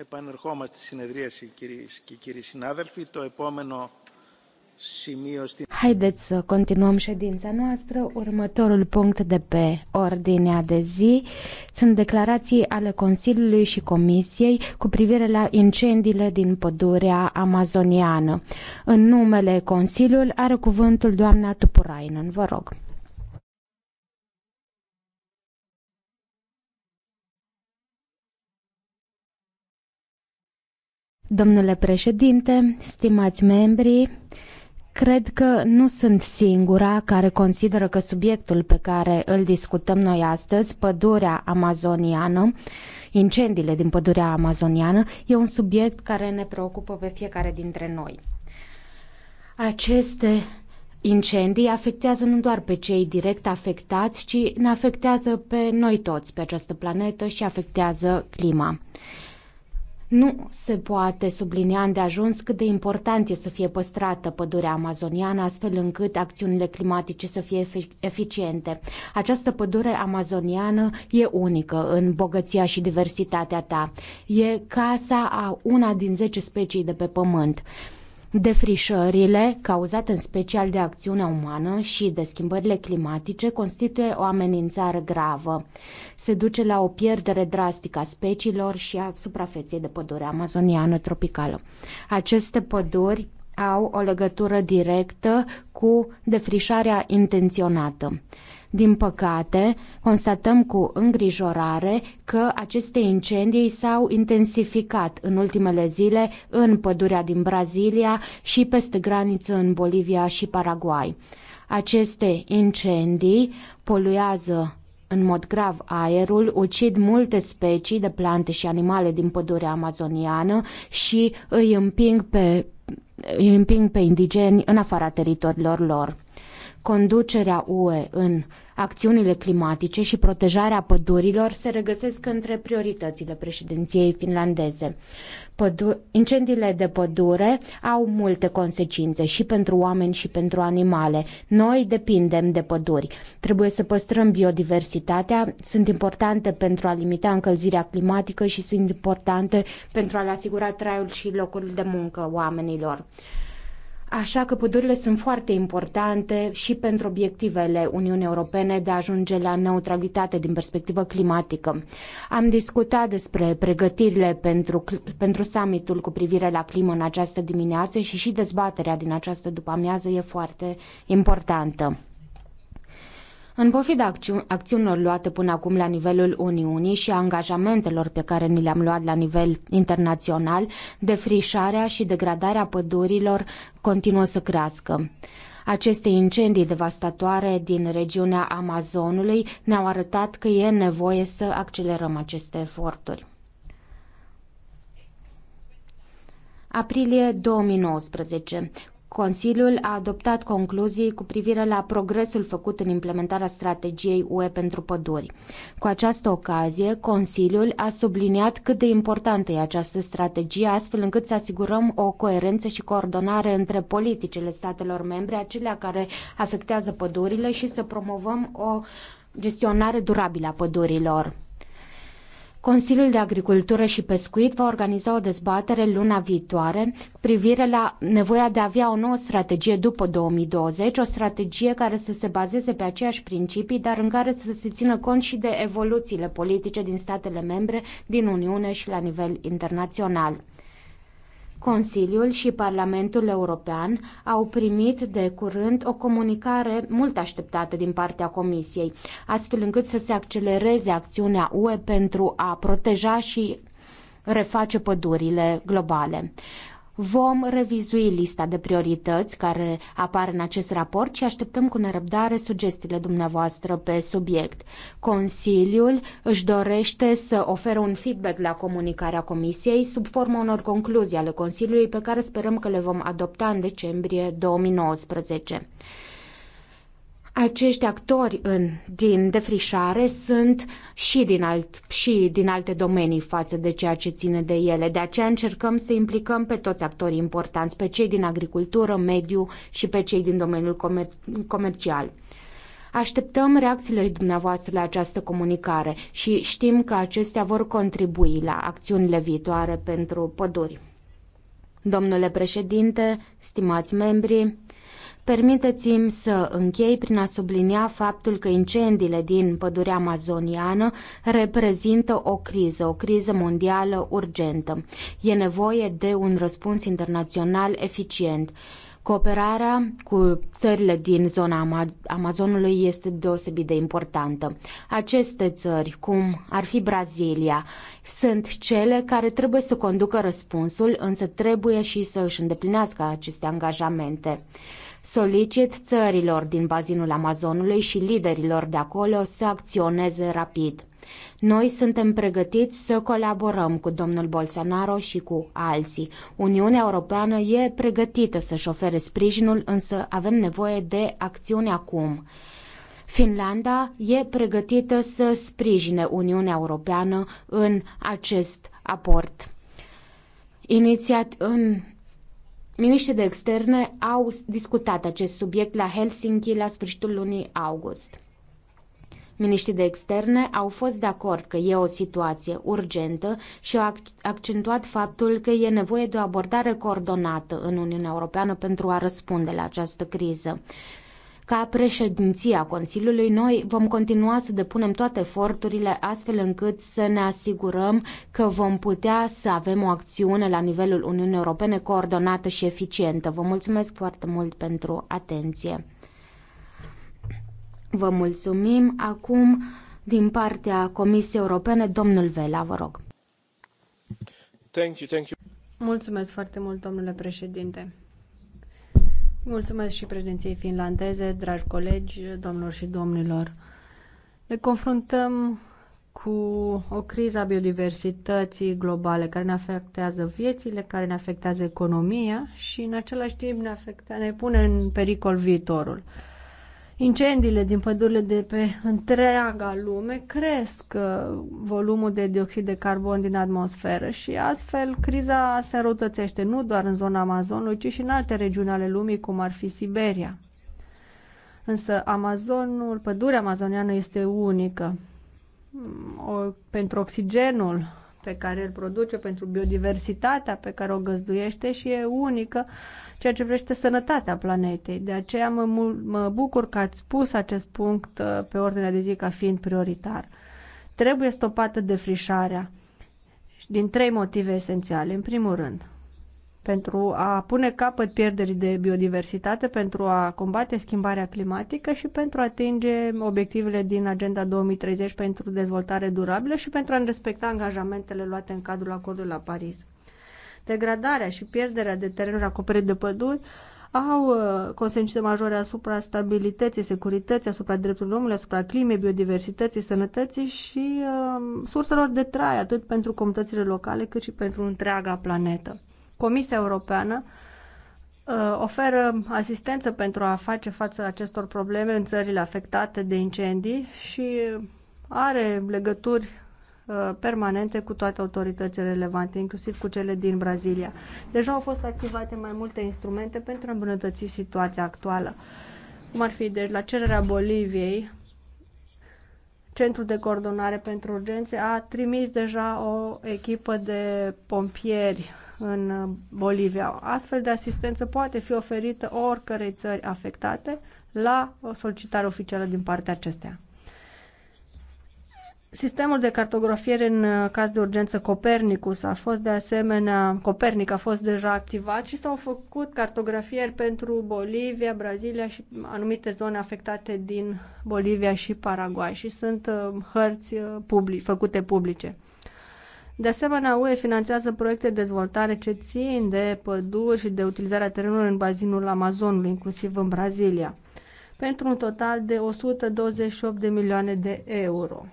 Speaker 1: Επανερχόμαστε στη συνεδρίαση
Speaker 3: και κύριοι συνάδελφοι. Το επόμενο σημείο στην...
Speaker 6: Haideți să continuăm ședința noastră. Următorul punct de pe ordinea de zi sunt declarații ale Consiliului și Comisiei cu privire la incendiile din pădurea amazoniană. În numele Consiliului are cuvântul doamna Tupurainen. Vă rog. Domnule președinte, stimați membri, cred că nu sunt singura care consideră că subiectul pe care îl discutăm noi astăzi, pădurea amazoniană, incendiile din pădurea amazoniană, e un subiect care ne preocupă pe fiecare dintre noi. Aceste Incendii afectează nu doar pe cei direct afectați, ci ne afectează pe noi toți pe această planetă și afectează clima. Nu se poate sublinia îndeajuns cât de important e să fie păstrată pădurea amazoniană, astfel încât acțiunile climatice să fie eficiente. Această pădure amazoniană e unică în bogăția și diversitatea ta. E casa a una din 10 specii de pe pământ. Defrișările, cauzate în special de acțiunea umană și de schimbările climatice, constituie o amenințare gravă. Se duce la o pierdere drastică a speciilor și a suprafeței de pădure amazoniană tropicală. Aceste păduri au o legătură directă cu defrișarea intenționată. Din păcate, constatăm cu îngrijorare că aceste incendii s-au intensificat în ultimele zile în pădurea din Brazilia și peste graniță în Bolivia și Paraguay. Aceste incendii poluează în mod grav aerul, ucid multe specii de plante și animale din pădurea amazoniană și îi împing pe, îi împing pe indigeni în afara teritoriilor lor. Conducerea UE în acțiunile climatice și protejarea pădurilor se regăsesc între prioritățile președinției finlandeze. Pădu- incendiile de pădure au multe consecințe și pentru oameni și pentru animale. Noi depindem de păduri. Trebuie să păstrăm biodiversitatea, sunt importante pentru a limita încălzirea climatică și sunt importante pentru a le asigura traiul și locul de muncă oamenilor. Așa că pădurile sunt foarte importante și pentru obiectivele Uniunii Europene de a ajunge la neutralitate din perspectivă climatică. Am discutat despre pregătirile pentru, pentru summitul cu privire la climă în această dimineață și și dezbaterea din această după amiază e foarte importantă. În pofida acțiun acțiunilor luate până acum la nivelul Uniunii și a angajamentelor pe care ni le-am luat la nivel internațional, defrișarea și degradarea pădurilor continuă să crească. Aceste incendii devastatoare din regiunea Amazonului ne-au arătat că e nevoie să accelerăm aceste eforturi. Aprilie 2019. Consiliul a adoptat concluzii cu privire la progresul făcut în implementarea strategiei UE pentru păduri. Cu această ocazie, Consiliul a subliniat cât de importantă e această strategie, astfel încât să asigurăm o coerență și coordonare între politicile statelor membre, acelea care afectează pădurile și să promovăm o gestionare durabilă a pădurilor. Consiliul de Agricultură și Pescuit va organiza o dezbatere luna viitoare cu privire la nevoia de a avea o nouă strategie după 2020, o strategie care să se bazeze pe aceiași principii, dar în care să se țină cont și de evoluțiile politice din statele membre, din Uniune și la nivel internațional. Consiliul și Parlamentul European au primit de curând o comunicare mult așteptată din partea Comisiei, astfel încât să se accelereze acțiunea UE pentru a proteja și reface pădurile globale. Vom revizui lista de priorități care apar în acest raport și așteptăm cu nerăbdare sugestiile dumneavoastră pe subiect. Consiliul își dorește să ofere un feedback la comunicarea Comisiei sub formă unor concluzii ale Consiliului pe care sperăm că le vom adopta în decembrie 2019 acești actori în, din defrișare sunt și din, alt, și din alte domenii față de ceea ce ține de ele. De aceea încercăm să implicăm pe toți actorii importanți, pe cei din agricultură, mediu și pe cei din domeniul comer- comercial. Așteptăm reacțiile dumneavoastră la această comunicare și știm că acestea vor contribui la acțiunile viitoare pentru păduri. Domnule președinte, stimați membri, Permiteți-mi să închei prin a sublinia faptul că incendiile din pădurea amazoniană reprezintă o criză, o criză mondială urgentă. E nevoie de un răspuns internațional eficient. Cooperarea cu țările din zona Amazonului este deosebit de importantă. Aceste țări, cum ar fi Brazilia, sunt cele care trebuie să conducă răspunsul, însă trebuie și să își îndeplinească aceste angajamente. Solicit țărilor din bazinul Amazonului și liderilor de acolo să acționeze rapid. Noi suntem pregătiți să colaborăm cu domnul Bolsonaro și cu alții. Uniunea Europeană e pregătită să-și ofere sprijinul, însă avem nevoie de acțiune acum. Finlanda e pregătită să sprijine Uniunea Europeană în acest aport. Inițiat în Miniștrii de externe au discutat acest subiect la Helsinki la sfârșitul lunii august. Miniștrii de externe au fost de acord că e o situație urgentă și au accentuat faptul că e nevoie de o abordare coordonată în Uniunea Europeană pentru a răspunde la această criză. Ca președinția Consiliului, noi vom continua să depunem toate eforturile astfel încât să ne asigurăm că vom putea să avem o acțiune la nivelul Uniunii Europene coordonată și eficientă. Vă mulțumesc foarte mult pentru atenție. Vă mulțumim. Acum, din partea Comisiei Europene, domnul Vela, vă rog.
Speaker 1: Thank you, thank you.
Speaker 6: Mulțumesc foarte
Speaker 8: mult, domnule președinte. Mulțumesc și președinției finlandeze, dragi colegi, domnilor și domnilor. Ne confruntăm cu o criză a biodiversității globale care ne afectează viețile, care ne afectează economia și în același timp ne, afecte, ne pune în pericol viitorul. Incendiile din pădurile de pe întreaga lume cresc uh, volumul de dioxid de carbon din atmosferă și astfel criza se înrăutățește nu doar în zona Amazonului, ci și în alte regiuni ale lumii, cum ar fi Siberia. Însă Amazonul, pădurea amazoniană este unică. O, pentru oxigenul pe care îl produce, pentru biodiversitatea pe care o găzduiește și e unică ceea ce vrește sănătatea planetei. De aceea mă, mă bucur că ați pus acest punct uh, pe ordinea de zi ca fiind prioritar. Trebuie stopată defrișarea din trei motive esențiale. În primul rând, pentru a pune capăt pierderii de biodiversitate, pentru a combate schimbarea climatică și pentru a atinge obiectivele din Agenda 2030 pentru dezvoltare durabilă și pentru a respecta angajamentele luate în cadrul acordului la Paris. Degradarea și pierderea de terenuri acoperite de păduri au uh, consecințe majore asupra stabilității, securității, asupra drepturilor omului, asupra climei, biodiversității, sănătății și uh, surselor de trai, atât pentru comunitățile locale, cât și pentru întreaga planetă. Comisia Europeană uh, oferă asistență pentru a face față acestor probleme în țările afectate de incendii și are legături Uh, permanente cu toate autoritățile relevante, inclusiv cu cele din Brazilia. Deja au fost activate mai multe instrumente pentru a îmbunătăți situația actuală. Cum ar fi, deci, la cererea Boliviei, Centrul de Coordonare pentru Urgențe a trimis deja o echipă de pompieri în Bolivia. Astfel de asistență poate fi oferită oricărei țări afectate la o solicitare oficială din partea acesteia. Sistemul de cartografiere în uh, caz de urgență Copernicus a fost de asemenea, Copernic a fost deja activat și s-au făcut cartografieri pentru Bolivia, Brazilia și anumite zone afectate din Bolivia și Paraguay și sunt uh, hărți uh, public, făcute publice. De asemenea, UE finanțează proiecte de dezvoltare ce țin de păduri și de utilizarea terenului în bazinul Amazonului, inclusiv în Brazilia, pentru un total de 128 de milioane de euro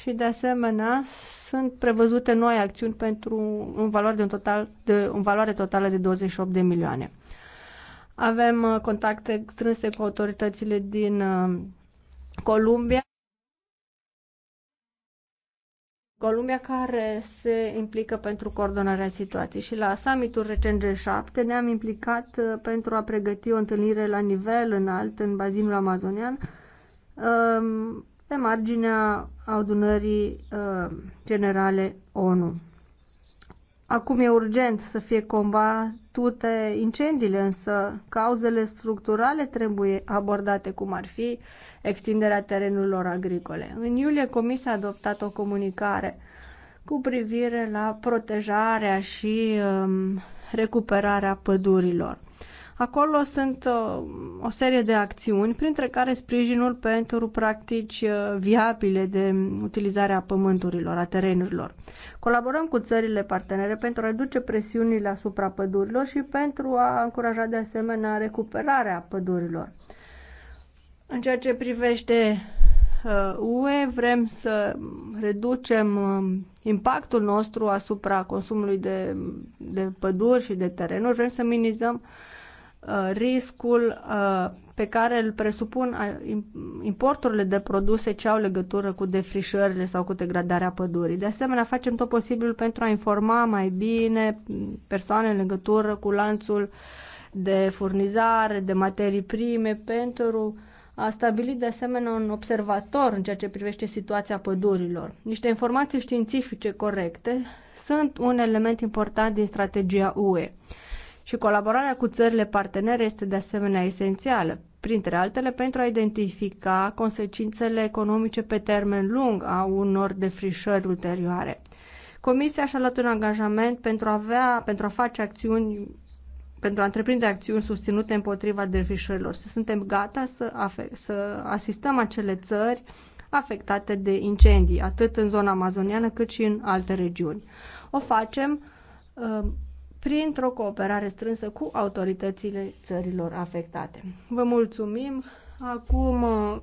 Speaker 8: și de asemenea sunt prevăzute noi acțiuni pentru un valoare, de un total, de, un valoare totală de 28 de milioane. Avem uh, contacte strânse cu autoritățile din uh, Columbia. Columbia care se implică pentru coordonarea situației și la summitul recent G7 ne-am implicat uh, pentru a pregăti o întâlnire la nivel înalt în bazinul amazonian um, pe marginea adunării uh, generale ONU. Acum e urgent să fie combatute incendiile, însă cauzele structurale trebuie abordate, cum ar fi extinderea terenurilor agricole. În iulie, Comisia a adoptat o comunicare cu privire la protejarea și um, recuperarea pădurilor. Acolo sunt uh, o serie de acțiuni, printre care sprijinul pentru practici uh, viabile de utilizare a pământurilor, a terenurilor. Colaborăm cu țările partenere pentru a reduce presiunile asupra pădurilor și pentru a încuraja de asemenea recuperarea pădurilor. În ceea ce privește UE, uh, vrem să reducem impactul nostru asupra consumului de, de păduri și de terenuri, vrem să minimizăm uh, Uh, riscul uh, pe care îl presupun uh, importurile de produse ce au legătură cu defrișările sau cu degradarea pădurii. De asemenea, facem tot posibilul pentru a informa mai bine persoane în legătură cu lanțul de furnizare, de materii prime, pentru a stabili de asemenea un observator în ceea ce privește situația pădurilor. Niște informații științifice corecte sunt un element important din strategia UE și colaborarea cu țările partenere este de asemenea esențială, printre altele pentru a identifica consecințele economice pe termen lung a unor defrișări ulterioare. Comisia și-a luat un angajament pentru a, avea, pentru a face acțiuni pentru a întreprinde acțiuni susținute împotriva defrișărilor. Să suntem gata să, afe- să asistăm acele țări afectate de incendii, atât în zona amazoniană cât și în alte regiuni. O facem uh, printr-o cooperare strânsă cu autoritățile țărilor afectate. Vă mulțumim! Acum uh,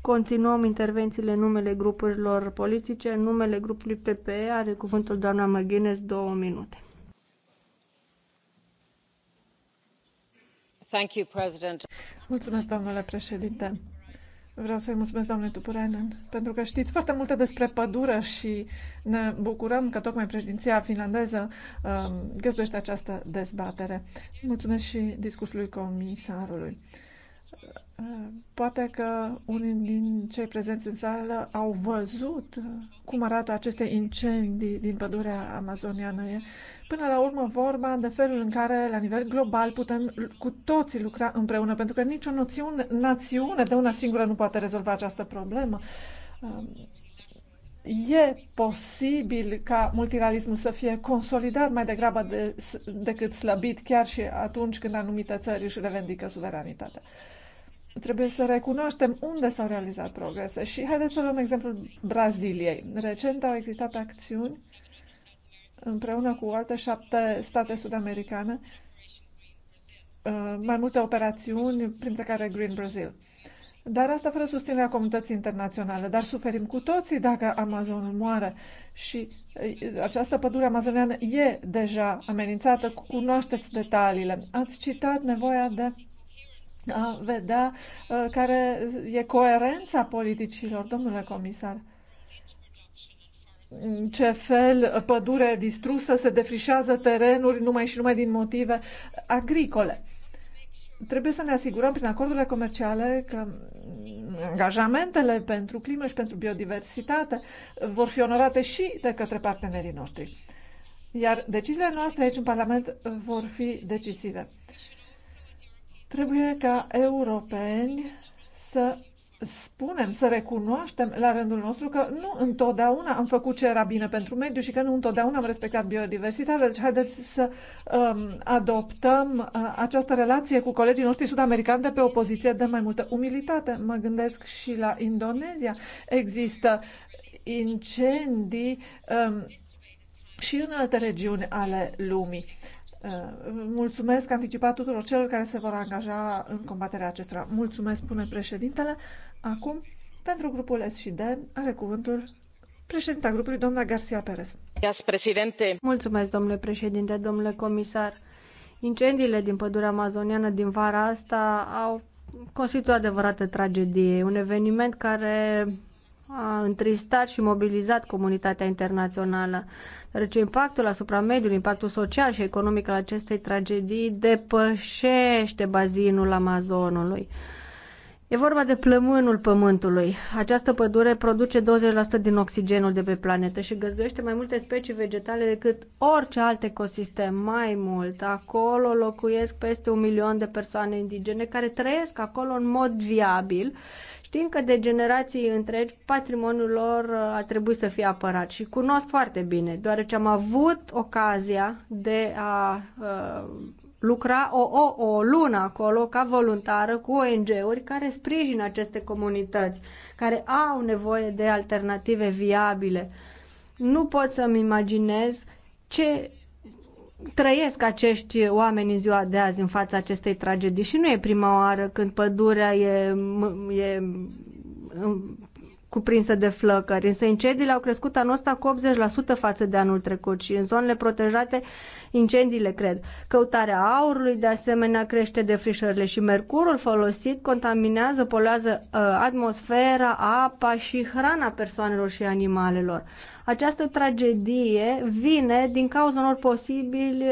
Speaker 8: continuăm intervențiile în numele grupurilor politice. În numele grupului PPE are cuvântul doamna McGuinness două minute.
Speaker 3: Thank you, President.
Speaker 7: Mulțumesc, domnule președinte Vreau să-i mulțumesc, doamne Tupurainen, pentru că știți foarte multe despre pădură și ne bucurăm că tocmai președinția finlandeză um, găzduiește această dezbatere. Mulțumesc și discursului comisarului. Poate că unii din cei prezenți în sală au văzut cum arată aceste incendii din pădurea amazoniană. E Până la urmă, vorba de felul în care, la nivel global, putem cu toții lucra împreună, pentru că nicio noțiune, națiune de una singură nu poate rezolva această problemă. Um, e posibil ca multilateralismul să fie consolidat mai degrabă de, decât slăbit, chiar și atunci când anumite țări își revendică suveranitatea trebuie să recunoaștem unde s-au realizat progrese. Și haideți să luăm exemplul Braziliei. Recent au existat acțiuni împreună cu alte șapte state sud-americane uh, mai multe operațiuni, printre care Green Brazil. Dar asta fără susținerea comunității internaționale. Dar suferim cu toții dacă Amazonul moare. Și uh, această pădure amazoniană e deja amenințată. Cunoașteți detaliile. Ați citat nevoia de a vedea uh, care e coerența politicilor, domnule comisar ce fel pădure distrusă, se defrișează terenuri numai și numai din motive agricole. Trebuie să ne asigurăm prin acordurile comerciale că angajamentele pentru climă și pentru biodiversitate vor fi onorate și de către partenerii noștri. Iar deciziile noastre aici în Parlament vor fi decisive. Trebuie ca europeni să spunem, să recunoaștem la rândul nostru că nu întotdeauna am făcut ce era bine pentru mediu și că nu întotdeauna am respectat biodiversitatea. Deci haideți să um, adoptăm uh, această relație cu colegii noștri sud-americani de pe o poziție de mai multă umilitate. Mă gândesc și la Indonezia. Există incendii um, și în alte regiuni ale lumii. Eh, mulțumesc anticipat tuturor celor care se vor angaja în combaterea acestora. Mulțumesc, spune președintele. Acum, pentru grupul SD, are cuvântul președinta grupului,
Speaker 8: doamna Garcia Perez. Mulțumesc, domnule președinte, domnule comisar. Incendiile din pădurea amazoniană din vara asta au constituit o adevărată tragedie, un eveniment care a întristat și mobilizat comunitatea internațională, deoarece impactul asupra mediului, impactul social și economic al acestei tragedii depășește bazinul Amazonului. E vorba de plămânul pământului. Această pădure produce 20% din oxigenul de pe planetă și găzduiește mai multe specii vegetale decât orice alt ecosistem. Mai mult, acolo locuiesc peste un milion de persoane indigene care trăiesc acolo în mod viabil Știm că de generații întregi patrimoniul lor uh, a trebuit să fie apărat și cunosc foarte bine, deoarece am avut ocazia de a uh, lucra o, o, o lună acolo ca voluntară cu ONG-uri care sprijină aceste comunități, care au nevoie de alternative viabile. Nu pot să-mi imaginez ce trăiesc acești oameni în ziua de azi în fața acestei tragedii și nu e prima oară când pădurea e, e cuprinsă de flăcări. Însă incendiile au crescut anul ăsta cu 80% față de anul trecut și în zonele protejate incendiile cred. Căutarea aurului de asemenea crește de frișările și mercurul folosit contaminează, poluează uh, atmosfera, apa și hrana persoanelor și animalelor. Această tragedie vine din cauza unor posibili,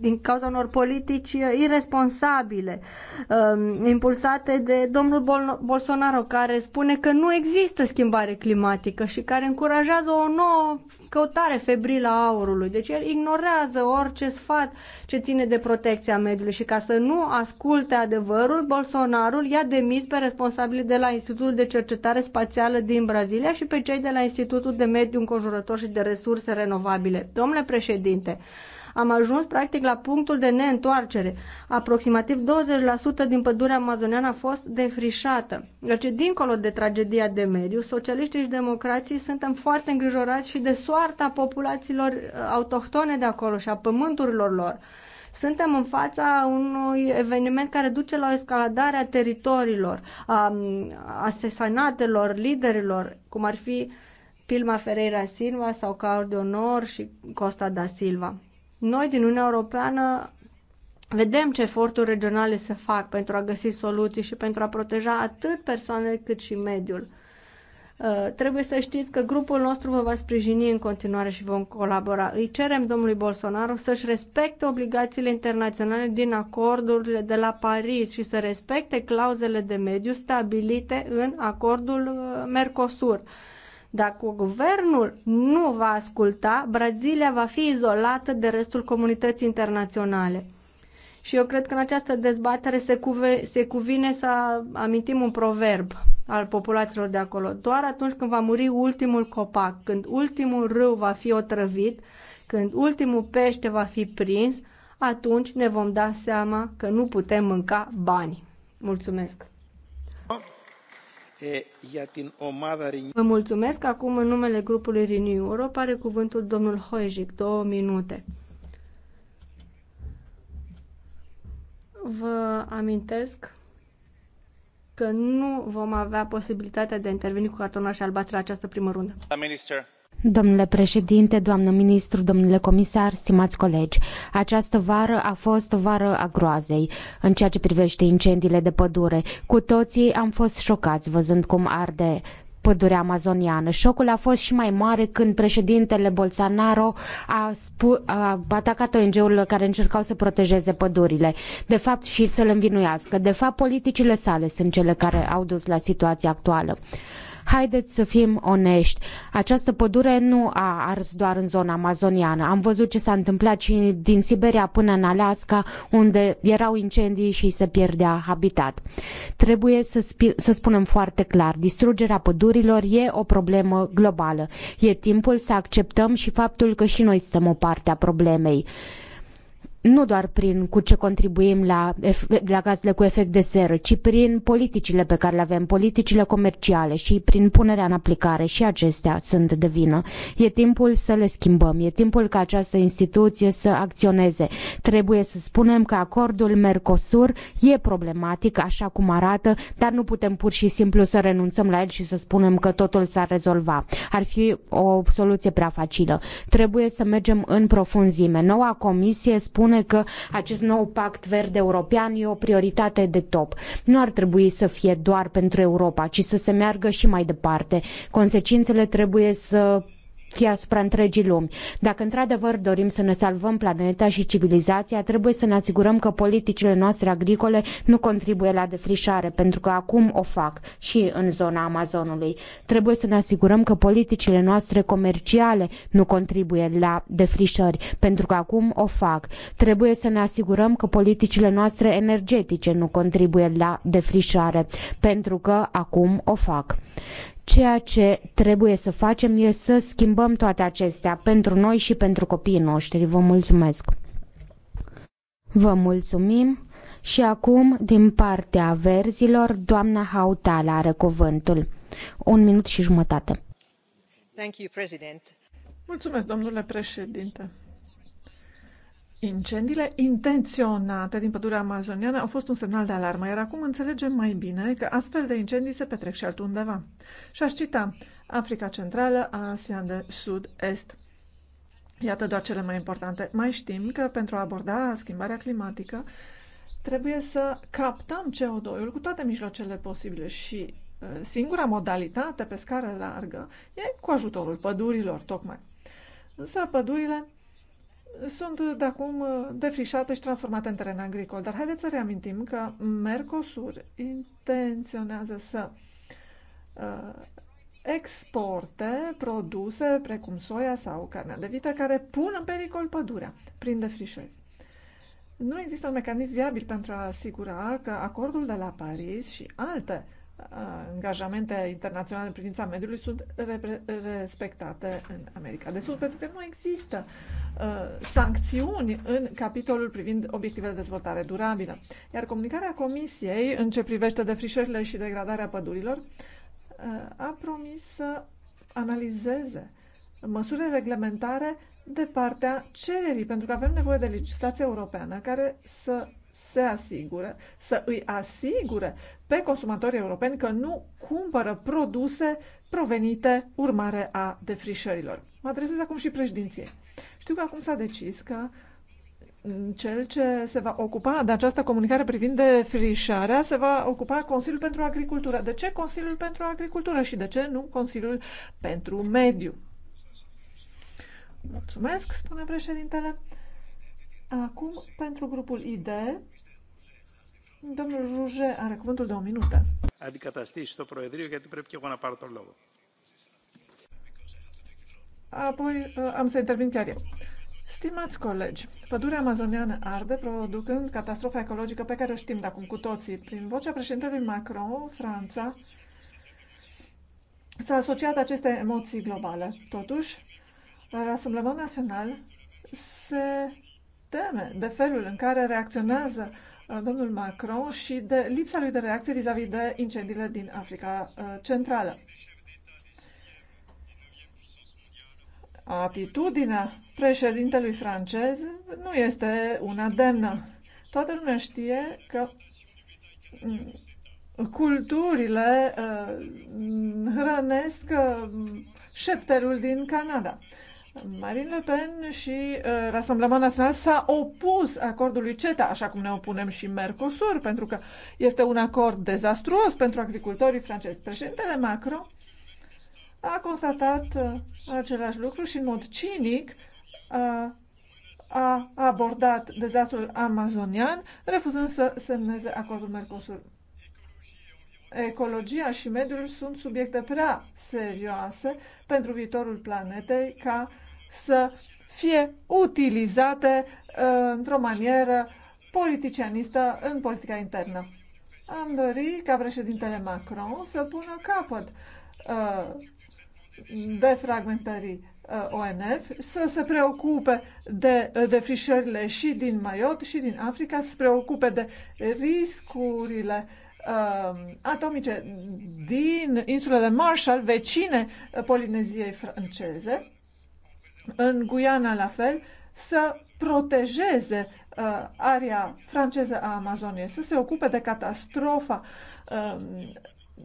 Speaker 8: din cauza unor politici irresponsabile, um, impulsate de domnul Bolsonaro, care spune că nu există schimbare climatică și care încurajează o nouă căutare febrilă a aurului. Deci el ignorează orice sfat ce ține de protecția mediului și ca să nu asculte adevărul, Bolsonaro i-a demis pe responsabili de la Institutul de Cercetare Spațială din Brazilia și pe cei de la Institutul de Mediu Înconjurător și de Resurse Renovabile. Domnule președinte, am ajuns practic la punctul de neîntoarcere. Aproximativ 20% din pădurea amazoneană a fost defrișată. Deci, dincolo de tragedia de mediu, socialiștii și democrații suntem foarte îngrijorați și de soarta populațiilor uh, autohtone de acolo și a pământurilor lor suntem în fața unui eveniment care duce la o escaladare a teritoriilor, a um, asesinatelor, liderilor, cum ar fi Pilma Ferreira Silva sau Claudio Nor și Costa da Silva. Noi din Uniunea Europeană vedem ce eforturi regionale se fac pentru a găsi soluții și pentru a proteja atât persoanele cât și mediul. Uh, trebuie să știți că grupul nostru vă va sprijini în continuare și vom colabora. Îi cerem domnului Bolsonaro să-și respecte obligațiile internaționale din acordurile de la Paris și să respecte clauzele de mediu stabilite în acordul uh, Mercosur. Dacă guvernul nu va asculta, Brazilia va fi izolată de restul comunității internaționale. Și eu cred că în această dezbatere se, cuve, se cuvine să amintim un proverb al populațiilor de acolo. Doar atunci când va muri ultimul copac, când ultimul râu va fi otrăvit, când ultimul pește va fi prins, atunci ne vom da seama că nu putem mânca bani. Mulțumesc! Vă mulțumesc. Acum, în numele grupului Renew Europe, are cuvântul domnul Hoejic. Două minute. Vă amintesc că nu vom avea posibilitatea de a interveni cu cartonașe albastru la această primă rundă. Minister.
Speaker 6: Domnule președinte, doamnă ministru, domnule comisar, stimați colegi, această vară a fost o vară a groazei în ceea ce privește incendiile de pădure. Cu toții am fost șocați văzând cum arde pădurea amazoniană. Șocul a fost și mai mare când președintele Bolsonaro a, spu- a atacat ONG-urile care încercau să protejeze pădurile, de fapt și să le învinuiască. De fapt, politicile sale sunt cele care au dus la situația actuală. Haideți să fim onești. Această pădure nu a ars doar în zona amazoniană. Am văzut ce s-a întâmplat și din Siberia până în Alaska, unde erau incendii și se pierdea habitat. Trebuie să, să spunem foarte clar, distrugerea pădurilor e o problemă globală. E timpul să acceptăm și faptul că și noi suntem o parte a problemei nu doar prin cu ce contribuim la, la gazele cu efect de seră, ci prin politicile pe care le avem, politicile comerciale și prin punerea în aplicare și acestea sunt de vină. E timpul să le schimbăm, e timpul ca această instituție să acționeze. Trebuie să spunem că acordul Mercosur e problematic așa cum arată, dar nu putem pur și simplu să renunțăm la el și să spunem că totul s-ar rezolva. Ar fi o soluție prea facilă. Trebuie să mergem în profunzime. Noua comisie spune spune că acest nou pact verde european e o prioritate de top. Nu ar trebui să fie doar pentru Europa, ci să se meargă și mai departe. Consecințele trebuie să fie asupra întregii lumi. Dacă într-adevăr dorim să ne salvăm planeta și civilizația, trebuie să ne asigurăm că politicile noastre agricole nu contribuie la defrișare, pentru că acum o fac și în zona Amazonului. Trebuie să ne asigurăm că politicile noastre comerciale nu contribuie la defrișări, pentru că acum o fac. Trebuie să ne asigurăm că politicile noastre energetice nu contribuie la defrișare, pentru că acum o fac. Ceea ce trebuie să facem e să schimbăm toate acestea pentru noi și pentru copiii noștri. Vă mulțumesc! Vă mulțumim și acum, din partea verzilor, doamna Hautala are cuvântul. Un minut și jumătate.
Speaker 7: Mulțumesc, domnule președinte. Incendiile intenționate din pădurea amazoniană au fost un semnal de alarmă, iar acum înțelegem mai bine că astfel de incendii se petrec și altundeva. Și aș cita Africa Centrală, Asia de Sud-Est. Iată doar cele mai importante. Mai știm că pentru a aborda schimbarea climatică trebuie să captăm CO2-ul cu toate mijloacele posibile și uh, singura modalitate pe scară largă e cu ajutorul pădurilor, tocmai. Însă pădurile sunt de acum uh, defrișate și transformate în teren agricol. Dar haideți să reamintim că Mercosur intenționează să uh, exporte produse precum soia sau carnea de vită care pun în pericol pădurea prin defrișări. Nu există un mecanism viabil pentru a asigura că acordul de la Paris și alte uh, angajamente internaționale în privința mediului sunt respectate în America de Sud, pentru că nu există sancțiuni în capitolul privind obiectivele de dezvoltare durabilă. Iar comunicarea Comisiei în ce privește defrișările și degradarea pădurilor a promis să analizeze măsurile reglementare de partea cererii, pentru că avem nevoie de legislație europeană care să se asigure, să îi asigure pe consumatorii europeni că nu cumpără produse provenite urmare a defrișărilor. Mă adresez acum și președinției. Știu că acum s-a decis că cel ce se va ocupa de această comunicare privind defrișarea se va ocupa Consiliul pentru Agricultură. De ce Consiliul pentru Agricultură și de ce nu Consiliul pentru Mediu? Mulțumesc, spune președintele. Acum, pentru grupul ID, domnul Ruge are cuvântul de o minută.
Speaker 1: Αντικαταστήσει το Προεδρείο, că trebuie că eu να πάρω τον λόγο.
Speaker 7: Apoi uh, am să intervin chiar eu. Stimați colegi, pădurea amazoniană arde, producând catastrofa ecologică pe care o știm de acum cu toții. Prin vocea președintelui Macron, Franța s-a asociat aceste emoții globale. Totuși, Rassemblement Național se teme de felul în care reacționează uh, domnul Macron și de lipsa lui de reacție vis-a-vis -vis de incendiile din Africa uh, Centrală. Atitudinea președintelui francez nu este una demnă. Toată lumea știe că mm, culturile uh, hrănesc șepterul din Canada. Marine Le Pen și uh, Rassemblement Național s-a opus acordului CETA, așa cum ne opunem și Mercosur, pentru că este un acord dezastruos pentru agricultorii francezi. Președintele Macron a constatat uh, același lucru și în mod cinic uh, a abordat dezastrul amazonian, refuzând să semneze acordul Mercosur. Ecologia și mediul sunt subiecte prea serioase pentru viitorul planetei ca să fie utilizate uh, într-o manieră politicianistă în politica internă. Am dorit ca președintele Macron să pună capăt uh, defragmentării uh, ONF, să se preocupe de uh, defrișările și din Maiot și din Africa, să se preocupe de riscurile uh, atomice din insulele Marshall, vecine uh, Polineziei franceze în Guiana la fel, să protejeze uh, area franceză a Amazoniei, să se ocupe de catastrofa uh,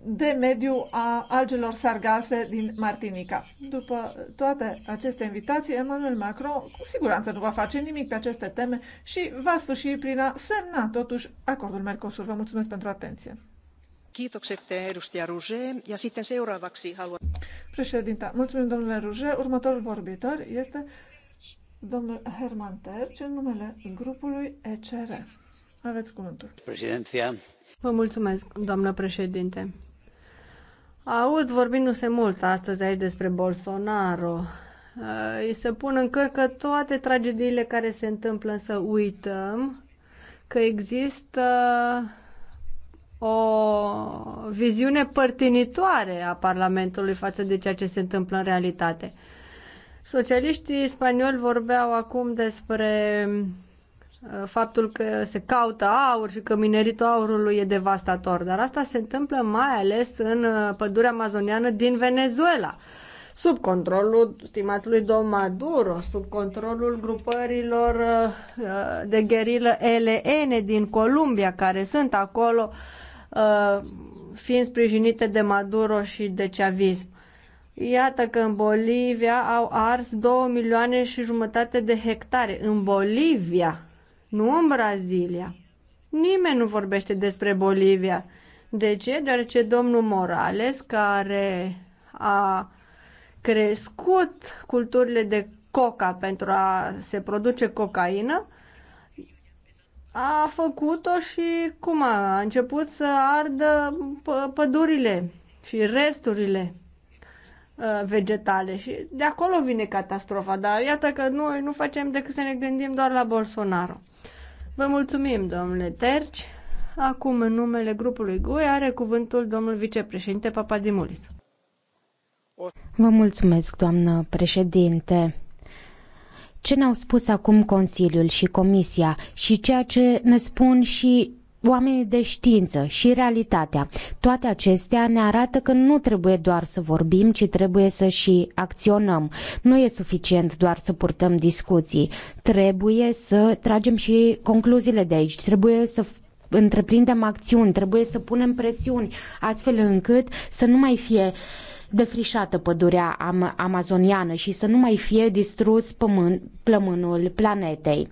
Speaker 7: de mediu a algelor sargase din Martinica. După toate aceste invitații, Emmanuel Macron cu siguranță nu va face nimic pe aceste teme și va sfârși prin a semna totuși acordul Mercosur. Vă mulțumesc pentru atenție! Președintă, mulțumim, domnule rouget Următorul vorbitor este domnul Herman Terci, în numele grupului ECR. Aveți cuvântul.
Speaker 1: Președinția.
Speaker 7: Vă mulțumesc, doamnă
Speaker 8: președinte. Aud vorbindu-se mult astăzi aici despre Bolsonaro. Îi se pun în cărcă toate tragediile care se întâmplă, însă uităm că există o viziune părtinitoare a Parlamentului față de ceea ce se întâmplă în realitate. Socialiștii spanioli vorbeau acum despre uh, faptul că se caută aur și că mineritul aurului e devastator, dar asta se întâmplă mai ales în uh, pădurea amazoniană din Venezuela, sub controlul stimatului domn Maduro, sub controlul grupărilor uh, de gherilă LN din Columbia, care sunt acolo uh, Uh, fiind sprijinite de Maduro și de Chavism. Iată că în Bolivia au ars 2 milioane și jumătate de hectare. În Bolivia, nu în Brazilia. Nimeni nu vorbește despre Bolivia. De ce? Deoarece domnul Morales, care a crescut culturile de coca pentru a se produce cocaină, a făcut-o și cum a, a început să ardă pădurile și resturile ă, vegetale și de acolo vine catastrofa, dar iată că noi nu facem decât să ne gândim doar la Bolsonaro. Vă mulțumim, domnule Terci. Acum, în numele grupului GUE, are cuvântul domnul vicepreședinte Papadimulis.
Speaker 6: Vă mulțumesc, doamnă președinte ce ne-au spus acum Consiliul și Comisia și ceea ce ne spun și oamenii de știință și realitatea. Toate acestea ne arată că nu trebuie doar să vorbim, ci trebuie să și acționăm. Nu e suficient doar să purtăm discuții. Trebuie să tragem și concluziile de aici. Trebuie să întreprindem acțiuni, trebuie să punem presiuni, astfel încât să nu mai fie uh, defrișată pădurea am- amazoniană și să nu mai fie distrus pământ, plămânul planetei.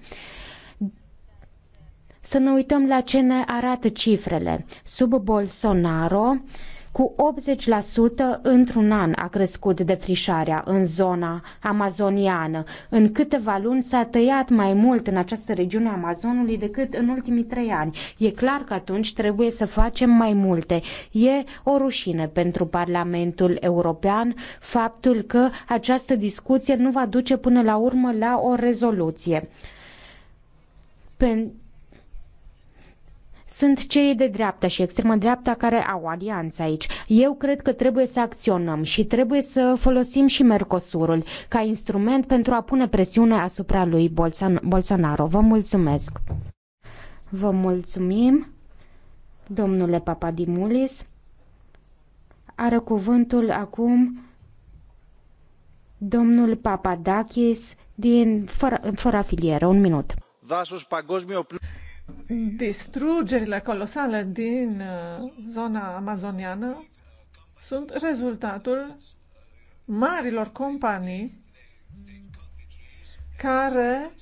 Speaker 6: Să ne uităm la ce ne arată cifrele. Sub Bolsonaro, cu 80% într-un an a crescut defrișarea în zona amazoniană. În câteva luni s-a tăiat mai mult în această regiune a Amazonului decât în ultimii trei ani. E clar că atunci trebuie să facem mai multe. E o rușine pentru Parlamentul European faptul că această discuție nu va duce până la urmă la o rezoluție. Pentru sunt cei de dreapta și extremă dreapta care au alianță aici. Eu cred că trebuie să acționăm și trebuie să folosim și Mercosurul ca instrument pentru a pune presiune asupra lui Bolsonaro. Vă mulțumesc! Vă mulțumim, domnule Papadimulis. Are cuvântul acum domnul Papadakis din fără, fără afiliere. Un minut.
Speaker 3: Dasus,
Speaker 7: pagosmio... Distrugerile colosale din uh, zona amazoniană sunt rezultatul marilor companii care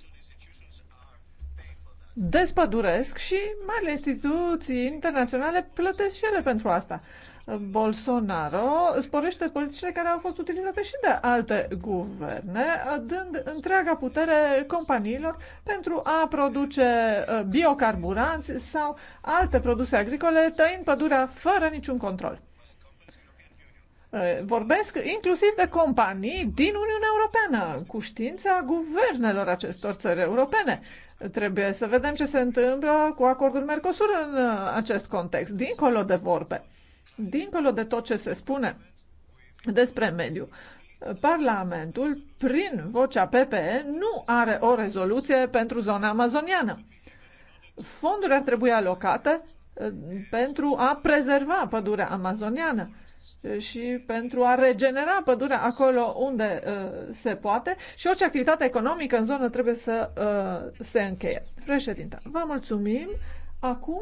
Speaker 7: despăduresc și marile instituții internaționale plătesc și ele pentru asta. Bolsonaro sporește politicile care au fost utilizate și de alte guverne, dând întreaga putere companiilor pentru a produce uh, biocarburanți sau alte produse agricole, tăind pădurea fără niciun control. Uh, vorbesc inclusiv de companii din Uniunea Europeană, cu știința guvernelor acestor țări europene. Trebuie să vedem ce se întâmplă cu acordul Mercosur în uh, acest context, dincolo de vorbe dincolo de tot ce se spune despre mediu, Parlamentul, prin vocea PPE, nu are o rezoluție pentru zona amazoniană. Fonduri ar trebui alocate eh, pentru a prezerva pădurea amazoniană și pentru a regenera pădurea acolo unde uh, se poate și orice activitate economică în zonă trebuie să uh, se încheie. Președinte, vă mulțumim. Acum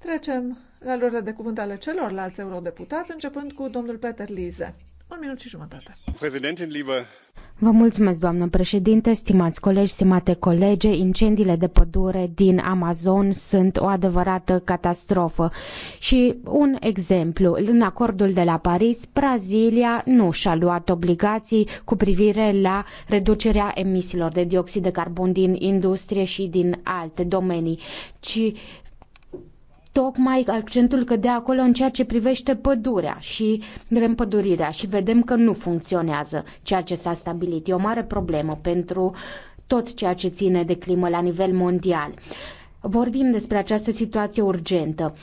Speaker 7: trecem la luările de cuvânt ale celorlalți eurodeputați, începând cu domnul Peter Lize. Un minut și jumătate.
Speaker 6: Vă mulțumesc, doamnă președinte, stimați colegi, stimate colege. Incendiile de pădure din Amazon sunt o adevărată catastrofă. Și un exemplu, în acordul de la Paris, Brazilia nu și-a luat obligații cu privire la reducerea emisiilor de dioxid de carbon din industrie și din alte domenii, ci tocmai accentul că de acolo în ceea ce privește pădurea și reîmpădurirea și vedem că nu funcționează ceea ce s-a stabilit. E o mare problemă pentru tot ceea ce ține de climă la nivel mondial. Vorbim despre această situație urgentă.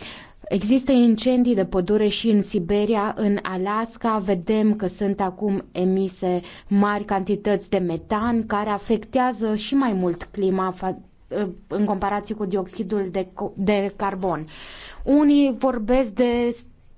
Speaker 6: Există incendii de pădure și în Siberia, în Alaska. Vedem că sunt acum emise mari cantități de metan care afectează și mai mult clima în comparație cu dioxidul de, de carbon. Unii vorbesc de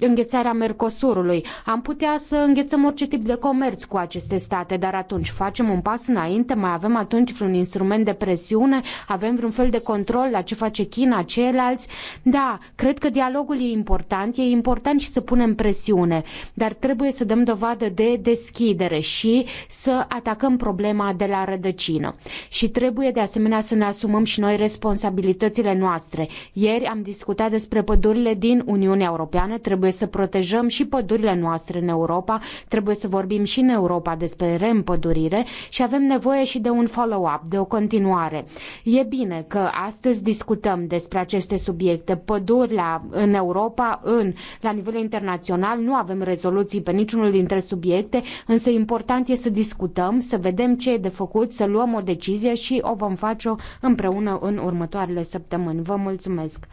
Speaker 6: înghețarea Mercosurului. Am putea să înghețăm orice tip de comerț cu aceste state, dar atunci facem un pas înainte, mai avem atunci vreun instrument de presiune, avem vreun fel de control la ce face China, ceilalți. Da, cred că dialogul e important, e important și să punem presiune, dar trebuie să dăm dovadă de deschidere și să atacăm problema de la rădăcină. Și trebuie de asemenea să ne asumăm și noi responsabilitățile noastre. Ieri am discutat despre pădurile din Uniunea Europeană, trebuie Trebuie să protejăm și pădurile noastre în Europa, trebuie să vorbim și în Europa despre reîmpădurire și avem nevoie și de un follow-up, de o continuare. E bine că astăzi discutăm despre aceste subiecte. Pădurile în Europa, în, la nivel internațional, nu avem rezoluții pe niciunul dintre subiecte, însă important e să discutăm, să vedem ce e de făcut, să luăm o decizie și o vom face-o împreună în următoarele săptămâni. Vă mulțumesc!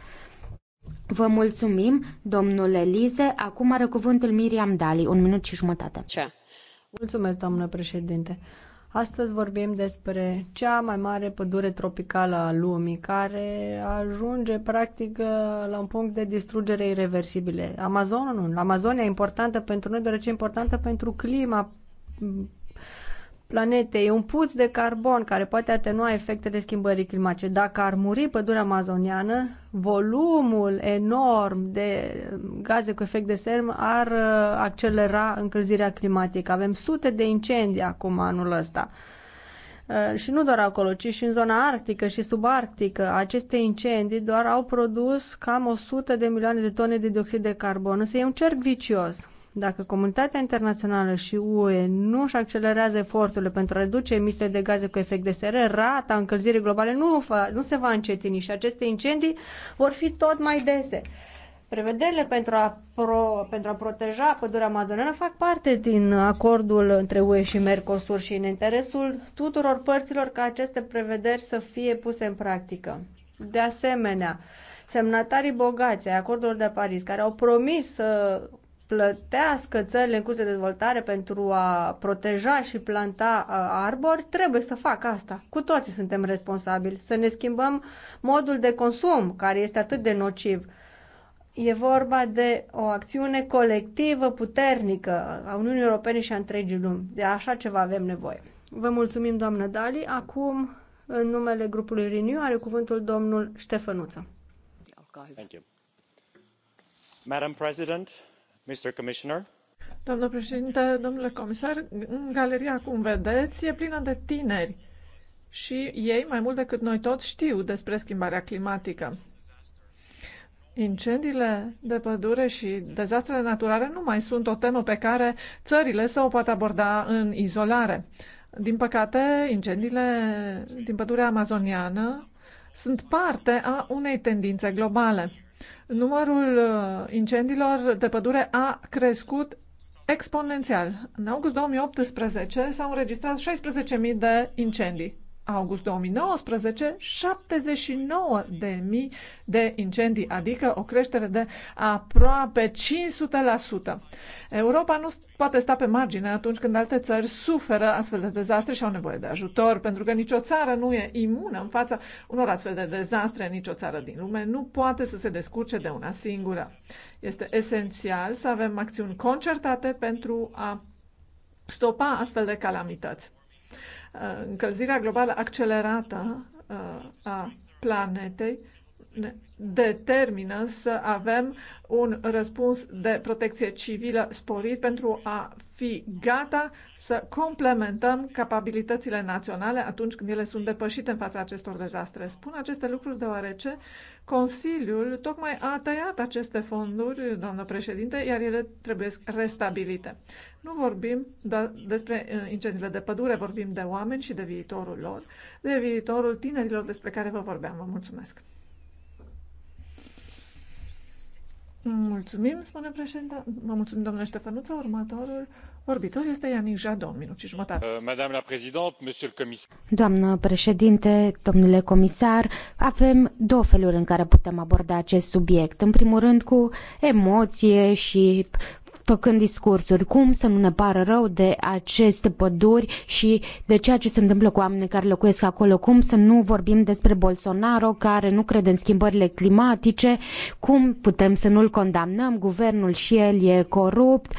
Speaker 6: Vă mulțumim, domnule Lize. Acum are cuvântul Miriam Dali, un minut și jumătate. Ce? Mulțumesc, doamnă președinte.
Speaker 8: Astăzi vorbim despre cea mai mare pădure tropicală a lumii, care ajunge practic la un punct de distrugere irreversibile. Amazonul, Amazonia e importantă pentru noi, deoarece e importantă pentru clima planetei e un puț de carbon care poate atenua efectele schimbării climatice. Dacă ar muri pădurea amazoniană, volumul enorm de gaze cu efect de serm ar uh, accelera încălzirea climatică. Avem sute de incendii acum anul ăsta. Uh, și nu doar acolo, ci și în zona arctică și subarctică. Aceste incendii doar au produs cam 100 de milioane de tone de dioxid de carbon. Însă e un cerc vicios dacă comunitatea internațională și UE nu își accelerează eforturile pentru a reduce emisiile de gaze cu efect de seră, rata încălzirii globale nu, va, nu se va încetini și aceste incendii vor fi tot mai dese. Prevederile pentru a, pro, pentru a proteja pădurea amazonenă fac parte din acordul între UE și Mercosur și în interesul tuturor părților ca aceste prevederi să fie puse în practică. De asemenea, semnatarii bogați ai acordurilor de Paris, care au promis să plătească țările în curs de dezvoltare pentru a proteja și planta arbori, trebuie să facă asta. Cu toții suntem responsabili. Să ne schimbăm modul de consum, care este atât de nociv. E vorba de o acțiune colectivă puternică a Uniunii Europene și a întregii lumi. De așa ceva avem nevoie. Vă mulțumim, doamnă Dali. Acum, în numele grupului Renew, are cuvântul
Speaker 7: domnul Ștefănuță.
Speaker 1: Thank you. Madam President,
Speaker 7: Doamnă președinte, domnule comisar, galeria, cum vedeți, e plină de tineri și ei, mai mult decât noi toți, știu despre schimbarea climatică. Incendiile de pădure și dezastrele naturale nu mai sunt o temă pe care țările să o poată aborda în izolare. Din păcate, incendiile din pădurea amazoniană sunt parte a unei tendințe globale numărul uh, incendiilor de pădure a crescut exponențial. În august 2018 s-au înregistrat 16.000 de incendii august 2019, 79.000 de incendii, adică o creștere de aproape 500%. Europa nu poate sta pe margine atunci când alte țări suferă astfel de dezastre și au nevoie de ajutor, pentru că nicio țară nu e imună în fața unor astfel de dezastre, nicio țară din lume nu poate să se descurce de una singură. Este esențial să avem acțiuni concertate pentru a stopa astfel de calamități. Uh, încălzirea globală accelerată uh, a planetei ne determină să avem un răspuns de protecție civilă sporit pentru a fi gata să complementăm capabilitățile naționale atunci când ele sunt depășite în fața acestor dezastre. Spun aceste lucruri deoarece Consiliul tocmai a tăiat aceste fonduri, doamnă președinte, iar ele trebuie restabilite. Nu vorbim doar despre uh, incendiile de pădure, vorbim de oameni și de viitorul lor, de viitorul tinerilor despre care vă vorbeam. Vă mulțumesc! Mulțumim, spune președinte. Vă mulțumim, domnule Ștefănuță. Următorul
Speaker 1: Uh,
Speaker 6: Doamnă președinte, domnule comisar, avem două feluri în care putem aborda acest subiect. În primul rând cu emoție și făcând discursuri, cum să nu ne pară rău de aceste păduri și de ceea ce se întâmplă cu oamenii care locuiesc acolo, cum să nu vorbim despre Bolsonaro care nu crede în schimbările climatice, cum putem să nu-l condamnăm, guvernul și el e corupt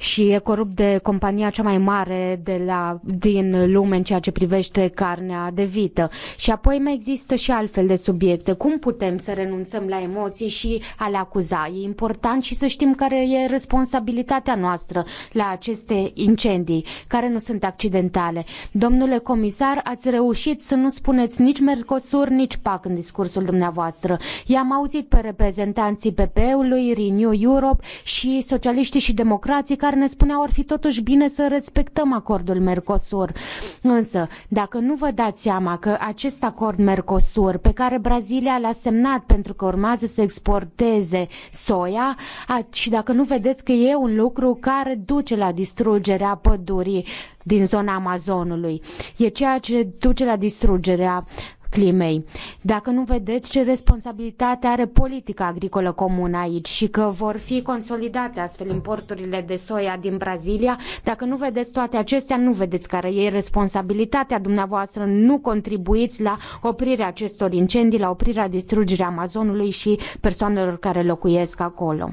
Speaker 6: și e corupt de compania cea mai mare de la, din lume în ceea ce privește carnea de vită. Și apoi mai există și altfel de subiecte. Cum putem să renunțăm la emoții și a le acuza? E important și să știm care e responsabilitatea noastră la aceste incendii, care nu sunt accidentale. Domnule comisar, ați reușit să nu spuneți nici Mercosur, nici PAC în discursul dumneavoastră. I-am auzit pe reprezentanții PP-ului, Renew Europe și socialiștii și democrații care care ne spuneau ar fi totuși bine să respectăm acordul Mercosur. Însă, dacă nu vă dați seama că acest acord Mercosur pe care Brazilia l-a semnat pentru că urmează să exporteze soia a, și dacă nu vedeți că e un lucru care duce la distrugerea pădurii din zona Amazonului, e ceea ce duce la distrugerea climei. Dacă nu vedeți ce responsabilitate are politica agricolă comună aici și că vor fi consolidate astfel importurile de soia din Brazilia, dacă nu vedeți toate acestea, nu vedeți care e responsabilitatea dumneavoastră, nu contribuiți la oprirea acestor incendii, la oprirea distrugerii Amazonului și persoanelor care locuiesc acolo.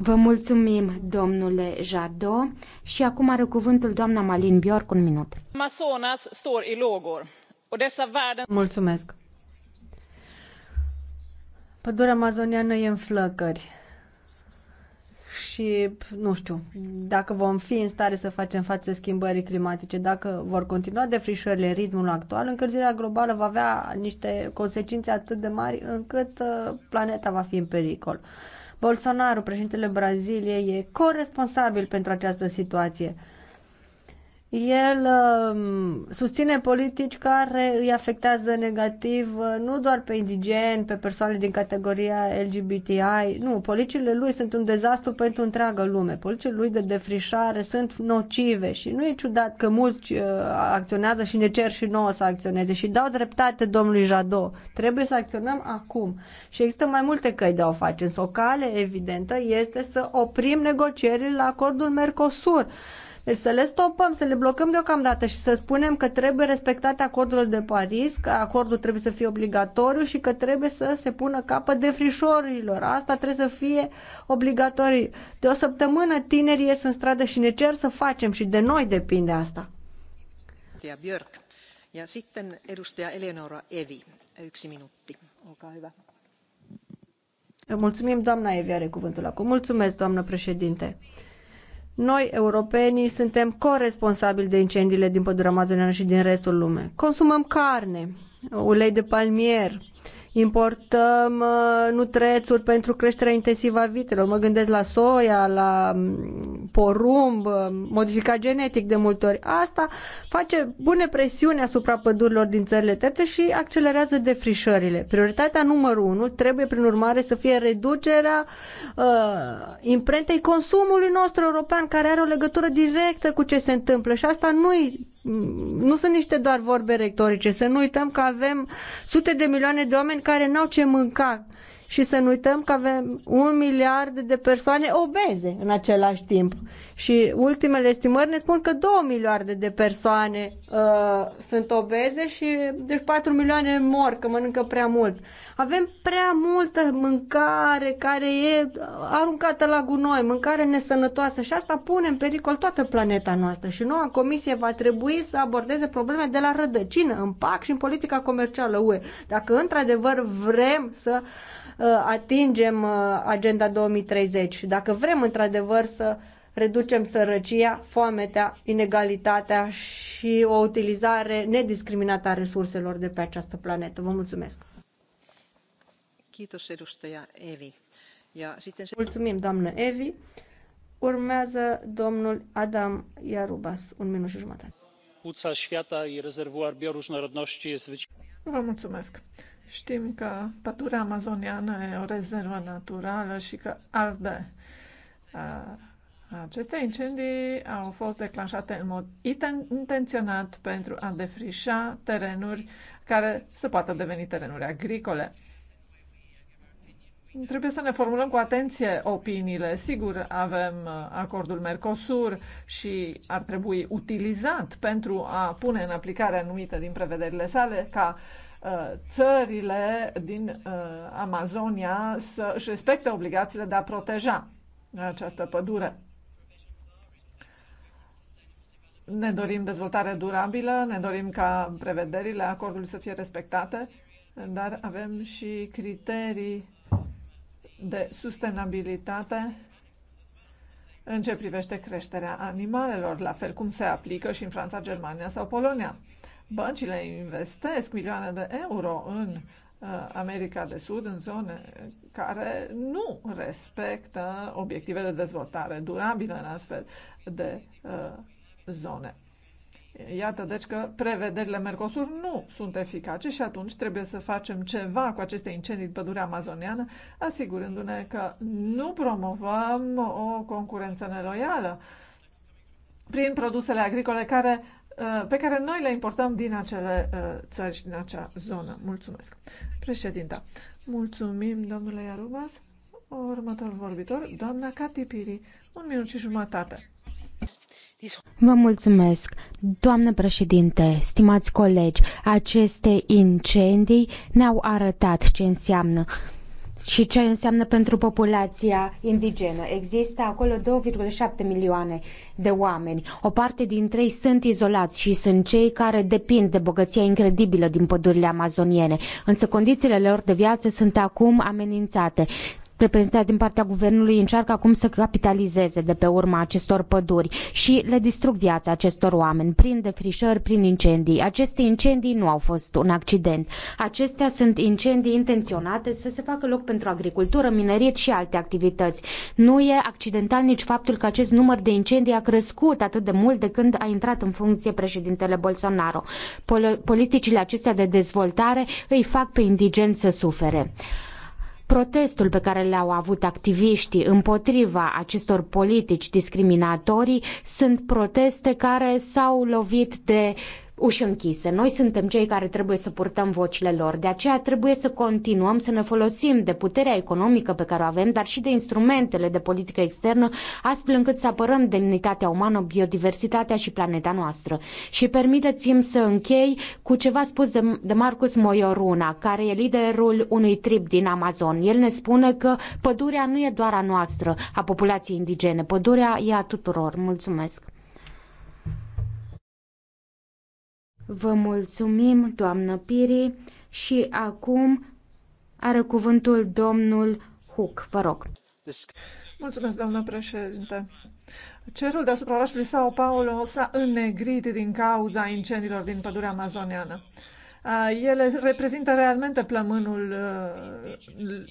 Speaker 6: Vă mulțumim, domnule Jado. Și acum are cuvântul doamna Malin Bjork, un minut.
Speaker 7: Amazonas står i världen... Mulțumesc.
Speaker 8: Pădurea amazoniană e în flăcări. Și nu știu, dacă vom fi în stare să facem față schimbării climatice, dacă vor continua defrișările ritmul actual, încălzirea globală va avea niște consecințe atât de mari încât uh, planeta va fi în pericol. Uh, Bolsonaro, președintele Braziliei, e corresponsabil pentru această situație. El um, susține politici care îi afectează negativ uh, nu doar pe indigeni, pe persoane din categoria LGBTI. Nu, politicile lui sunt un dezastru pentru întreaga lume. Politicile lui de defrișare sunt nocive și nu e ciudat că mulți uh, acționează și ne cer și nouă să acționeze și dau dreptate domnului Jadot. Trebuie să acționăm acum. Și există mai multe căi de a o face. Însă o cale evidentă este să oprim negocierile la acordul Mercosur deci să le stopăm, să le blocăm deocamdată și să spunem că trebuie respectate acordurile de Paris, că acordul trebuie să fie obligatoriu și că trebuie să se pună capăt de frișorilor. Asta trebuie să fie obligatoriu. De o săptămână tinerii ies în stradă și ne cer să facem și de noi depinde asta.
Speaker 3: Björk. Ja sitten edustaja Eleonora Evi, yksi minuutti. Olkaa hyvä.
Speaker 8: Mulțumim, doamna Evi are cuvântul acum. Mulțumesc, doamnă președinte. Noi, europenii, suntem corresponsabili de incendiile din pădurea amazoniană și din restul lumei. Consumăm carne, ulei de palmier, Importăm uh, nutrețuri pentru creșterea intensivă a vitelor. Mă gândesc la soia, la mm, porumb, uh, modificat genetic de multe ori. Asta face bune presiuni asupra pădurilor din țările terțe și accelerează defrișările. Prioritatea numărul unu trebuie, prin urmare, să fie reducerea uh, imprentei consumului nostru european, care are o legătură directă cu ce se întâmplă. Și asta nu-i nu sunt niște doar vorbe retorice, să nu uităm că avem sute de milioane de oameni care n-au ce mânca, și să nu uităm că avem un miliard de persoane obeze în același timp. Și ultimele estimări ne spun că 2 miliarde de persoane uh, sunt obeze și deci 4 milioane mor că mănâncă prea mult. Avem prea multă mâncare care e aruncată la gunoi, mâncare nesănătoasă și asta pune în pericol toată planeta noastră. Și noua comisie va trebui să abordeze probleme de la rădăcină, în PAC și în politica comercială UE. Dacă într-adevăr vrem să uh, Uh, atingem uh, agenda 2030 și dacă vrem într-adevăr să reducem sărăcia, foametea, inegalitatea și o utilizare nediscriminată a resurselor de pe această planetă. Vă mulțumesc! Mulțumim, doamnă Evi. Urmează domnul Adam Iarubas, un minut și jumătate.
Speaker 7: Vă mulțumesc. Știm că pădurea amazoniană e o rezervă naturală și că arde. Aceste incendii au fost declanșate în mod intenționat pentru a defrișa terenuri care se poată deveni terenuri agricole. Trebuie să ne formulăm cu atenție opiniile. Sigur, avem acordul Mercosur și ar trebui utilizat pentru a pune în aplicare anumite din prevederile sale ca uh, Uh, țările din uh, Amazonia să își respecte obligațiile de a proteja această pădure. Ne dorim dezvoltare durabilă, ne dorim ca prevederile acordului să fie respectate, dar avem și criterii de sustenabilitate în ce privește creșterea animalelor, la fel cum se aplică și în Franța, Germania sau Polonia. Băncile investesc milioane de euro în uh, America de Sud, în zone care nu respectă obiectivele de dezvoltare durabilă în astfel de uh, zone. Iată, deci că prevederile Mercosur nu sunt eficace și atunci trebuie să facem ceva cu aceste incendii de pădurea amazoniană, asigurându-ne că nu promovăm o concurență neloială prin produsele agricole care Uh, pe care noi le importăm din acele uh, țări și din acea zonă. Mulțumesc. Președinta, mulțumim, domnule Iarubas. Următorul vorbitor, doamna Catipiri, un minut și jumătate.
Speaker 6: Vă mulțumesc. Doamnă președinte, stimați colegi, aceste incendii ne-au arătat ce înseamnă și ce înseamnă pentru populația indigenă. Există acolo 2,7 milioane de oameni. O parte dintre ei sunt izolați și sunt cei care depind de bogăția incredibilă din pădurile amazoniene, însă condițiile lor de viață sunt acum amenințate reprezentanți din partea guvernului încearcă acum să capitalizeze de pe urma acestor păduri și le distrug viața acestor oameni prin defrișări, prin incendii. Aceste incendii nu au fost un accident. Acestea sunt incendii intenționate să se facă loc pentru agricultură, minerie și alte activități. Nu e accidental nici faptul că acest număr de incendii a crescut atât de mult de când a intrat în funcție președintele Bolsonaro. Pol politicile acestea de dezvoltare îi fac pe indigeni să sufere. Protestul pe care l-au avut activiștii împotriva acestor politici discriminatorii sunt proteste care s-au lovit de uși închise. Noi suntem cei care trebuie să purtăm vocile lor. De aceea trebuie să continuăm să ne folosim de puterea economică pe care o avem, dar și de instrumentele de politică externă, astfel încât să apărăm demnitatea umană, biodiversitatea și planeta noastră. Și permiteți-mi să închei cu ceva spus de, de Marcus Moioruna, care e liderul unui trib din Amazon. El ne spune că pădurea nu e doar a noastră, a populației indigene. Pădurea e a tuturor. Mulțumesc! Vă mulțumim, doamnă Piri, și acum are cuvântul domnul Huc. Vă rog.
Speaker 7: Mulțumesc, doamnă președinte. Cerul deasupra orașului Sao Paulo s-a înnegrit din cauza incendiilor din pădurea amazoniană. Ele reprezintă realmente plămânul uh,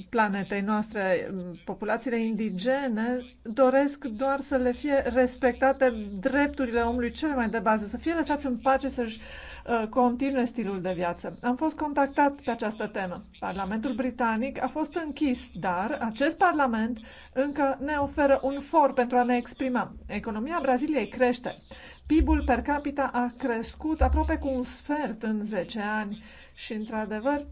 Speaker 7: planetei noastre. Populațiile indigene doresc doar să le fie respectate drepturile omului cele mai de bază, să fie lăsați în pace să-și uh, continue stilul de viață. Am fost contactat pe această temă. Parlamentul britanic a fost închis, dar acest parlament încă ne oferă un for pentru a ne exprima. Economia Braziliei crește. PIB-ul per capita a crescut aproape cu un sfert în 10 ani și, într-adevăr,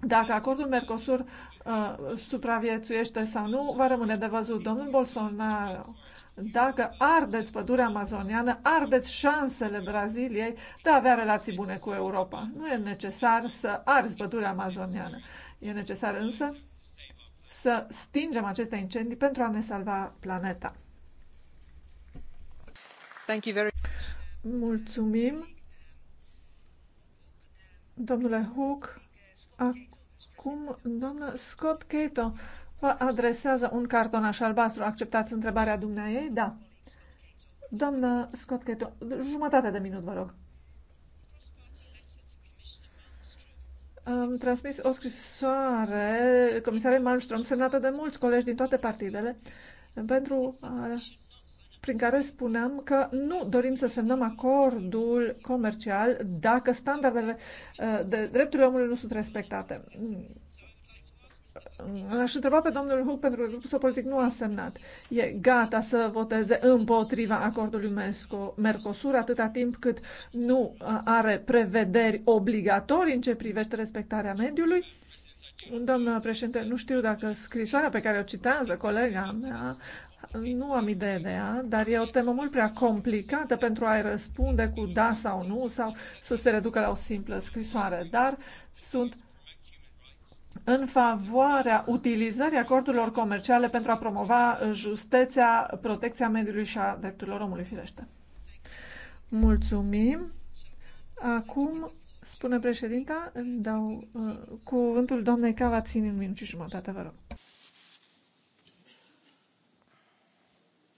Speaker 7: dacă acordul Mercosur uh, supraviețuiește sau nu, va rămâne de văzut. Domnul Bolsonaro, dacă ardeți pădurea amazoniană, ardeți șansele Braziliei de a avea relații bune cu Europa. Nu e necesar să arzi pădurea amazoniană. E necesar însă să stingem aceste incendii pentru a ne salva planeta. Mulțumim. Domnule Hook, acum doamna Scott Cato vă adresează un cartonaș albastru. Acceptați întrebarea dumneavoastră? Da. Doamna Scott Cato, jumătate de minut, vă rog. Am transmis o scrisoare comisarei Malmström, semnată de mulți colegi din toate partidele, pentru a prin care spunem că nu dorim să semnăm acordul comercial dacă standardele uh, de drepturile omului nu sunt respectate. Mm. Aș întreba pe domnul Huc, pentru că grupul său politic nu a semnat. E gata să voteze împotriva acordului Mercosur atâta timp cât nu uh, are prevederi obligatorii în ce privește respectarea mediului? Doamnă președinte, nu știu dacă scrisoarea pe care o citează colega mea nu am idee de ea, dar e o temă mult prea complicată pentru a-i răspunde cu da sau nu sau să se reducă la o simplă scrisoare. Dar sunt în favoarea utilizării acordurilor comerciale pentru a promova justeția, protecția mediului și a drepturilor omului, firește. Mulțumim. Acum, spune președinta, îmi dau uh, cuvântul doamnei țin în minut și jumătate, vă rog.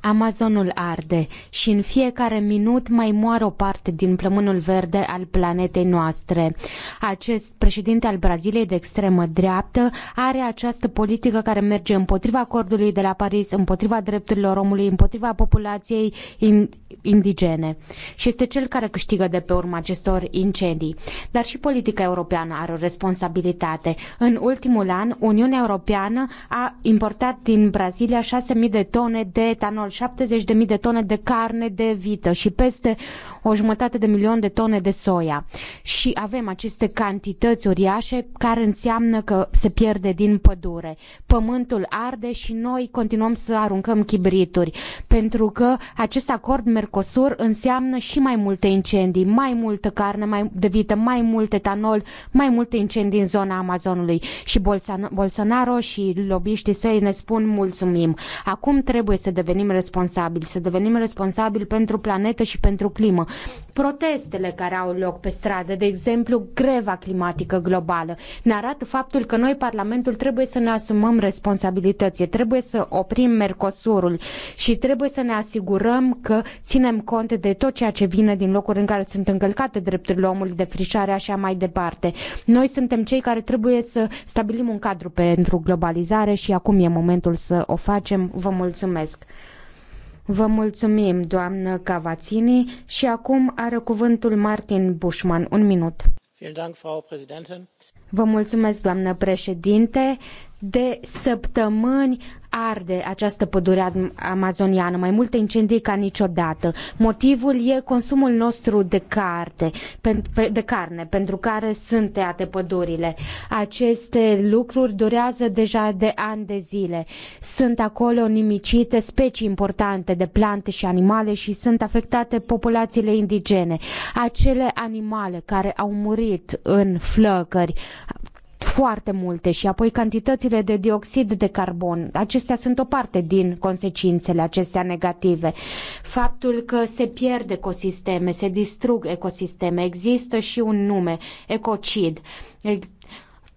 Speaker 6: Amazonul arde și în fiecare minut mai moare o parte din plămânul verde al planetei noastre. Acest președinte al Braziliei de extremă dreaptă are această politică care merge împotriva acordului de la Paris, împotriva drepturilor omului, împotriva populației indigene. Și este cel care câștigă de pe urma acestor incendii. Dar și politica europeană are o responsabilitate. În ultimul an, Uniunea Europeană a importat din Brazilia 6.000 de tone de de etanol, 70.000 de tone de carne de vită și peste o jumătate de milion de tone de soia. Și avem aceste cantități uriașe care înseamnă că se pierde din pădure. Pământul arde și noi continuăm să aruncăm chibrituri, pentru că acest acord Mercosur înseamnă și mai multe incendii, mai multă carne mai de vită, mai mult etanol, mai multe incendii în zona Amazonului. Și Bolsonaro și lobiștii săi ne spun mulțumim. Acum trebuie să devenim responsabili, să devenim responsabili pentru planetă și pentru climă, Protestele care au loc pe stradă, de exemplu, greva climatică globală, ne arată faptul că noi, Parlamentul, trebuie să ne asumăm responsabilități, trebuie să oprim Mercosurul și trebuie să ne asigurăm că ținem cont de tot ceea ce vine din locuri în care sunt încălcate drepturile omului, defrișarea și așa mai departe. Noi suntem cei care trebuie să stabilim un cadru pentru globalizare și acum e momentul să o facem. Vă mulțumesc! Vă mulțumim, doamnă Cavazzini, și acum are cuvântul Martin Bushman. Un minut. Vă mulțumesc, doamnă președinte. De săptămâni arde această pădure amazoniană, mai multe incendii ca niciodată. Motivul e consumul nostru de, carte, de carne, pentru care sunt tăiate pădurile. Aceste lucruri durează deja de ani de zile. Sunt acolo nimicite specii importante de plante și animale și sunt afectate populațiile indigene. Acele animale care au murit în flăcări, foarte multe și apoi cantitățile de dioxid de carbon. Acestea sunt o parte din consecințele acestea negative. Faptul că se pierd ecosisteme, se distrug ecosisteme, există și un nume, ecocid.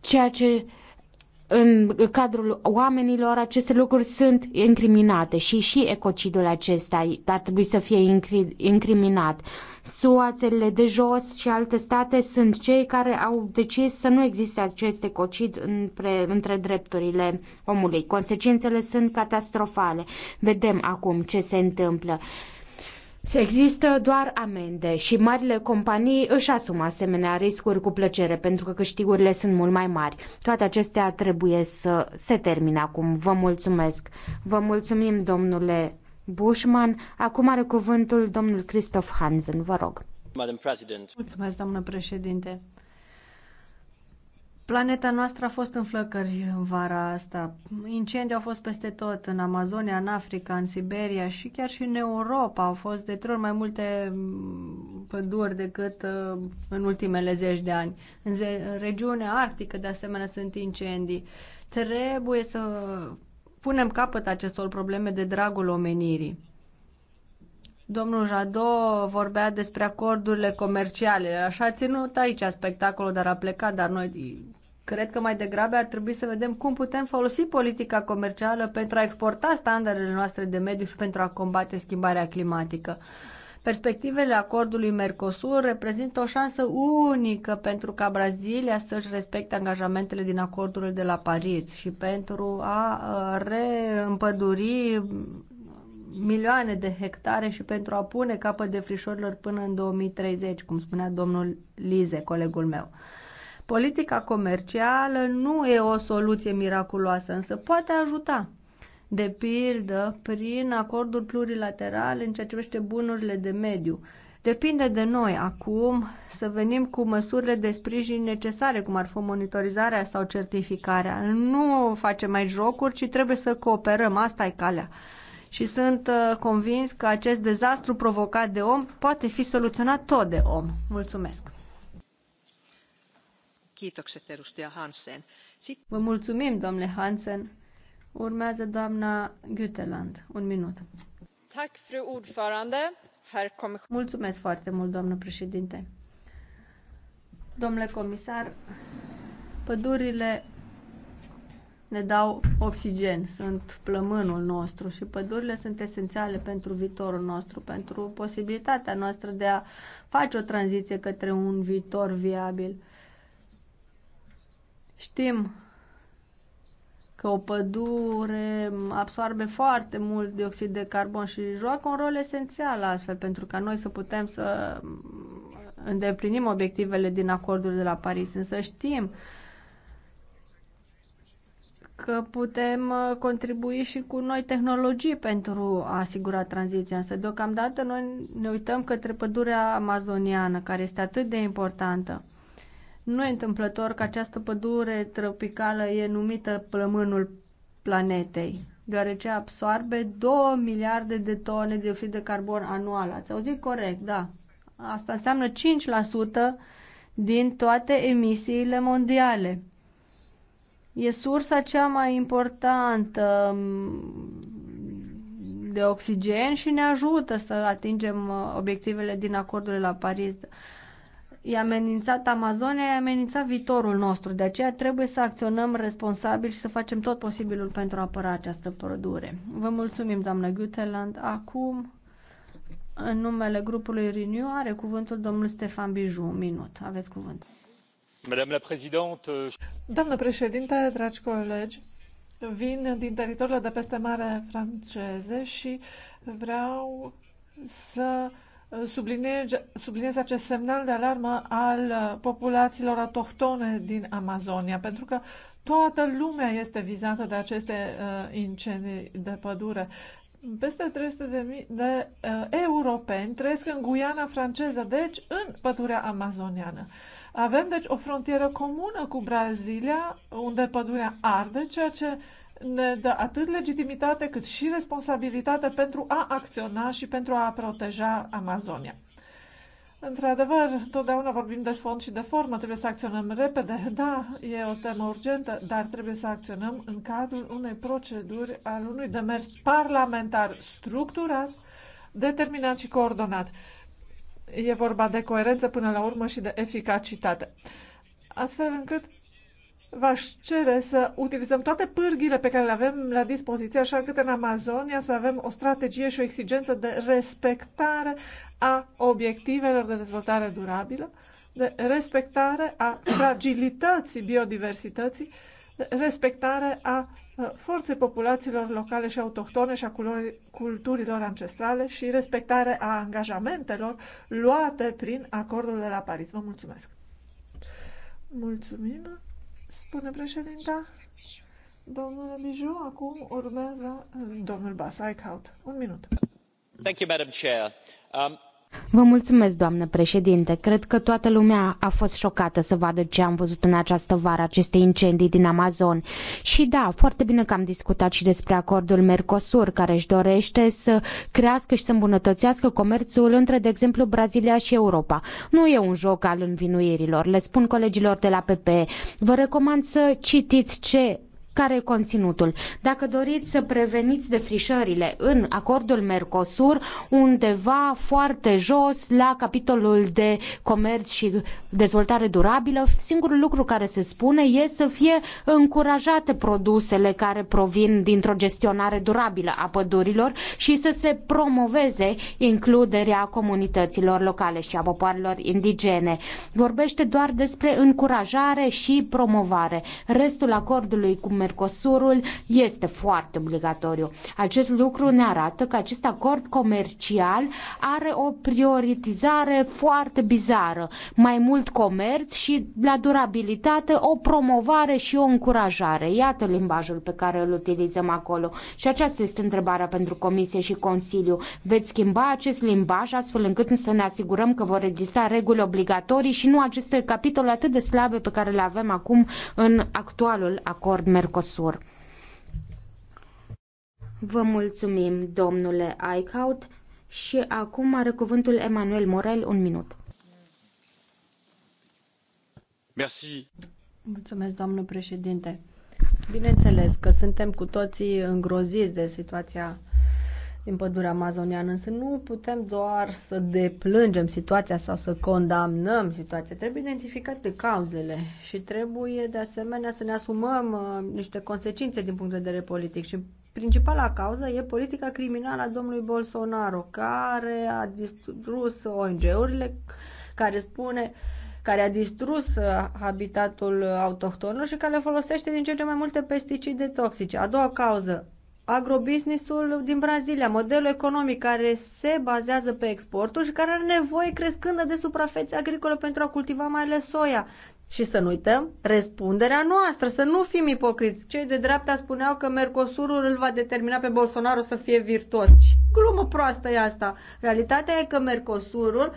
Speaker 6: Ceea ce în cadrul oamenilor aceste lucruri sunt incriminate și și ecocidul acesta ar trebui să fie incriminat. SUA, țările de jos și alte state sunt cei care au decis să nu existe acest ecocid între, între drepturile omului. Consecințele sunt catastrofale. Vedem acum ce se întâmplă. Există doar amende și marile companii își asumă asemenea riscuri cu plăcere pentru că câștigurile sunt mult mai mari. Toate acestea trebuie să se termine acum. Vă mulțumesc. Vă mulțumim, domnule Bushman. Acum are cuvântul domnul Christoph Hansen. Vă rog.
Speaker 8: Mulțumesc, domnule președinte.
Speaker 6: Planeta noastră
Speaker 8: a fost în flăcări în vara asta. Incendii au fost peste tot, în Amazonia, în Africa, în Siberia și chiar și în Europa. Au fost de trei ori mai multe mm, păduri decât uh, în ultimele zeci de ani. În regiunea arctică, de asemenea, sunt incendii. Trebuie să punem capăt acestor probleme de dragul omenirii. Domnul Jado vorbea despre acordurile comerciale. Așa a ținut aici spectacolul, dar a plecat, dar noi Cred că mai degrabă ar trebui să vedem cum putem folosi politica comercială pentru a exporta standardele noastre de mediu și pentru a combate schimbarea climatică. Perspectivele acordului Mercosur reprezintă o șansă unică pentru ca Brazilia să-și respecte angajamentele din acordul de la Paris și pentru a uh, reîmpăduri milioane de hectare și pentru a pune capăt frișorilor până în 2030, cum spunea domnul Lize, colegul meu. Politica comercială nu e o soluție miraculoasă, însă poate ajuta. De pildă, prin acorduri plurilaterale în ceea ce privește bunurile de mediu. Depinde de noi acum să venim cu măsurile de sprijin necesare, cum ar fi monitorizarea sau certificarea. Nu facem mai jocuri, ci trebuie să cooperăm. Asta e calea. Și sunt uh, convins că acest dezastru provocat de om poate fi soluționat tot de om. Mulțumesc! Kiitokset,
Speaker 3: edustaja Hansen.
Speaker 8: Vă mulțumim, domnule Hansen. Urmează doamna Güteland. Un minut. Tak, fru ordförande. Herr Mulțumesc foarte mult, doamnă președinte. Domnule comisar, pădurile ne dau oxigen, sunt plămânul nostru și pădurile sunt esențiale pentru viitorul nostru, pentru posibilitatea noastră de a face o tranziție către un viitor viabil. Știm că o pădure absorbe foarte mult dioxid de carbon și joacă un rol esențial astfel pentru ca noi să putem să îndeplinim obiectivele din acordul de la Paris. Însă știm că putem uh, contribui și cu noi tehnologii pentru a asigura tranziția. Însă deocamdată noi ne uităm către pădurea amazoniană, care este atât de importantă nu e întâmplător că această pădure tropicală e numită plămânul planetei, deoarece absorbe 2 miliarde de tone de oxid de carbon anual. Ați auzit corect, da. Asta înseamnă 5% din toate emisiile mondiale. E sursa cea mai importantă mm, de oxigen și ne ajută să atingem uh, obiectivele din acordul la Paris i-a amenințat Amazonia, i-a amenințat viitorul nostru. De aceea trebuie să acționăm responsabil și să facem tot posibilul pentru a apăra această pădure. Vă mulțumim, doamnă Guteland. Acum, în numele grupului Renew, are cuvântul domnul
Speaker 7: Stefan Biju. Un minut. Aveți cuvânt. Doamnă președinte, dragi colegi, vin din teritoriile de peste mare franceze și vreau să subliniez, subliniez acest semnal de alarmă al uh, populațiilor autohtone din Amazonia, pentru că toată lumea este vizată de aceste uh, incendii de pădure. Peste 300 de, mii de uh, europeni trăiesc în Guiana franceză, deci în pădurea amazoniană. Avem deci o frontieră comună cu Brazilia, unde pădurea arde, ceea ce uh, ne dă atât legitimitate cât și responsabilitate pentru a acționa și pentru a proteja Amazonia. Într-adevăr, totdeauna vorbim de fond și de formă, trebuie să acționăm repede. Da, e o temă urgentă, dar trebuie să acționăm în cadrul unei proceduri, al unui demers parlamentar structurat, determinat și coordonat. E vorba de coerență până la urmă și de eficacitate. Astfel încât v-aș cere să utilizăm toate pârghile pe care le avem la dispoziție, așa cât în Amazonia să avem o strategie și o exigență de respectare a obiectivelor de dezvoltare durabilă, de respectare a fragilității biodiversității, de respectare a uh, forței populațiilor locale și autohtone și a culturilor ancestrale și respectare a angajamentelor luate prin acordul de la Paris. Vă mulțumesc! Mulțumim! spune președinta. Domnule Biju, acum urmează uh, domnul Bas Un minut.
Speaker 8: Thank you, Madam Chair. Um,
Speaker 6: Vă mulțumesc, doamnă președinte. Cred că toată lumea a fost șocată să vadă ce am văzut în această vară, aceste incendii din Amazon. Și da, foarte bine că am discutat și despre acordul Mercosur, care își dorește să crească și să îmbunătățească comerțul între, de exemplu, Brazilia și Europa. Nu e un joc al învinuirilor. Le spun colegilor de la PPE. vă recomand să citiți ce care e conținutul. Dacă doriți să preveniți defrișările în acordul Mercosur, undeva foarte jos la capitolul de comerț și dezvoltare durabilă, singurul lucru care se spune e să fie încurajate produsele care provin dintr-o gestionare durabilă a pădurilor și să se promoveze includerea comunităților locale și a popoarelor indigene. Vorbește doar despre încurajare și promovare. Restul acordului cu Mercosurul este foarte obligatoriu. Acest lucru ne arată că acest acord comercial are o prioritizare foarte bizară. Mai mult comerț și la durabilitate o promovare și o încurajare. Iată limbajul pe care îl utilizăm acolo. Și aceasta este întrebarea pentru Comisie și Consiliu. Veți schimba acest limbaj astfel încât să ne asigurăm că vor exista reguli obligatorii și nu aceste capitole atât de slabe pe care le avem acum în actualul acord Mercosur. Mercosur. Vă mulțumim, domnule Eichhout, și acum are cuvântul Emanuel Morel, un minut. Merci. Mulțumesc, domnule președinte.
Speaker 8: Bineînțeles că suntem cu toții îngroziți de situația din pădurea amazoniană, însă nu putem doar să deplângem situația sau să condamnăm situația. Trebuie identificate cauzele și trebuie de asemenea să ne asumăm uh, niște consecințe din punct de vedere politic și Principala cauză e politica criminală a domnului Bolsonaro, care a distrus ONG-urile, care spune care a distrus uh, habitatul autohton și care folosește din ce în ce mai multe pesticide toxice. A doua cauză, agrobusinessul din Brazilia, modelul economic care se bazează pe exporturi și care are nevoie crescândă de suprafețe agricole pentru a cultiva mai ales soia. Și să nu uităm, răspunderea noastră, să nu fim ipocriți. Cei de dreapta spuneau că Mercosurul îl va determina pe Bolsonaro să fie virtuos. Ce glumă proastă e asta! Realitatea e că Mercosurul uh,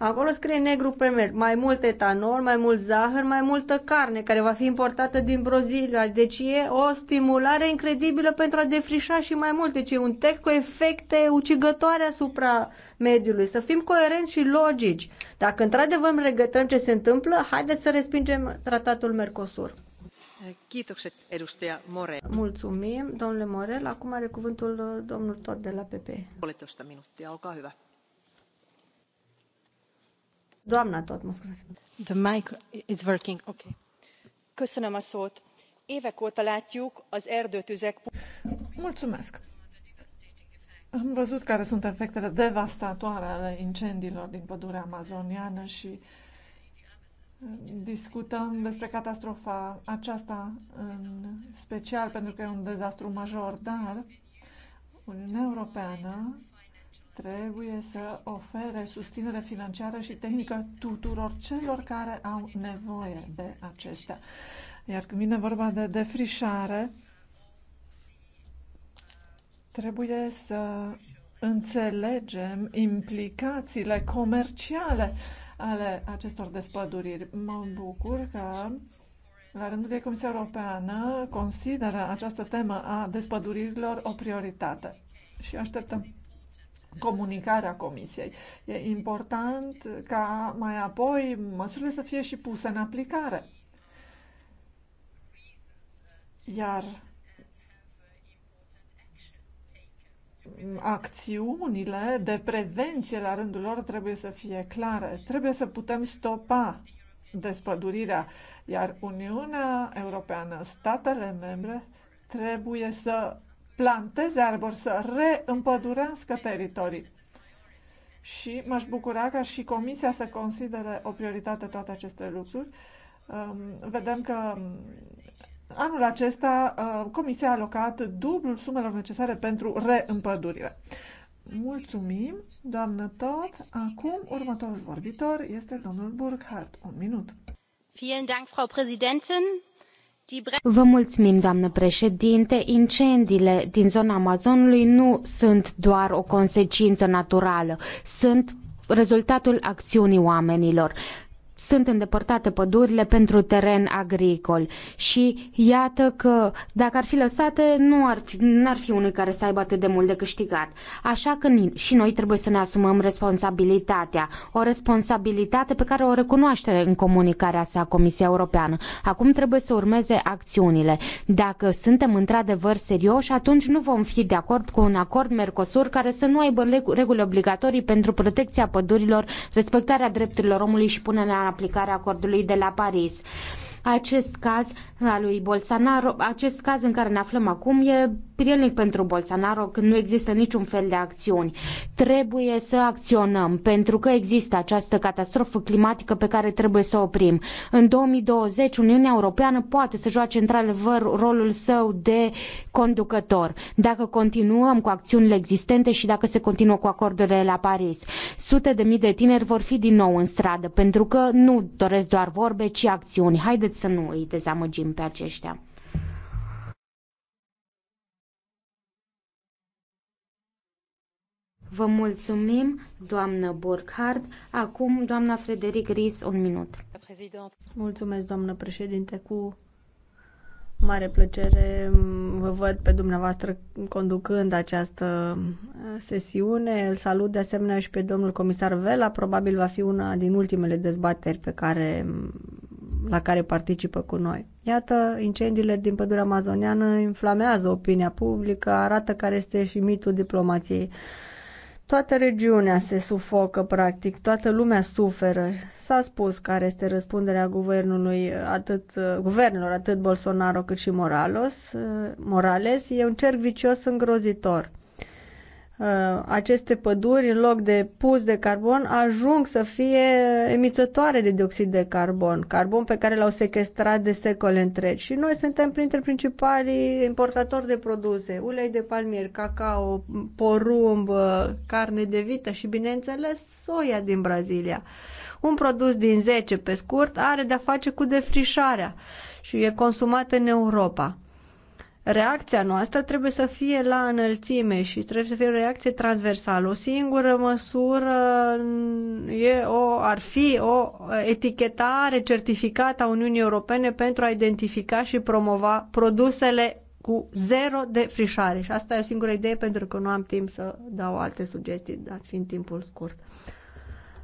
Speaker 8: Acolo scrie negru pe mer, mai mult etanol, mai mult zahăr, mai multă carne care va fi importată din Brazilia. Deci e o stimulare incredibilă pentru a defrișa și mai mult. Deci e un text cu efecte ucigătoare asupra mediului. Să fim coerenți și logici. Dacă într-adevăr regătăm ce se întâmplă, haideți să respingem tratatul Mercosur. Mulțumim, domnule Morel. Acum are cuvântul uh, domnul Tot de la PP.
Speaker 3: Puolitoista minuuttia, olkaa hyvä.
Speaker 8: Doamna tot, mă scuzați. The mic, it's working, ok.
Speaker 3: Köszönöm a szót. Évek óta látjuk az erdőtüzek... Mulțumesc.
Speaker 7: Am văzut care sunt efectele devastatoare ale incendiilor din pădurea amazoniană și uh, discutăm despre catastrofa aceasta în special pentru că e un dezastru major, dar Uniunea Europeană trebuie să ofere susținere financiară și tehnică tuturor celor care au nevoie de acestea. Iar când vine vorba de defrișare, trebuie să înțelegem implicațiile comerciale ale acestor despăduriri. Mă bucur că la rândul ei Comisia Europeană consideră această temă a despăduririlor o prioritate și așteptăm comunicarea Comisiei. E important ca mai apoi măsurile să fie și puse în aplicare. Iar acțiunile de prevenție la rândul lor trebuie să fie clare. Trebuie să putem stopa despădurirea, iar Uniunea Europeană, statele membre, trebuie să planteze arbori, să reîmpădurească teritorii. Și m-aș bucura ca și Comisia să considere o prioritate toate aceste lucruri. Um, vedem că um, anul acesta uh, Comisia a alocat dublul sumelor necesare pentru reîmpădurire. Mulțumim, doamnă tot. Acum, următorul vorbitor este domnul Burkhardt. Un minut. Vielen Dank, Frau Präsidentin.
Speaker 6: Vă mulțumim, doamnă președinte. Incendiile din zona Amazonului nu sunt doar o consecință naturală, sunt rezultatul acțiunii oamenilor sunt îndepărtate pădurile pentru teren agricol și iată că dacă ar fi lăsate, nu ar fi, n-ar fi unui care să aibă atât de mult de câștigat. Așa că și noi trebuie să ne asumăm responsabilitatea, o responsabilitate pe care o recunoaște în comunicarea sa Comisia Europeană. Acum trebuie să urmeze acțiunile. Dacă suntem într-adevăr serioși, atunci nu vom fi de acord cu un acord Mercosur care să nu aibă reguli obligatorii pentru protecția pădurilor, respectarea drepturilor omului și punerea aplicarea acordului de la Paris. Acest caz al lui Bolsonaro, acest caz în care ne aflăm acum e prielnic pentru Bolsonaro când nu există niciun fel de acțiuni. Trebuie să acționăm pentru că există această catastrofă climatică pe care trebuie să o oprim. În 2020 Uniunea Europeană poate să joace într-adevăr rolul său de conducător dacă continuăm cu acțiunile existente și dacă se continuă cu acordurile la Paris. Sute de mii de tineri vor fi din nou în stradă pentru că nu doresc doar vorbe, ci acțiuni. Haideți să nu îi dezamăgim pe aceștia. Vă mulțumim, doamnă Burkhardt. Acum, doamna Frederic Ries, un minut. Mulțumesc, doamnă președinte, cu
Speaker 8: mare plăcere mm, vă văd pe dumneavoastră conducând această mm, sesiune. Îl salut de asemenea și pe domnul comisar Vela. Probabil va fi una din ultimele dezbateri pe care, mm, la care participă cu noi. Iată, incendiile din pădurea amazoniană inflamează opinia publică, arată care este și mitul diplomației Toată regiunea se sufocă, practic, toată lumea suferă. S-a spus care este răspunderea guvernului, uh, atât, uh, guvernelor, atât Bolsonaro cât și Morales. Uh, Morales e un cerc vicios îngrozitor. Uh, aceste păduri, în loc de pus de carbon, ajung să fie emițătoare de dioxid de carbon, carbon pe care l-au sequestrat de secole întregi. Și noi suntem printre principalii importatori de produse, ulei de palmier, cacao, porumb, uh, carne de vită și, bineînțeles, soia din Brazilia. Un produs din 10, pe scurt, are de-a face cu defrișarea și e consumat în Europa reacția noastră trebuie să fie la înălțime și trebuie să fie o reacție transversală. O singură măsură e o, ar fi o etichetare certificată a Uniunii Europene pentru a identifica și promova produsele cu zero de frișare. Și asta e o singură idee pentru că nu am timp să dau alte sugestii, dar fiind timpul scurt.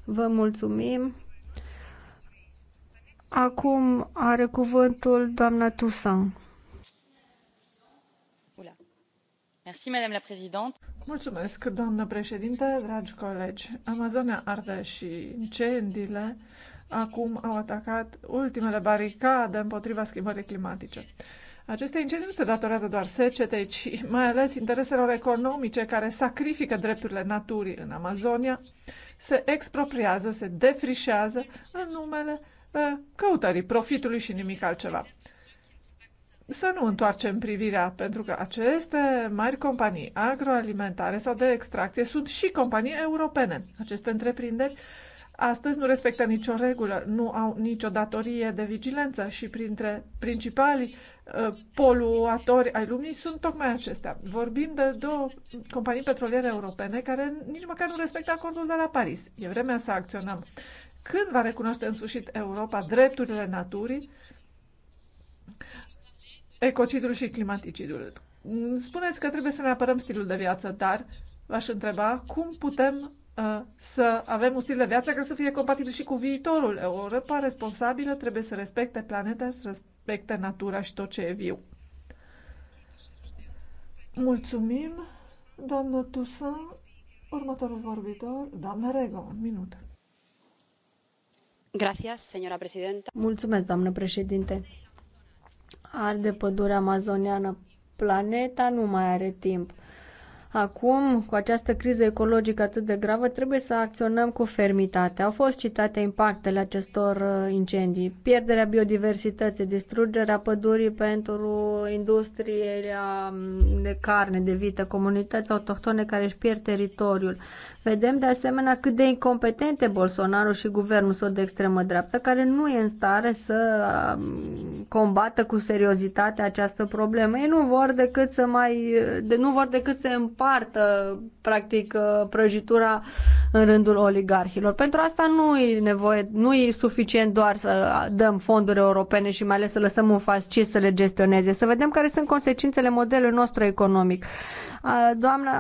Speaker 8: Vă mulțumim. Acum are cuvântul doamna Toussaint.
Speaker 7: Mulțumesc, doamnă președinte, dragi colegi. Amazonia arde și incendiile acum au atacat ultimele baricade împotriva schimbării climatice. Aceste incendii nu se datorează doar secetei, ci mai ales intereselor economice care sacrifică drepturile naturii în Amazonia, se expropriază, se defrișează în numele eh, căutării profitului și nimic altceva să nu întoarcem privirea, pentru că aceste mari companii agroalimentare sau de extracție sunt și companii europene. Aceste întreprinderi astăzi nu respectă nicio regulă, nu au nicio datorie de vigilență și printre principalii uh, poluatori ai lumii sunt tocmai acestea. Vorbim de două companii petroliere europene care nici măcar nu respectă acordul de la Paris. E vremea să acționăm. Când va recunoaște în sfârșit Europa drepturile naturii ecocidul și climaticidul. Spuneți că trebuie să ne apărăm stilul de viață, dar v-aș întreba cum putem uh, să avem un stil de viață care să fie compatibil și cu viitorul. Europa responsabilă trebuie să respecte planeta, să respecte natura și tot ce e viu. Mulțumim, doamnă Tusa. Următorul vorbitor, doamnă Rego, un minut. Gracias, señora presidenta.
Speaker 8: Mulțumesc, doamnă președinte arde pădurea amazoniană. Planeta nu mai are timp. Acum, cu această criză ecologică atât de gravă, trebuie să acționăm cu fermitate. Au fost citate impactele acestor uh, incendii. Pierderea biodiversității, distrugerea pădurii pentru industria um, de carne, de vită, comunități autohtone care își pierd teritoriul. Vedem de asemenea cât de incompetente Bolsonaro și guvernul său de extremă dreaptă, care nu e în stare să um, combată cu seriozitate această problemă. Ei nu vor decât să mai, de, nu vor decât să împartă împartă, practic, uh, prăjitura în rândul oligarhilor. Pentru asta nu e nevoie, nu e suficient doar să dăm fonduri europene și mai ales să lăsăm un fascist să le gestioneze, să vedem care sunt consecințele modelului nostru economic. Doamna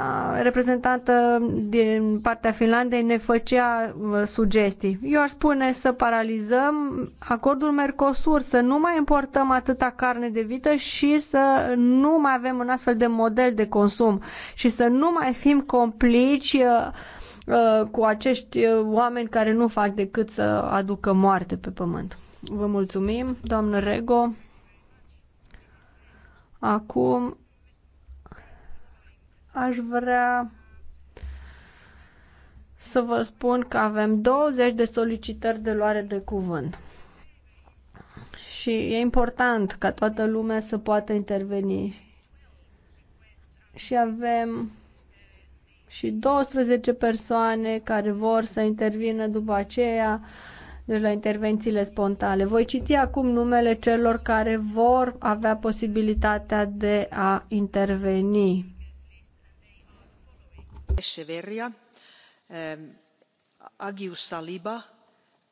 Speaker 8: reprezentantă din partea Finlandei ne făcea uh, sugestii. Eu aș spune să paralizăm acordul Mercosur, să nu mai importăm atâta carne de vită și să nu mai avem un astfel de model de consum și să nu mai fim complici uh, uh, cu acești oameni care nu fac decât să aducă moarte pe pământ. Vă mulțumim, doamnă Rego. Acum aș vrea să vă spun că avem 20 de solicitări de luare de cuvânt. Și e important ca toată lumea să poată interveni. Și avem și 12 persoane care vor să intervină după aceea, deci la intervențiile spontane. Voi citi acum numele celor care vor avea posibilitatea de a interveni.
Speaker 3: Echeverria, ehm, Agius Saliba,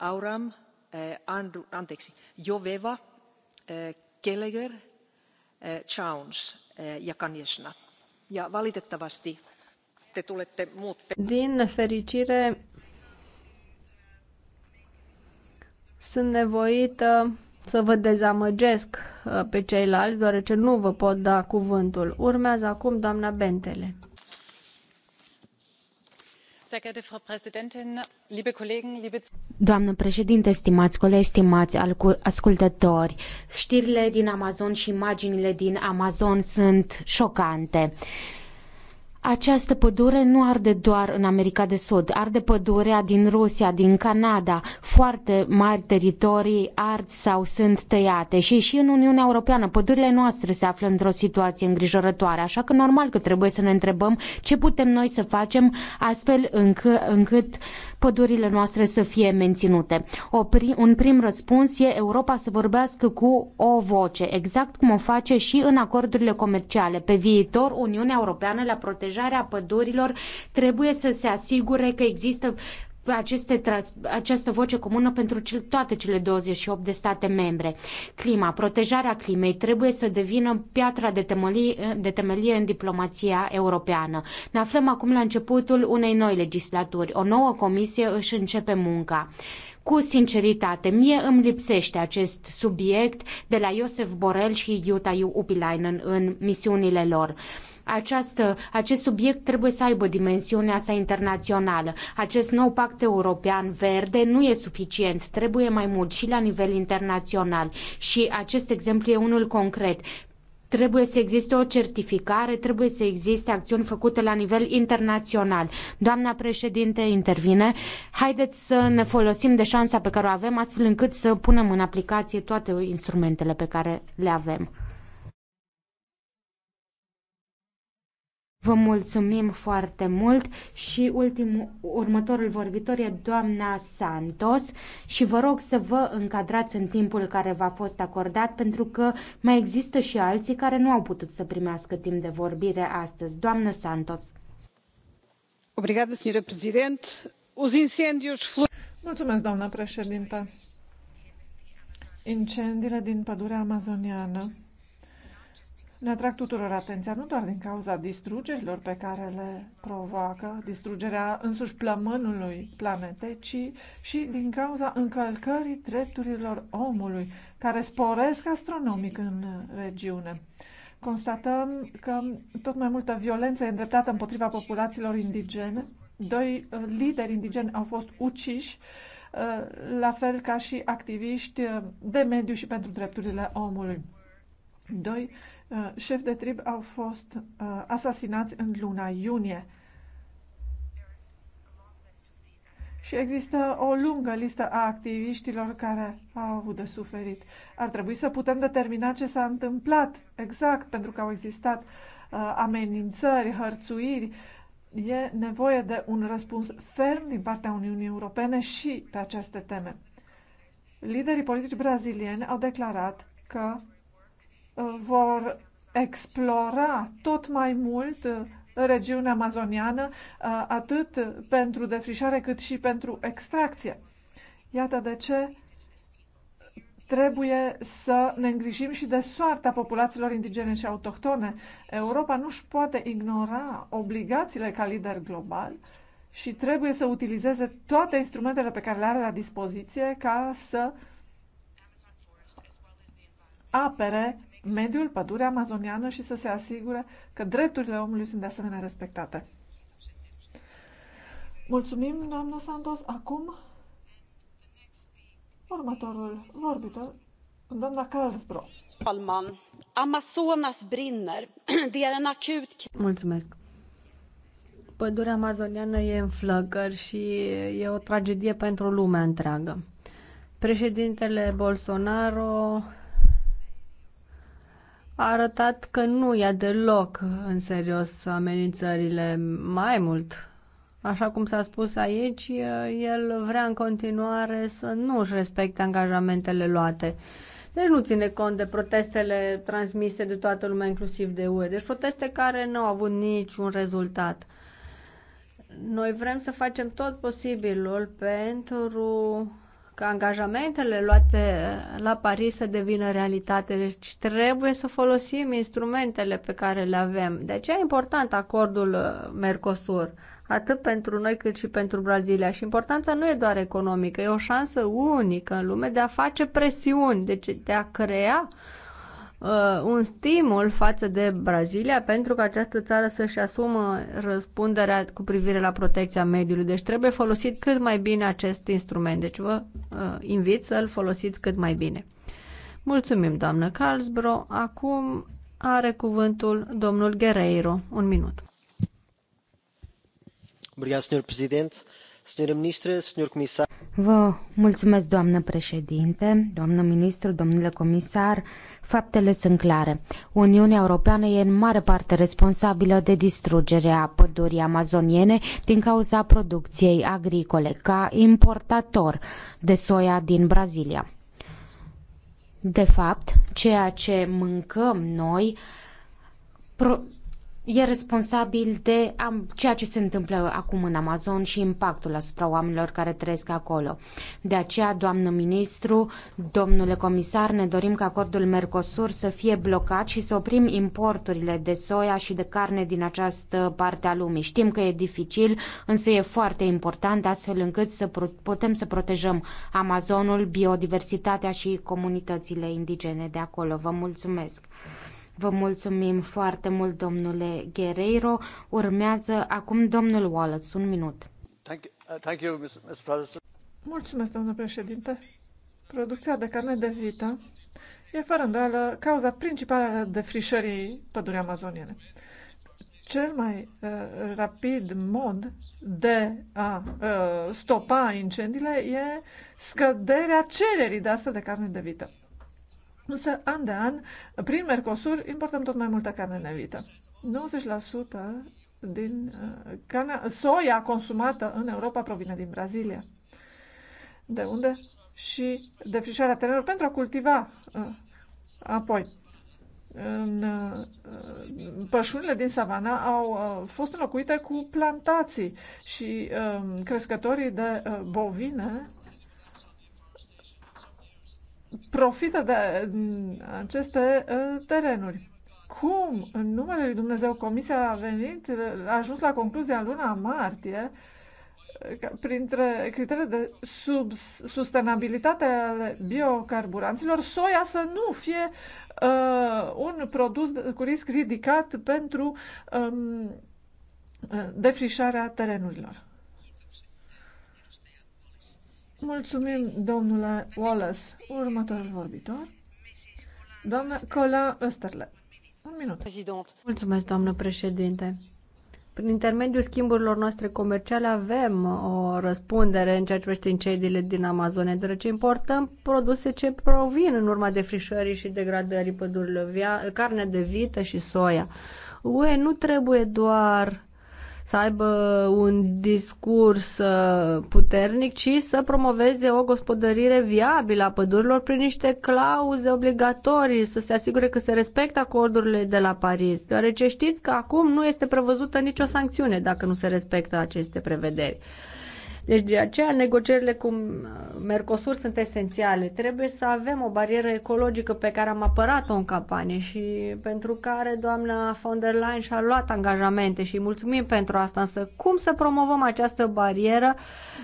Speaker 3: Auram, eh, Andru, Joveva, eh, Keleger, Jones eh, ja Kanjesna. Ja valitettavasti te tulette muut...
Speaker 8: Din nefericire, sunt nevoită să vă dezamăgesc pe ceilalți, deoarece nu vă pot da cuvântul. Urmează acum doamna Bentele.
Speaker 6: Doamnă președinte, stimați colegi, stimați ascultători, știrile din Amazon și imaginile din Amazon sunt șocante. Această pădure nu arde doar în America de Sud, arde pădurea din Rusia, din Canada. Foarte mari teritorii ard sau sunt tăiate și și în Uniunea Europeană pădurile noastre se află într-o situație îngrijorătoare, așa că normal că trebuie să ne întrebăm ce putem noi să facem astfel încât, încât pădurile noastre să fie menținute. O pri- un prim răspuns e Europa să vorbească cu o voce, exact cum o face și în acordurile comerciale. Pe viitor, Uniunea Europeană la protejarea pădurilor trebuie să se asigure că există aceste această voce comună pentru ce, toate cele 28 de state membre. Clima, protejarea climei trebuie să devină piatra de temelie, de temelie în diplomația europeană. Ne aflăm acum la începutul unei noi legislaturi. O nouă comisie își începe munca cu sinceritate. Mie îmi lipsește acest subiect de la Iosef Borel și Iuta Upilainen în misiunile lor. Această, acest subiect trebuie să aibă dimensiunea sa internațională. Acest nou pact european verde nu e suficient, trebuie mai mult și la nivel internațional. Și acest exemplu e unul concret trebuie să existe o certificare, trebuie să existe acțiuni făcute la nivel internațional. Doamna președinte intervine, haideți să ne folosim de șansa pe care o avem astfel încât să punem în aplicație toate instrumentele pe care le avem. Vă mulțumim foarte mult și ultimul, următorul vorbitor e doamna Santos și vă rog să vă încadrați în timpul care v-a fost acordat pentru că mai există și alții care nu au putut să primească timp de vorbire astăzi. Doamna Santos. Obrigada, senhora Presidente.
Speaker 7: Os incêndios... Mulțumesc, doamna președintă. Incendiile din pădurea amazoniană ne atrag tuturor atenția, nu doar din cauza distrugerilor pe care le provoacă, distrugerea însuși plămânului planetei, ci și din cauza încălcării drepturilor omului, care sporesc astronomic în regiune. Constatăm că tot mai multă violență e îndreptată împotriva populațiilor indigene. Doi uh, lideri indigeni au fost uciși, uh, la fel ca și activiști uh, de mediu și pentru drepturile omului. Doi Uh, șef de trib au fost uh, asasinați în luna iunie. Și există o lungă listă a activiștilor care au avut de suferit. Ar trebui să putem determina ce s-a întâmplat exact, pentru că au existat uh, amenințări, hărțuiri. E nevoie de un răspuns ferm din partea Uniunii Europene și pe aceste teme. Liderii politici brazilieni au declarat că vor explora tot mai mult uh, regiunea amazoniană, uh, atât pentru defrișare cât și pentru extracție. Iată de ce trebuie să ne îngrijim și de soarta populațiilor indigene și autohtone. Europa nu își poate ignora obligațiile ca lider global și trebuie să utilizeze toate instrumentele pe care le are la dispoziție ca să apere mediul, pădurea amazoniană și să se asigure că drepturile omului sunt de asemenea respectate. Mulțumim, doamnă Santos. Acum, următorul vorbitor, doamna Carlsbro. Palman,
Speaker 3: Amazonas brinner. De är acut.
Speaker 8: Mulțumesc. Pădurea amazoniană e în flăcări și e o tragedie pentru lumea întreagă. Președintele Bolsonaro a arătat că nu ia deloc în serios amenințările mai mult. Așa cum s-a spus aici, el vrea în continuare să nu își respecte angajamentele luate. Deci nu ține cont de protestele transmise de toată lumea, inclusiv de UE. Deci proteste care nu au avut niciun rezultat. Noi vrem să facem tot posibilul pentru că angajamentele luate la Paris să devină realitate. Deci trebuie să folosim instrumentele pe care le avem. De aceea e important acordul uh, Mercosur, atât pentru noi cât și pentru Brazilia. Și importanța nu e doar economică, e o șansă unică în lume de a face presiuni, deci de a crea uh, uh, un stimul față de Brazilia pentru că această țară să-și asumă răspunderea cu privire la protecția mediului. Deci trebuie folosit cât mai bine acest instrument. Deci vă uh, invit să-l folosiți cât mai bine. Mulțumim, doamnă Carlsbro. Acum are cuvântul domnul Guerreiro. Un minut.
Speaker 3: Obrigado, senhor presidente. Senhora ministra, senhor comisar.
Speaker 6: Vă mulțumesc, doamnă președinte, doamnă ministru, domnule comisar. Faptele sunt clare. Uniunea Europeană e în mare parte responsabilă de distrugerea pădurii amazoniene din cauza producției agricole, ca importator de soia din Brazilia. De fapt, ceea ce mâncăm noi e responsabil de ceea ce se întâmplă acum în Amazon și impactul asupra oamenilor care trăiesc acolo. De aceea, doamnă ministru, domnule comisar, ne dorim ca acordul Mercosur să fie blocat și să oprim importurile de soia și de carne din această parte a lumii. Știm că e dificil, însă e foarte important astfel încât să putem să protejăm Amazonul, biodiversitatea și comunitățile indigene de acolo. Vă mulțumesc! Vă mulțumim foarte mult, domnule Guerreiro. Urmează acum domnul
Speaker 7: Wallace. Un minut. Uh, Mulțumesc, domnule președinte. Producția de carne de vită e fără îndoială cauza principală a defrișării pădurii amazoniene. Cel mai uh, rapid mod de a uh, stopa incendiile e scăderea cererii de astfel de carne de vită. Însă, an de an, prin Mercosur, importăm tot mai multă carne nevită. 90% din uh, carne, soia consumată în Europa provine din Brazilia. De unde? Și defrișarea terenului pentru a cultiva uh, apoi în uh, pășunile din savana au fost înlocuite cu plantații și um, crescătorii de bovine profită de mm, aceste ă, terenuri. Cum, în numele lui Dumnezeu, Comisia a venit, ă, a ajuns la concluzia în luna martie ă, printre criteriile de sub sustenabilitate ale biocarburanților, soia să nu fie uh, un produs cu risc ridicat pentru um, defrișarea terenurilor. Mulțumim, domnule Wallace. Următorul vorbitor. Doamna Cola Österle.
Speaker 8: Un minut. President. Mulțumesc, doamnă președinte. Prin intermediul schimburilor noastre comerciale avem o răspundere în ceea ce privește incendiile din Amazonia, deoarece importăm produse ce provin în urma defrișării și degradării pădurilor, carne de vită și soia. UE nu trebuie doar să aibă un discurs uh, puternic, ci să promoveze o gospodărire viabilă a pădurilor prin niște clauze obligatorii, să se asigure că se respectă acordurile de la Paris, deoarece știți că acum nu este prevăzută nicio sancțiune dacă nu se respectă aceste prevederi. Deci de aceea negocierile cu Mercosur sunt esențiale. Trebuie să avem o barieră ecologică pe care am apărat-o în campanie și pentru care doamna von der Leyen și-a luat angajamente și mulțumim pentru asta, însă cum să promovăm această barieră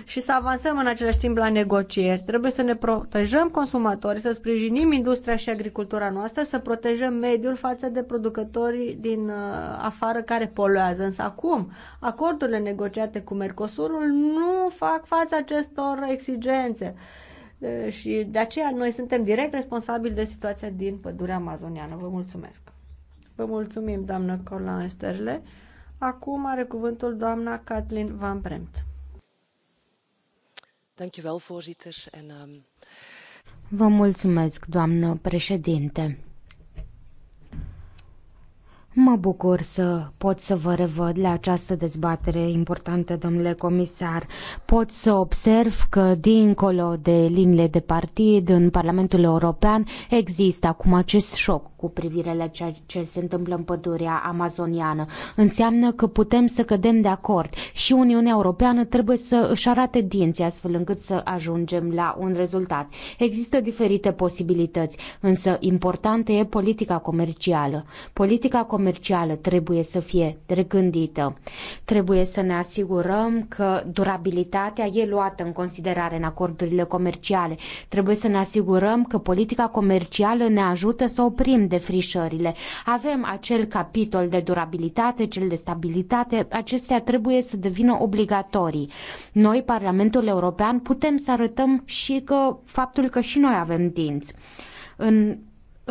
Speaker 8: și să avansăm în același timp la negocieri? Trebuie să ne protejăm consumatorii, să sprijinim industria și agricultura noastră, să protejăm mediul față de producătorii din uh, afară care poluează. Însă acum, acordurile negociate cu Mercosurul nu fac față acestor exigențe. Și de aceea noi suntem direct responsabili de situația din pădurea amazoniană. Vă mulțumesc! Vă mulțumim, doamnă Colan Sterle. Acum are cuvântul doamna Kathleen Van Bremt.
Speaker 3: Ehm,
Speaker 6: Vă mulțumesc, doamnă președinte. Mă bucur să pot să vă revăd la această dezbatere importantă, domnule comisar. Pot să observ că, dincolo de liniile de partid, în Parlamentul European există acum acest șoc cu privire la ceea ce se întâmplă în pădurea amazoniană. Înseamnă că putem să cădem de acord și Uniunea Europeană trebuie să își arate dinții astfel încât să ajungem la un rezultat. Există diferite posibilități, însă importantă e politica comercială. Politica comercială comercială trebuie să fie regândită. Trebuie să ne asigurăm că durabilitatea e luată în considerare în acordurile comerciale. Trebuie să ne asigurăm că politica comercială ne ajută să oprim defrișările. Avem acel capitol de durabilitate, cel de stabilitate, acestea trebuie să devină obligatorii. Noi, Parlamentul European, putem să arătăm și că faptul că și noi avem dinți. În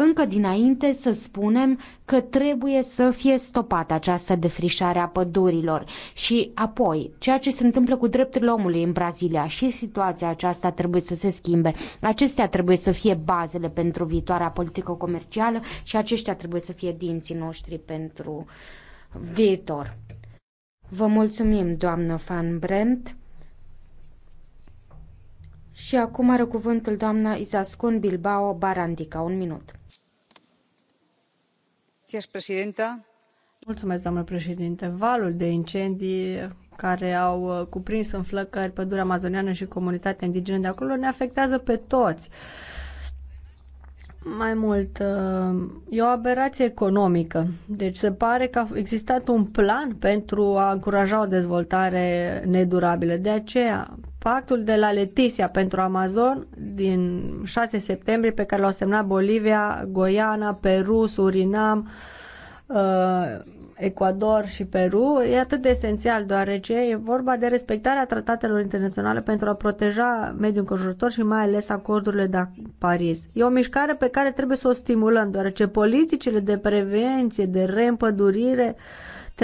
Speaker 6: încă dinainte să spunem că trebuie să fie stopată această defrișare a pădurilor și apoi ceea ce se întâmplă cu drepturile omului în Brazilia și situația aceasta trebuie să se schimbe. Acestea trebuie să fie bazele pentru viitoarea politică comercială și aceștia trebuie să fie dinții noștri pentru viitor. Vă mulțumim, doamnă Van Brent. Și acum are cuvântul doamna Izascun Bilbao Barandica. Un minut.
Speaker 8: Mulțumesc, doamnă președinte. Valul de incendii care au uh, cuprins în flăcări pădurea amazoniană și comunitatea indigenă de acolo ne afectează pe toți mai mult, uh, e o aberație economică. Deci se pare că a existat un plan pentru a încuraja o dezvoltare nedurabilă. De aceea, pactul de la Letizia pentru Amazon din 6 septembrie, pe care l-au semnat Bolivia, Goiana, Peru, Surinam, uh, Ecuador și Peru e atât de esențial, deoarece e vorba de respectarea tratatelor internaționale pentru a proteja mediul înconjurător și mai ales acordurile de Paris. E o mișcare pe care trebuie să o stimulăm, deoarece politicile de prevenție, de reîmpădurire, uh,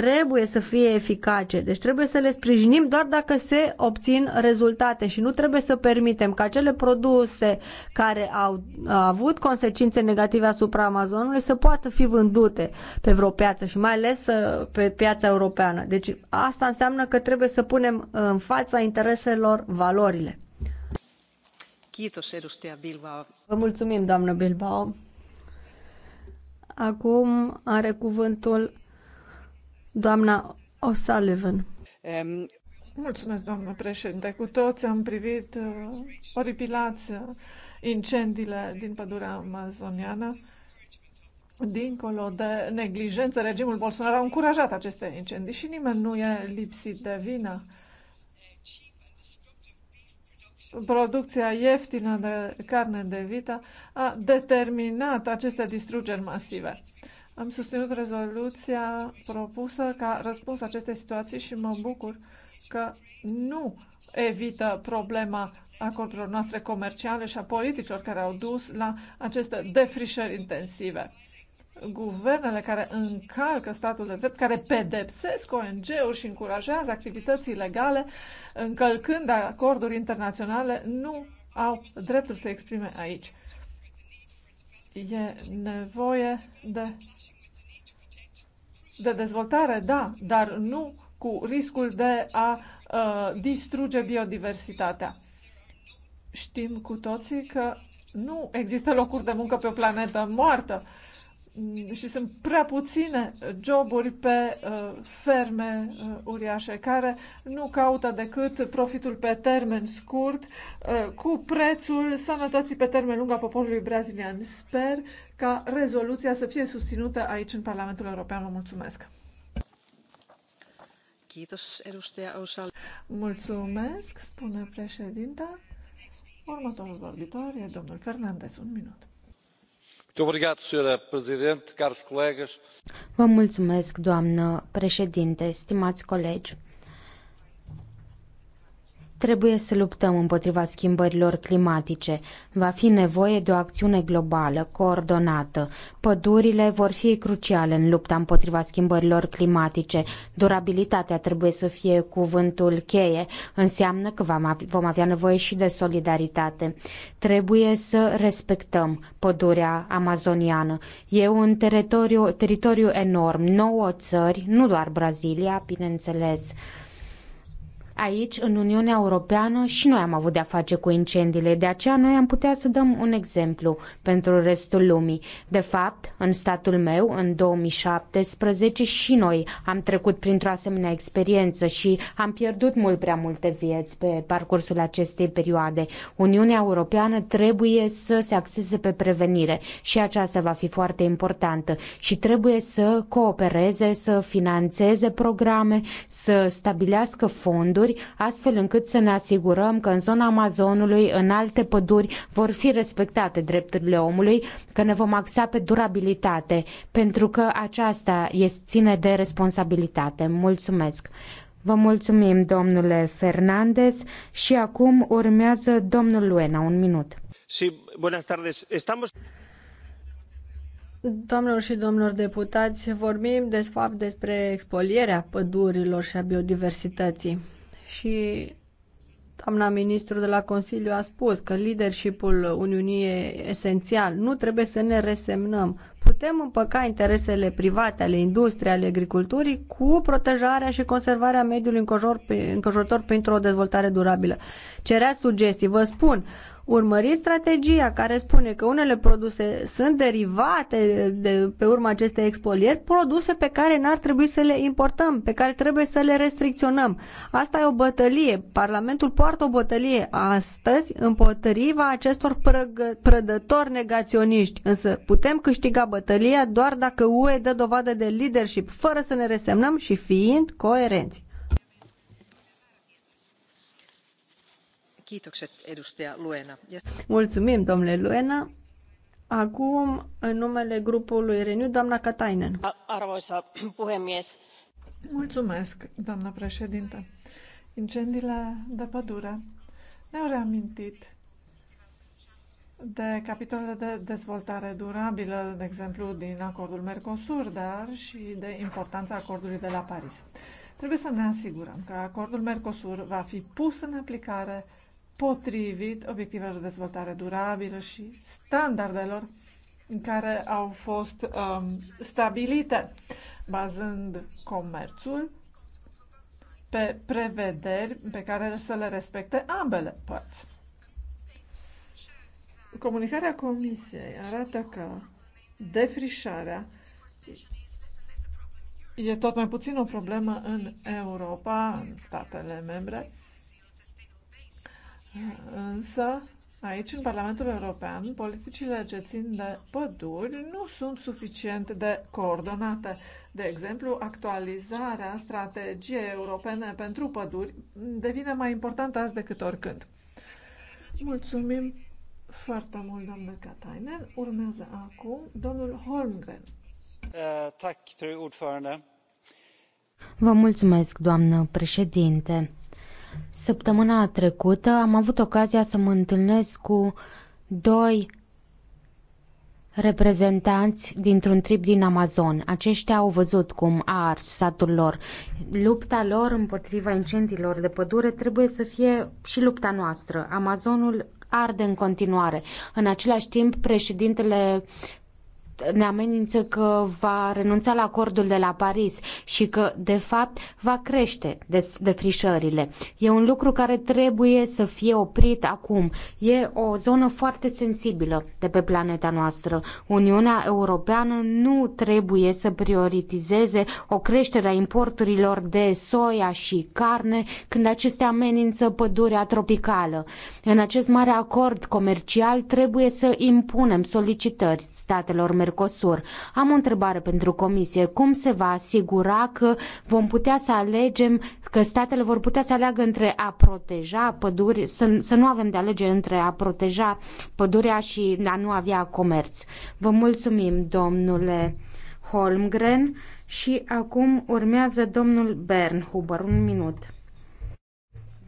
Speaker 8: trebuie să fie eficace. Deci trebuie să le sprijinim doar dacă se obțin rezultate și nu trebuie să permitem ca cele produse care au avut consecințe negative asupra Amazonului să poată fi vândute pe vreo piață și mai ales uh, pe piața europeană. Deci asta înseamnă că trebuie să punem în fața intereselor valorile. Vă mulțumim, doamnă Bilbao. Acum are cuvântul Doamna O'Sullivan.
Speaker 7: Um... Mulțumesc, doamnă președinte. Cu toți am privit uh, oripilați uh, incendiile din pădurea amazoniană. Dincolo de neglijență, regimul Bolsonaro a încurajat aceste incendii și nimeni nu e lipsit de vină. Producția ieftină de carne de vită a determinat aceste distrugeri masive. Am susținut rezoluția propusă ca răspuns acestei situații și mă bucur că nu evită problema acordurilor noastre comerciale și a politicilor care au dus la aceste defrișări intensive. Guvernele care încalcă statul de drept, care pedepsesc ONG-uri și încurajează activități ilegale, încălcând acorduri internaționale, nu au dreptul să exprime aici. E nevoie de, de dezvoltare, da, dar nu cu riscul de a uh, distruge biodiversitatea. Știm cu toții că nu există locuri de muncă pe o planetă moartă. Uh, Mm, și sunt prea puține joburi pe uh, ferme uh, uriașe care nu caută decât profitul pe termen scurt uh, cu prețul sănătății pe termen lung a poporului brazilian. Sper ca rezoluția să fie susținută aici în Parlamentul European. Vă mulțumesc! Mulțumesc, spune președinta. Următorul vorbitor e domnul Fernandez. Un minut.
Speaker 6: Vă mulțumesc, doamnă președinte, stimați colegi. Trebuie să luptăm împotriva schimbărilor climatice. Va fi nevoie de o acțiune globală, coordonată. Pădurile vor fi cruciale în lupta împotriva schimbărilor climatice. Durabilitatea trebuie să fie cuvântul cheie. Înseamnă că vom avea nevoie și de solidaritate. Trebuie să respectăm pădurea amazoniană. E un teritoriu, teritoriu enorm, nouă țări, nu doar Brazilia, bineînțeles. Aici, în Uniunea Europeană, și noi am avut de-a face cu incendiile, de aceea noi am putea să dăm un exemplu pentru restul lumii. De fapt, în statul meu, în 2017, și noi am trecut printr-o asemenea experiență și am pierdut mult prea multe vieți pe parcursul acestei perioade. Uniunea Europeană trebuie să se axeze pe prevenire și aceasta va fi foarte importantă și trebuie să coopereze, să financeze programe, să stabilească fonduri măsuri, astfel încât să ne asigurăm că în zona Amazonului, în alte păduri, vor fi respectate drepturile omului, că ne vom axa pe durabilitate, pentru că aceasta este, ține de responsabilitate. Mulțumesc! Vă mulțumim, domnule Fernandez, și acum urmează domnul Luena, un minut.
Speaker 1: Sí, buenas tardes. Estamos...
Speaker 6: Doamnelor și domnilor
Speaker 8: deputați, vorbim de fapt despre expolierea pădurilor și a biodiversității și doamna ministru de la Consiliu a spus că leadershipul Uniunii e esențial. Nu trebuie să ne resemnăm. Putem împăca interesele private ale industriei, ale agriculturii cu protejarea și conservarea mediului înconjurător printr-o dezvoltare durabilă. Cerea sugestii. Vă spun, urmăriți strategia care spune că unele produse sunt derivate de, pe urma acestei expolieri, produse pe care n-ar trebui să le importăm, pe care trebuie să le restricționăm. Asta e o bătălie. Parlamentul poartă o bătălie astăzi împotriva acestor prăgă, prădători negaționiști. Însă putem câștiga bătălia doar dacă UE dă dovadă de leadership, fără să ne resemnăm și fiind coerenți. Mulțumim, domnule Luena. Acum, în numele grupului Renew, doamna Katainen.
Speaker 7: Arvoisa puhemies. Mulțumesc, doamna președintă. Incendiile de pădure ne-au reamintit de capitolele de dezvoltare durabilă, de exemplu, din acordul Mercosur, dar și de importanța acordului de la Paris. Trebuie să ne asigurăm că acordul Mercosur va fi pus în aplicare potrivit obiectivelor de dezvoltare durabilă și standardelor în care au fost um, stabilite, bazând comerțul pe prevederi pe care să le respecte ambele părți. Comunicarea Comisiei arată că defrișarea e tot mai puțin o problemă în Europa, în statele membre, Însă, aici, în Parlamentul European, politicile ce țin de păduri nu sunt suficient de coordonate. De exemplu, actualizarea strategiei europene pentru păduri devine mai importantă azi decât oricând. Mulțumim foarte mult, doamnă Katainen. Urmează acum domnul Holmgren.
Speaker 1: Uh,
Speaker 6: Vă mulțumesc, doamnă președinte. Săptămâna trecută am avut ocazia să mă întâlnesc cu doi reprezentanți dintr-un trip din Amazon. Aceștia au văzut cum a ars satul lor. Lupta lor împotriva incendiilor de pădure trebuie să fie și lupta noastră. Amazonul arde în continuare. În același timp, președintele ne amenință că va renunța la acordul de la Paris și că, de fapt, va crește defrișările. E un lucru care trebuie să fie oprit acum. E o zonă foarte sensibilă de pe planeta noastră. Uniunea Europeană nu trebuie să prioritizeze o creștere a importurilor de soia și carne când acestea amenință pădurea tropicală. În acest mare acord comercial trebuie să impunem solicitări statelor membre Mercosur. Am o întrebare pentru Comisie. Cum se va asigura că vom putea să alegem, că statele vor putea să aleagă între a proteja păduri, să, să nu avem de alege între a proteja pădurea și a nu avea comerț? Vă mulțumim, domnule Holmgren. Și acum urmează domnul Bernhuber. Un minut.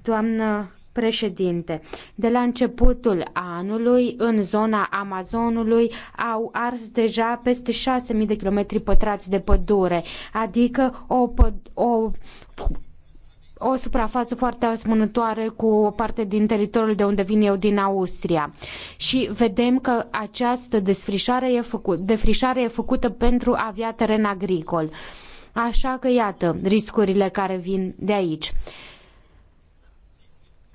Speaker 6: Doamnă președinte. De la începutul anului, în zona Amazonului, au ars deja peste 6.000 de km pătrați de pădure, adică o, o, o suprafață foarte asemănătoare cu o parte din teritoriul de unde vin eu din Austria. Și vedem că această desfrișare e, făcut, defrișare e făcută pentru a avea teren agricol. Așa că iată riscurile care vin de aici.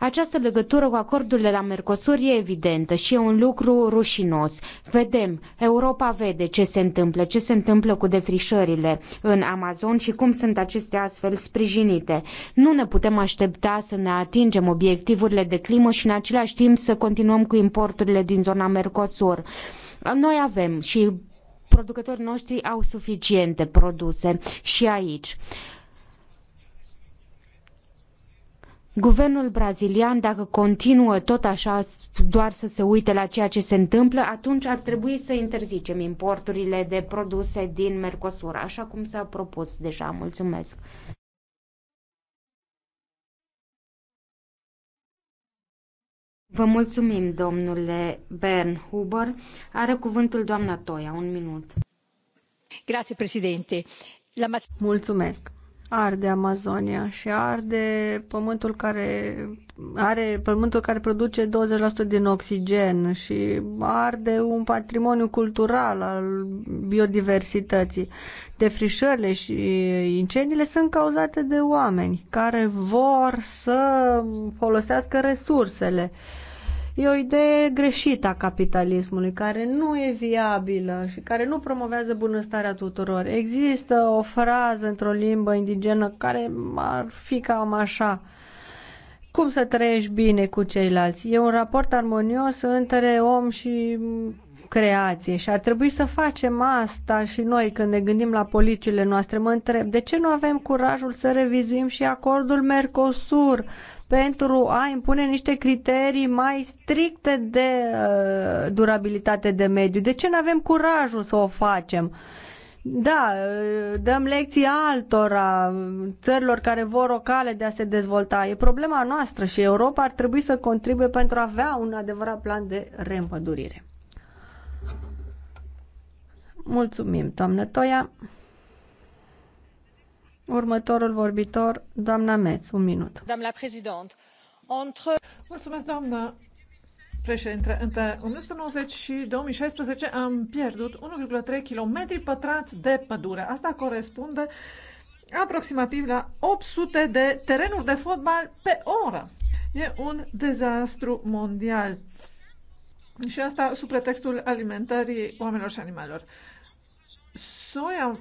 Speaker 6: Această legătură cu acordurile la Mercosur e evidentă și e un lucru rușinos. Vedem, Europa vede ce se întâmplă, ce se întâmplă cu defrișările în Amazon și cum sunt acestea astfel sprijinite. Nu ne putem aștepta să ne atingem obiectivurile de climă și în același timp să continuăm cu importurile din zona Mercosur. Noi avem și producătorii noștri au suficiente produse și aici. Guvernul brazilian, dacă continuă tot așa doar să se uite la ceea ce se întâmplă, atunci ar trebui să interzicem importurile de produse din Mercosur, așa cum s-a propus deja. Mulțumesc! Vă mulțumim, domnule Bern Huber. Are cuvântul doamna Toia, un minut. Grazie,
Speaker 8: președinte. La... Mulțumesc arde Amazonia și arde pământul care are pământul care produce 20% din oxigen și arde un patrimoniu cultural al biodiversității. Defrișările și incendiile sunt cauzate de oameni care vor să folosească resursele uh, E o idee greșită a capitalismului, care nu e viabilă și care nu promovează bunăstarea tuturor. Există o frază într-o limbă indigenă care ar fi cam așa. Cum să trăiești bine cu ceilalți? E un raport armonios între om și creație și ar trebui să facem asta și noi când ne gândim la politicile noastre. Mă întreb, de ce nu avem curajul să revizuim și acordul Mercosur? pentru a impune niște criterii mai stricte de uh, durabilitate de mediu. De ce nu avem curajul să o facem? Da, uh, dăm lecții altora, țărilor care vor o cale de a se dezvolta. E problema noastră și Europa ar trebui să contribuie pentru a avea un adevărat plan de reîmpădurire. Mulțumim, doamnă Toia. Următorul vorbitor, doamna Metz, un minut.
Speaker 7: Doamna președinte, între... Mulțumesc, doamna președinte. Între 1990 și 2016 am pierdut 1,3 km pătrați de pădure. Asta corespunde aproximativ la 800 de terenuri de fotbal pe oră. E un dezastru mondial. Și asta sub pretextul alimentării oamenilor și animalelor. Soia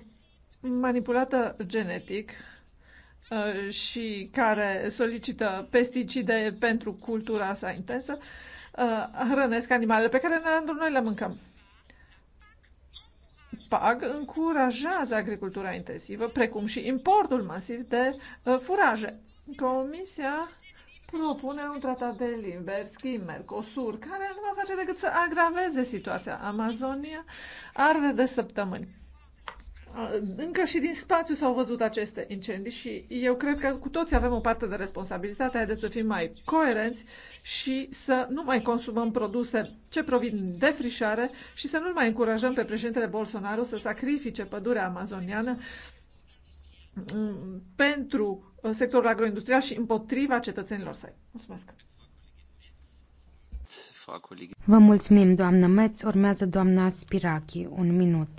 Speaker 7: manipulată genetic uh, și care solicită pesticide pentru cultura sa intensă, uh, hrănesc animalele pe care ne noi le mâncăm. PAG încurajează agricultura intensivă, precum și importul masiv de uh, furaje. Comisia propune un tratat de liber schimb Mercosur, care nu va face decât să agraveze situația. Amazonia arde de săptămâni. Încă și din spațiu s-au văzut aceste incendii și eu cred că cu toți avem o parte de responsabilitate, haideți să fim mai coerenți și să nu mai consumăm produse ce provin de frișare și să nu mai încurajăm pe președintele Bolsonaro să sacrifice pădurea amazoniană mm, pentru uh, sectorul agroindustrial și împotriva cetățenilor săi. Mulțumesc!
Speaker 6: Vă mulțumim, doamnă Meț. Urmează doamna Spirachi. Un minut.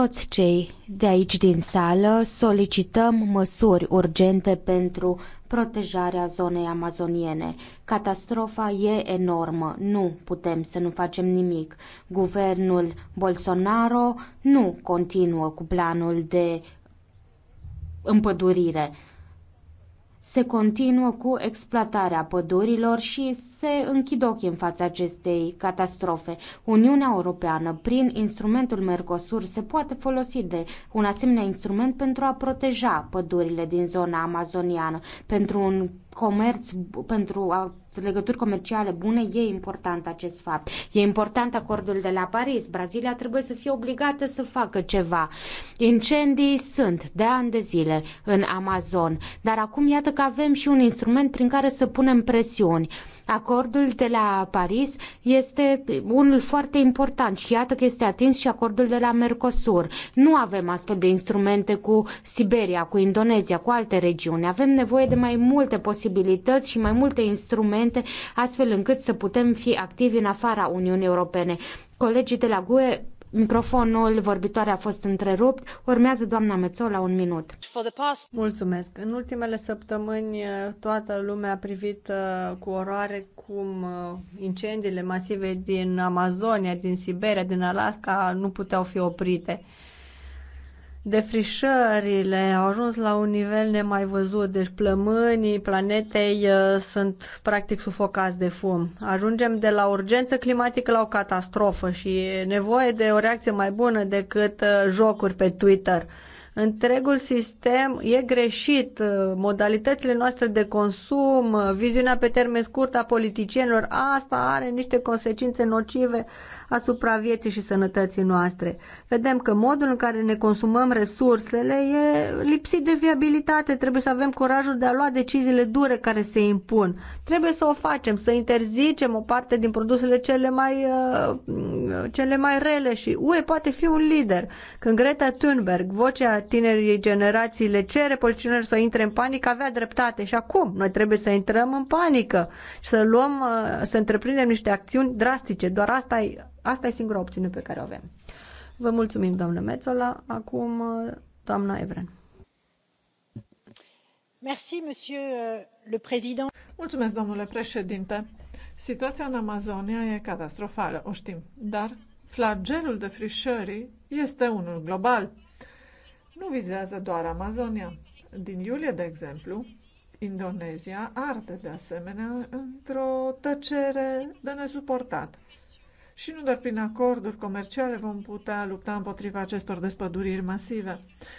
Speaker 6: Toți cei de aici din sală solicităm măsuri urgente pentru protejarea zonei amazoniene. Catastrofa e enormă. Nu putem să nu facem nimic. Guvernul Bolsonaro nu continuă cu planul de împădurire se continuă cu exploatarea pădurilor și se închid ochii în fața acestei catastrofe. Uniunea Europeană, prin instrumentul Mercosur, se poate folosi de un asemenea instrument pentru a proteja pădurile din zona amazoniană, pentru un comerț, pentru legături comerciale bune, e important acest fapt. E important acordul de la Paris. Brazilia trebuie să fie obligată să facă ceva. Incendii sunt de ani de zile în Amazon, dar acum iată că avem și un instrument prin care să punem presiuni. Acordul de la Paris este unul foarte important și iată că este atins și acordul de la Mercosur. Nu avem astfel de instrumente cu Siberia, cu Indonezia, cu alte regiuni. Avem nevoie de mai multe posibilități și mai multe instrumente astfel încât să putem fi activi în afara Uniunii Europene. Colegii de la GUE Microfonul vorbitoare a fost întrerupt. Urmează doamna la un minut.
Speaker 8: Mulțumesc. În ultimele săptămâni eh, toată lumea a privit eh, cu oroare cum eh, incendiile masive din Amazonia, din Siberia, din Alaska nu puteau fi oprite defrișările au ajuns la un nivel nemai văzut, deci plămânii planetei uh, sunt practic sufocați de fum. Ajungem de la urgență climatică la o catastrofă și e nevoie de o reacție mai bună decât uh, jocuri pe Twitter. Întregul sistem e greșit, modalitățile noastre de consum, viziunea pe termen scurt a politicienilor, asta are niște consecințe nocive asupra vieții și sănătății noastre. Vedem că modul în care ne consumăm resursele e lipsit de viabilitate, trebuie să avem curajul de a lua deciziile dure care se impun. Trebuie să o facem, să interzicem o parte din produsele cele mai, uh, cele mai rele și UE poate fi un lider. Când Greta Thunberg, vocea tinerii generații le cere polițienilor să intre în panică, avea dreptate. Și acum noi trebuie să intrăm în panică și să luăm, uh, să întreprindem niște acțiuni drastice. Doar asta e, asta e singura opțiune pe care o avem. Vă mulțumim, doamnă Mețola. Acum, uh, doamna Evren.
Speaker 7: Merci, monsieur uh, le président. Mulțumesc, domnule președinte. Situația în Amazonia e catastrofală, o știm, dar flagelul frișării este unul global nu vizează doar Amazonia. Din iulie, de exemplu, Indonezia arde de asemenea într-o tăcere de nesuportat. Și nu doar prin acorduri comerciale vom putea lupta împotriva acestor despăduriri masive,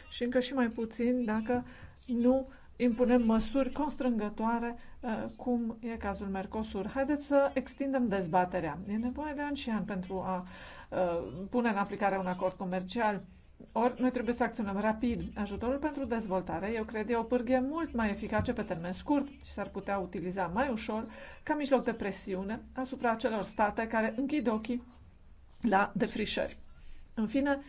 Speaker 7: și încă și mai puțin dacă nu impunem măsuri constrângătoare, uh, cum e cazul Mercosur. Haideți să extindem dezbaterea. E nevoie de ani și ani pentru a uh, pune în aplicare un acord comercial ori noi trebuie să acționăm rapid. Ajutorul pentru dezvoltare, eu cred, e o pârghie mult mai eficace pe termen scurt și s-ar putea utiliza mai ușor ca mijloc de presiune asupra acelor state care închid ochii la defrișări. În fine,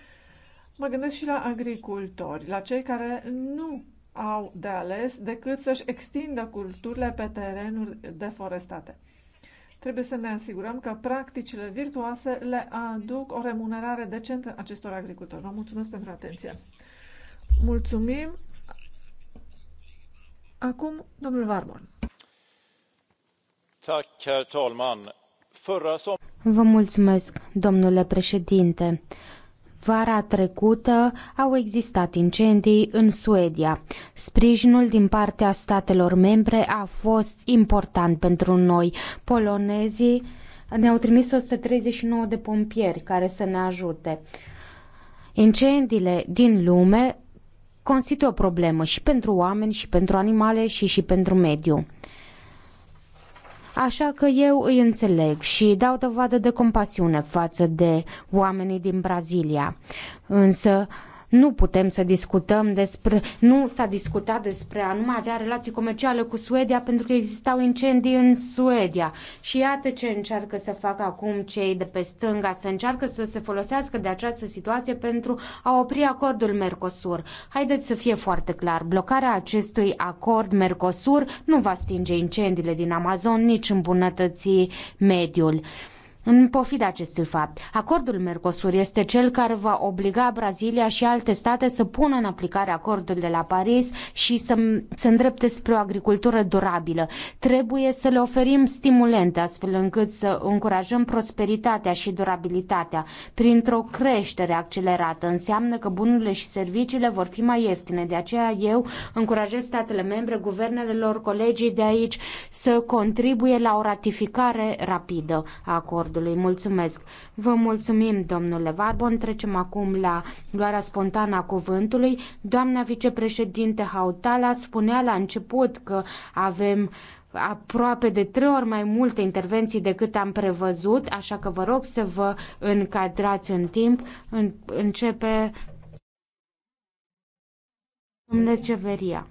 Speaker 7: mă gândesc și la agricultori, la cei care nu au de ales decât să-și extindă culturile pe terenuri deforestate. Trebuie să ne asigurăm că practicile virtuoase le aduc o remunerare decentă acestor agricultori. Vă mulțumesc pentru atenție. Mulțumim. Acum, domnul Varmon.
Speaker 6: Vă mulțumesc, domnule președinte. Vara trecută au existat incendii în Suedia. Sprijinul din partea statelor membre a fost important pentru noi. Polonezii ne-au trimis 139 de pompieri care să ne ajute. Incendiile din lume constituie o problemă și pentru oameni, și pentru animale, și și pentru mediu. Așa că eu îi înțeleg și dau dovadă de compasiune față de oamenii din Brazilia. Însă nu putem să discutăm despre, nu s-a discutat despre a nu mai avea relații comerciale cu Suedia pentru că existau incendii în Suedia. Și iată ce încearcă să facă acum cei de pe stânga, să încearcă să se folosească de această situație pentru a opri acordul Mercosur. Haideți să fie foarte clar, blocarea acestui acord Mercosur nu va stinge incendiile din Amazon, nici îmbunătăți mediul. În pofida acestui fapt, acordul Mercosur este cel care va obliga Brazilia și alte state să pună în aplicare acordul de la Paris și să se îndrepte spre o agricultură durabilă. Trebuie să le oferim stimulente astfel încât să încurajăm prosperitatea și durabilitatea printr-o creștere accelerată. Înseamnă că bunurile și serviciile vor fi mai ieftine. De aceea eu încurajez statele membre, guvernele lor, colegii de aici să contribuie la o ratificare rapidă a acordului acordului. Mulțumesc! Vă mulțumim, domnule Varbon. Trecem acum la luarea spontană a cuvântului. Doamna vicepreședinte Hautala spunea la început că avem aproape de trei ori mai multe intervenții decât am prevăzut, așa că vă rog să vă încadrați în timp. Începe domnule Ceveria.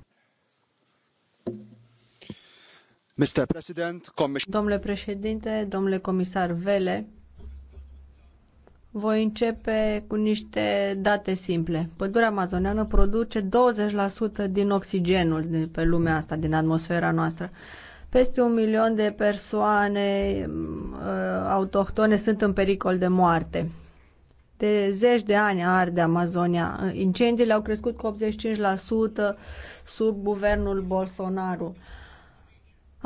Speaker 8: Domnule președinte, domnule comisar Vele, voi începe cu niște date simple. Pădurea amazoneană produce 20% din oxigenul de pe lumea asta, din atmosfera noastră. Peste un milion de persoane uh, autohtone sunt în pericol de moarte. De zeci de ani arde Amazonia. Incendiile au crescut cu 85% sub guvernul Bolsonaro. Uh,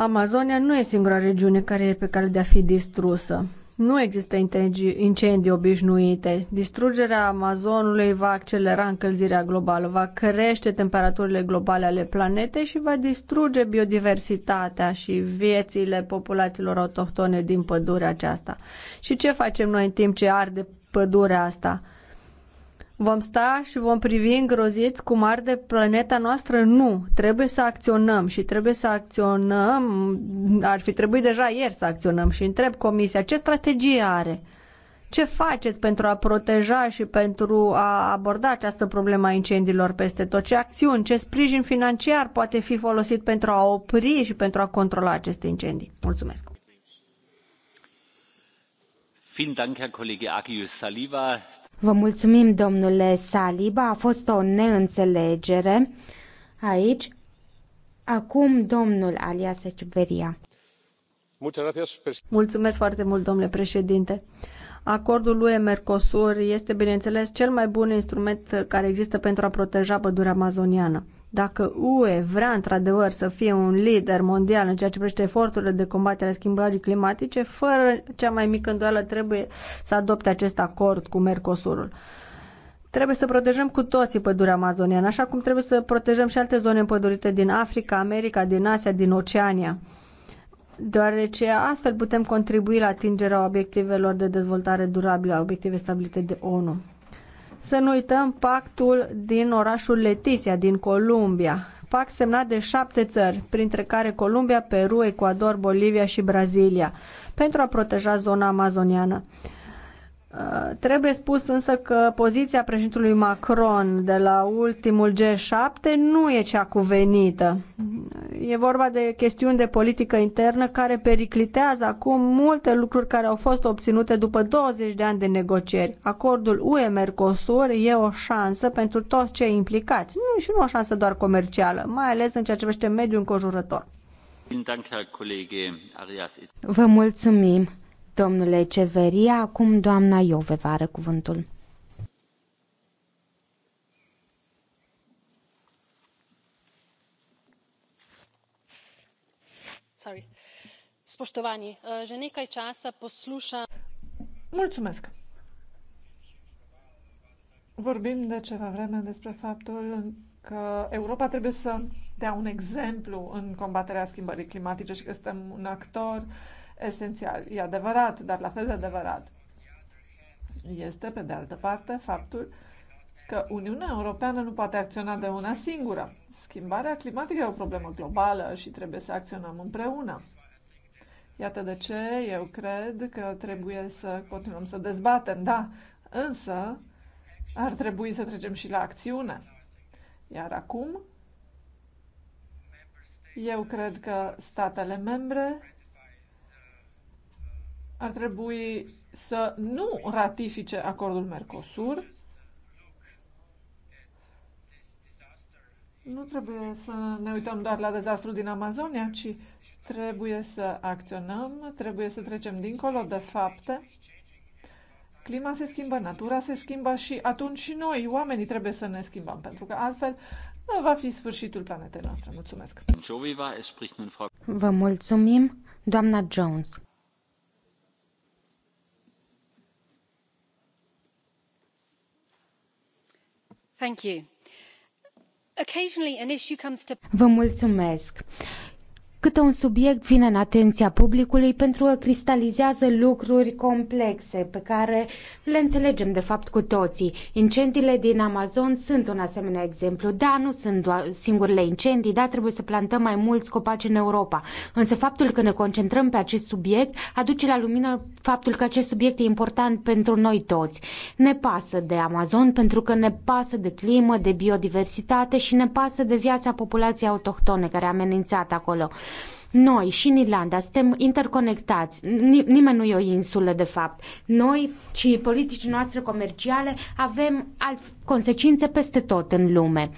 Speaker 8: Amazonia nu e singura regiune care e pe cale de a fi distrusă. Nu există incendii obișnuite. Distrugerea Amazonului va accelera încălzirea globală, va crește temperaturile globale ale planetei și va distruge biodiversitatea și viețile populațiilor autohtone din pădurea aceasta. Și ce facem noi în timp ce arde pădurea asta? Vom sta și vom privi îngroziți cum arde planeta noastră? Nu. Trebuie să acționăm și trebuie să acționăm. Ar fi trebuit deja ieri să acționăm și întreb Comisia ce strategie are. Ce faceți pentru a proteja și pentru a aborda această problemă a incendiilor peste tot? Ce acțiuni, ce sprijin financiar poate fi folosit pentru a opri și pentru a controla
Speaker 6: aceste incendii? Mulțumesc!
Speaker 8: Vielen Dank, Herr Kollege Agius Saliva.
Speaker 6: Vă mulțumim, domnule Saliba, a fost o neînțelegere aici. Acum, domnul Alias Ciuberia. Mulțumesc foarte mult, domnule președinte.
Speaker 8: Acordul UE-Mercosur este, bineînțeles, cel mai bun instrument care există pentru a proteja pădurea amazoniană. Dacă UE vrea într-adevăr să fie un lider mondial în ceea ce privește eforturile de combatere a schimbării climatice, fără cea mai mică îndoială trebuie să adopte acest acord cu Mercosurul. Trebuie să protejăm cu toții pădurea amazoniană, așa cum trebuie să protejăm și alte zone împădurite din Africa, America, din Asia, din Oceania deoarece astfel putem contribui la atingerea obiectivelor de dezvoltare durabilă, obiective stabilite de ONU să nu uităm pactul din orașul Letizia, din Columbia. Pact semnat de șapte țări, printre care Columbia, Peru, Ecuador, Bolivia și Brazilia, pentru a proteja zona amazoniană. Uh, trebuie spus însă că poziția președintelui Macron de la ultimul G7 nu e cea cuvenită. E vorba de chestiuni de politică internă care periclitează acum multe lucruri care au fost obținute după 20 de ani de negocieri. Acordul UE-Mercosur e o șansă pentru toți cei implicați, nu și nu o șansă doar comercială, mai ales în ceea ce privește mediul înconjurător. Vă
Speaker 6: mulțumim domnule Ceveria. Acum doamna Ioveva are cuvântul.
Speaker 4: Sorry. Spoštovani, eh, že nekaj časa poslušam.
Speaker 7: Mulțumesc. Vorbim de ceva vreme despre faptul că Europa trebuie să dea un exemplu în combaterea schimbării climatice și că suntem un actor uh, esențial. E adevărat, dar la fel de adevărat este, pe de altă parte, faptul că Uniunea Europeană nu poate acționa de una singură. Schimbarea climatică e o problemă globală și trebuie să acționăm împreună. Iată de ce eu cred că trebuie să continuăm să dezbatem, da, însă ar trebui să trecem și la acțiune. Iar acum, eu cred că statele membre ar trebui să nu ratifice acordul Mercosur. Nu trebuie să ne uităm doar la dezastrul din Amazonia, ci trebuie să acționăm, trebuie să trecem dincolo de fapte. Clima se schimbă, natura se schimbă și atunci și noi, oamenii, trebuie să ne schimbăm, pentru că altfel va fi sfârșitul planetei noastre. Mulțumesc!
Speaker 8: Vă
Speaker 6: mulțumim, doamna Jones. Vă mulțumesc câte un subiect vine în atenția publicului pentru că cristalizează lucruri complexe pe care le înțelegem de fapt cu toții. Incendiile din Amazon sunt un asemenea exemplu. Da, nu sunt singurele incendii, da, trebuie să plantăm mai mulți copaci în Europa. Însă faptul că ne concentrăm pe acest subiect aduce la lumină faptul că acest subiect e important pentru noi toți. Ne pasă de Amazon pentru că ne pasă de climă, de biodiversitate și ne pasă de viața populației autohtone care e amenințată acolo. Noi și în Irlanda suntem interconectați, nimeni nu e o insulă de fapt. Noi și politicii noastre comerciale avem alt, consecințe peste tot în lume.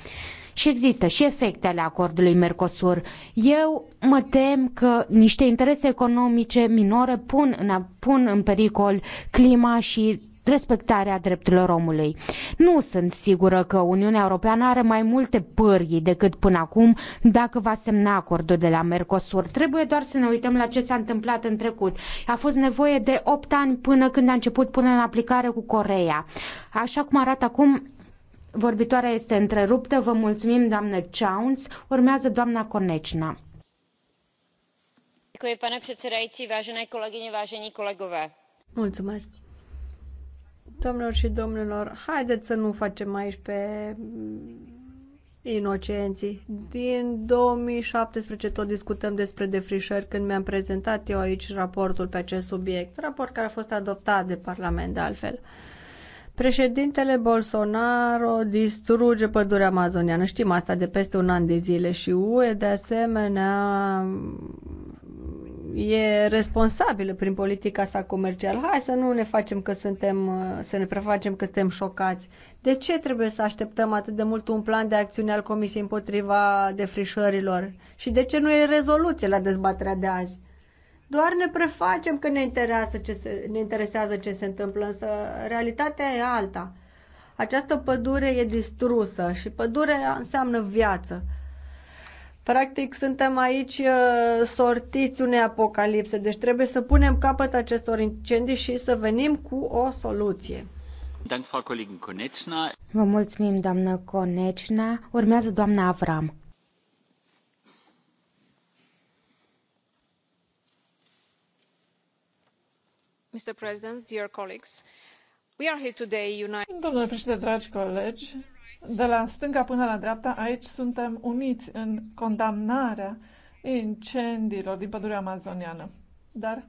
Speaker 6: Și există și efectele acordului Mercosur. Eu mă tem că niște interese economice minore pun în, pun în pericol clima și respectarea drepturilor omului. Nu sunt sigură că Uniunea Europeană are mai multe pârghii decât până acum dacă va semna acordul de la Mercosur. Trebuie doar să ne uităm la ce s-a întâmplat în trecut. A fost nevoie de 8 ani până când a început până în aplicare cu Coreea. Așa cum arată acum, vorbitoarea este întreruptă. Vă mulțumim, doamnă Chauns. Urmează doamna Conecina. Děkuji, pane předsedající, vážené kolegyně, vážení kolegové. Mulțumesc,
Speaker 8: Domnilor și domnilor, haideți să nu facem aici pe mm, inocenții. Din 2017 tot discutăm despre defrișări când mi-am prezentat eu aici raportul pe acest subiect, raport care a fost adoptat de Parlament de altfel. Președintele Bolsonaro distruge pădurea amazoniană. Știm asta de peste un an de zile și UE de asemenea e responsabilă prin politica sa comercială. Hai să nu ne facem că suntem, uh, să ne prefacem că suntem șocați. De ce trebuie să așteptăm atât de mult un plan de acțiune al Comisiei împotriva defrișărilor? Și de ce nu e rezoluție la dezbaterea de azi? Doar ne prefacem că ne interesează ce se, ne interesează ce se întâmplă, însă realitatea e alta. Această pădure e distrusă și pădurea înseamnă viață. Practic, suntem aici uh, sortiți unei apocalipse, deci trebuie să punem capăt acestor incendii și să venim cu o
Speaker 6: soluție. Vă mulțumim, doamnă Conecna. Urmează doamna Avram.
Speaker 7: Mr. President, dear colleagues, we are here today united. Domnule președinte, dragi colegi, de la stânga până la dreapta, aici suntem uniți în condamnarea incendiilor din pădurea amazoniană. Dar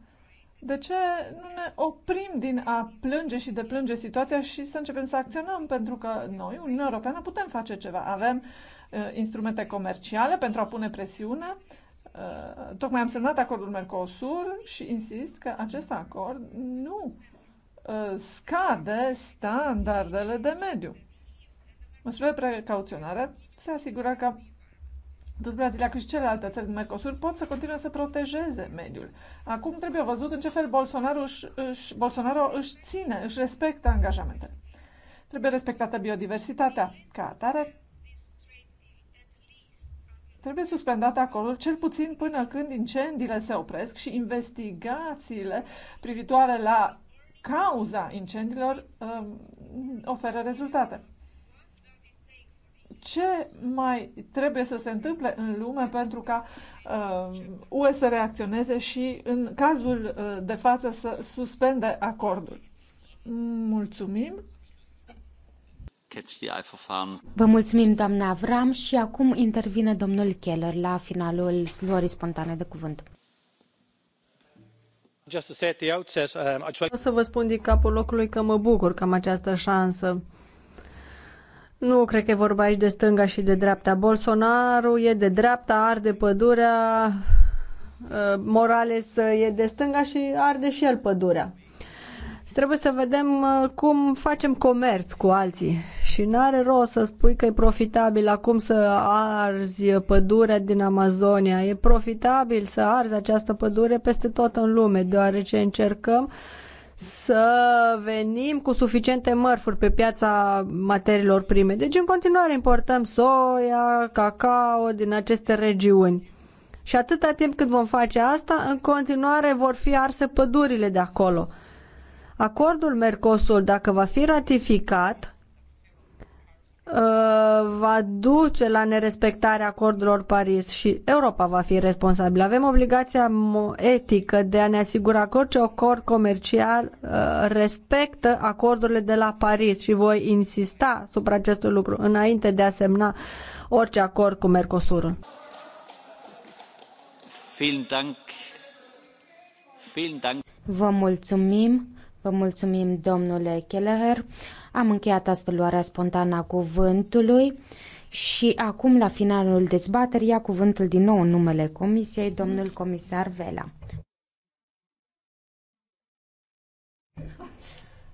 Speaker 7: de ce nu ne oprim din a plânge și de plânge situația și să începem să acționăm? Pentru că noi, Uniunea Europeană, putem face ceva. Avem uh, instrumente comerciale pentru a pune presiune. Uh, tocmai am semnat acordul Mercosur și insist că acest acord nu uh, scade standardele de mediu. Măsurile precauționare se asigură că atât Brazilia cât și celelalte țări din Mercosur pot să continue să protejeze mediul. Acum trebuie văzut în ce fel Bolsonaro își, își, Bolsonaro își ține, își respectă angajamentele. Trebuie respectată biodiversitatea ca atare. Trebuie suspendată acolo, cel puțin până când incendiile se opresc și investigațiile privitoare la cauza incendiilor um, oferă rezultate ce mai trebuie să se întâmple în lume pentru ca uh, UE să reacționeze și în cazul uh, de față să suspende acordul. Mulțumim!
Speaker 6: Vă mulțumim, doamna Avram, și acum intervine domnul Keller la finalul luării spontane de cuvânt.
Speaker 3: Um,
Speaker 8: o să
Speaker 6: vă spun din capul locului
Speaker 8: că mă bucur că am această șansă nu cred că e vorba aici de stânga și de dreapta. Bolsonaro e de dreapta, arde pădurea, uh, Morales e de stânga și arde și el pădurea. Deci trebuie să vedem uh, cum facem comerț cu alții și n-are rost să spui că e profitabil acum să arzi pădurea din Amazonia. E profitabil să arzi această pădure peste tot în lume, deoarece încercăm uh, să venim cu suficiente mărfuri pe piața materiilor prime. Deci în continuare importăm soia, cacao din aceste regiuni. Și atâta timp cât vom face asta, în continuare vor fi arse pădurile de acolo. Acordul Mercosul, dacă va fi ratificat, Uh, va duce la nerespectarea acordurilor Paris și Europa va fi responsabilă. Avem obligația etică de a ne asigura că orice acord comercial uh, respectă acordurile de la Paris și voi insista asupra acestui lucru înainte de a semna
Speaker 6: orice acord cu Mercosur. Vă mulțumim, vă mulțumim domnule Kelleher. Am încheiat astfel luarea spontană a cuvântului și acum, la finalul dezbaterii, ia cuvântul din nou în numele Comisiei, domnul comisar Vela.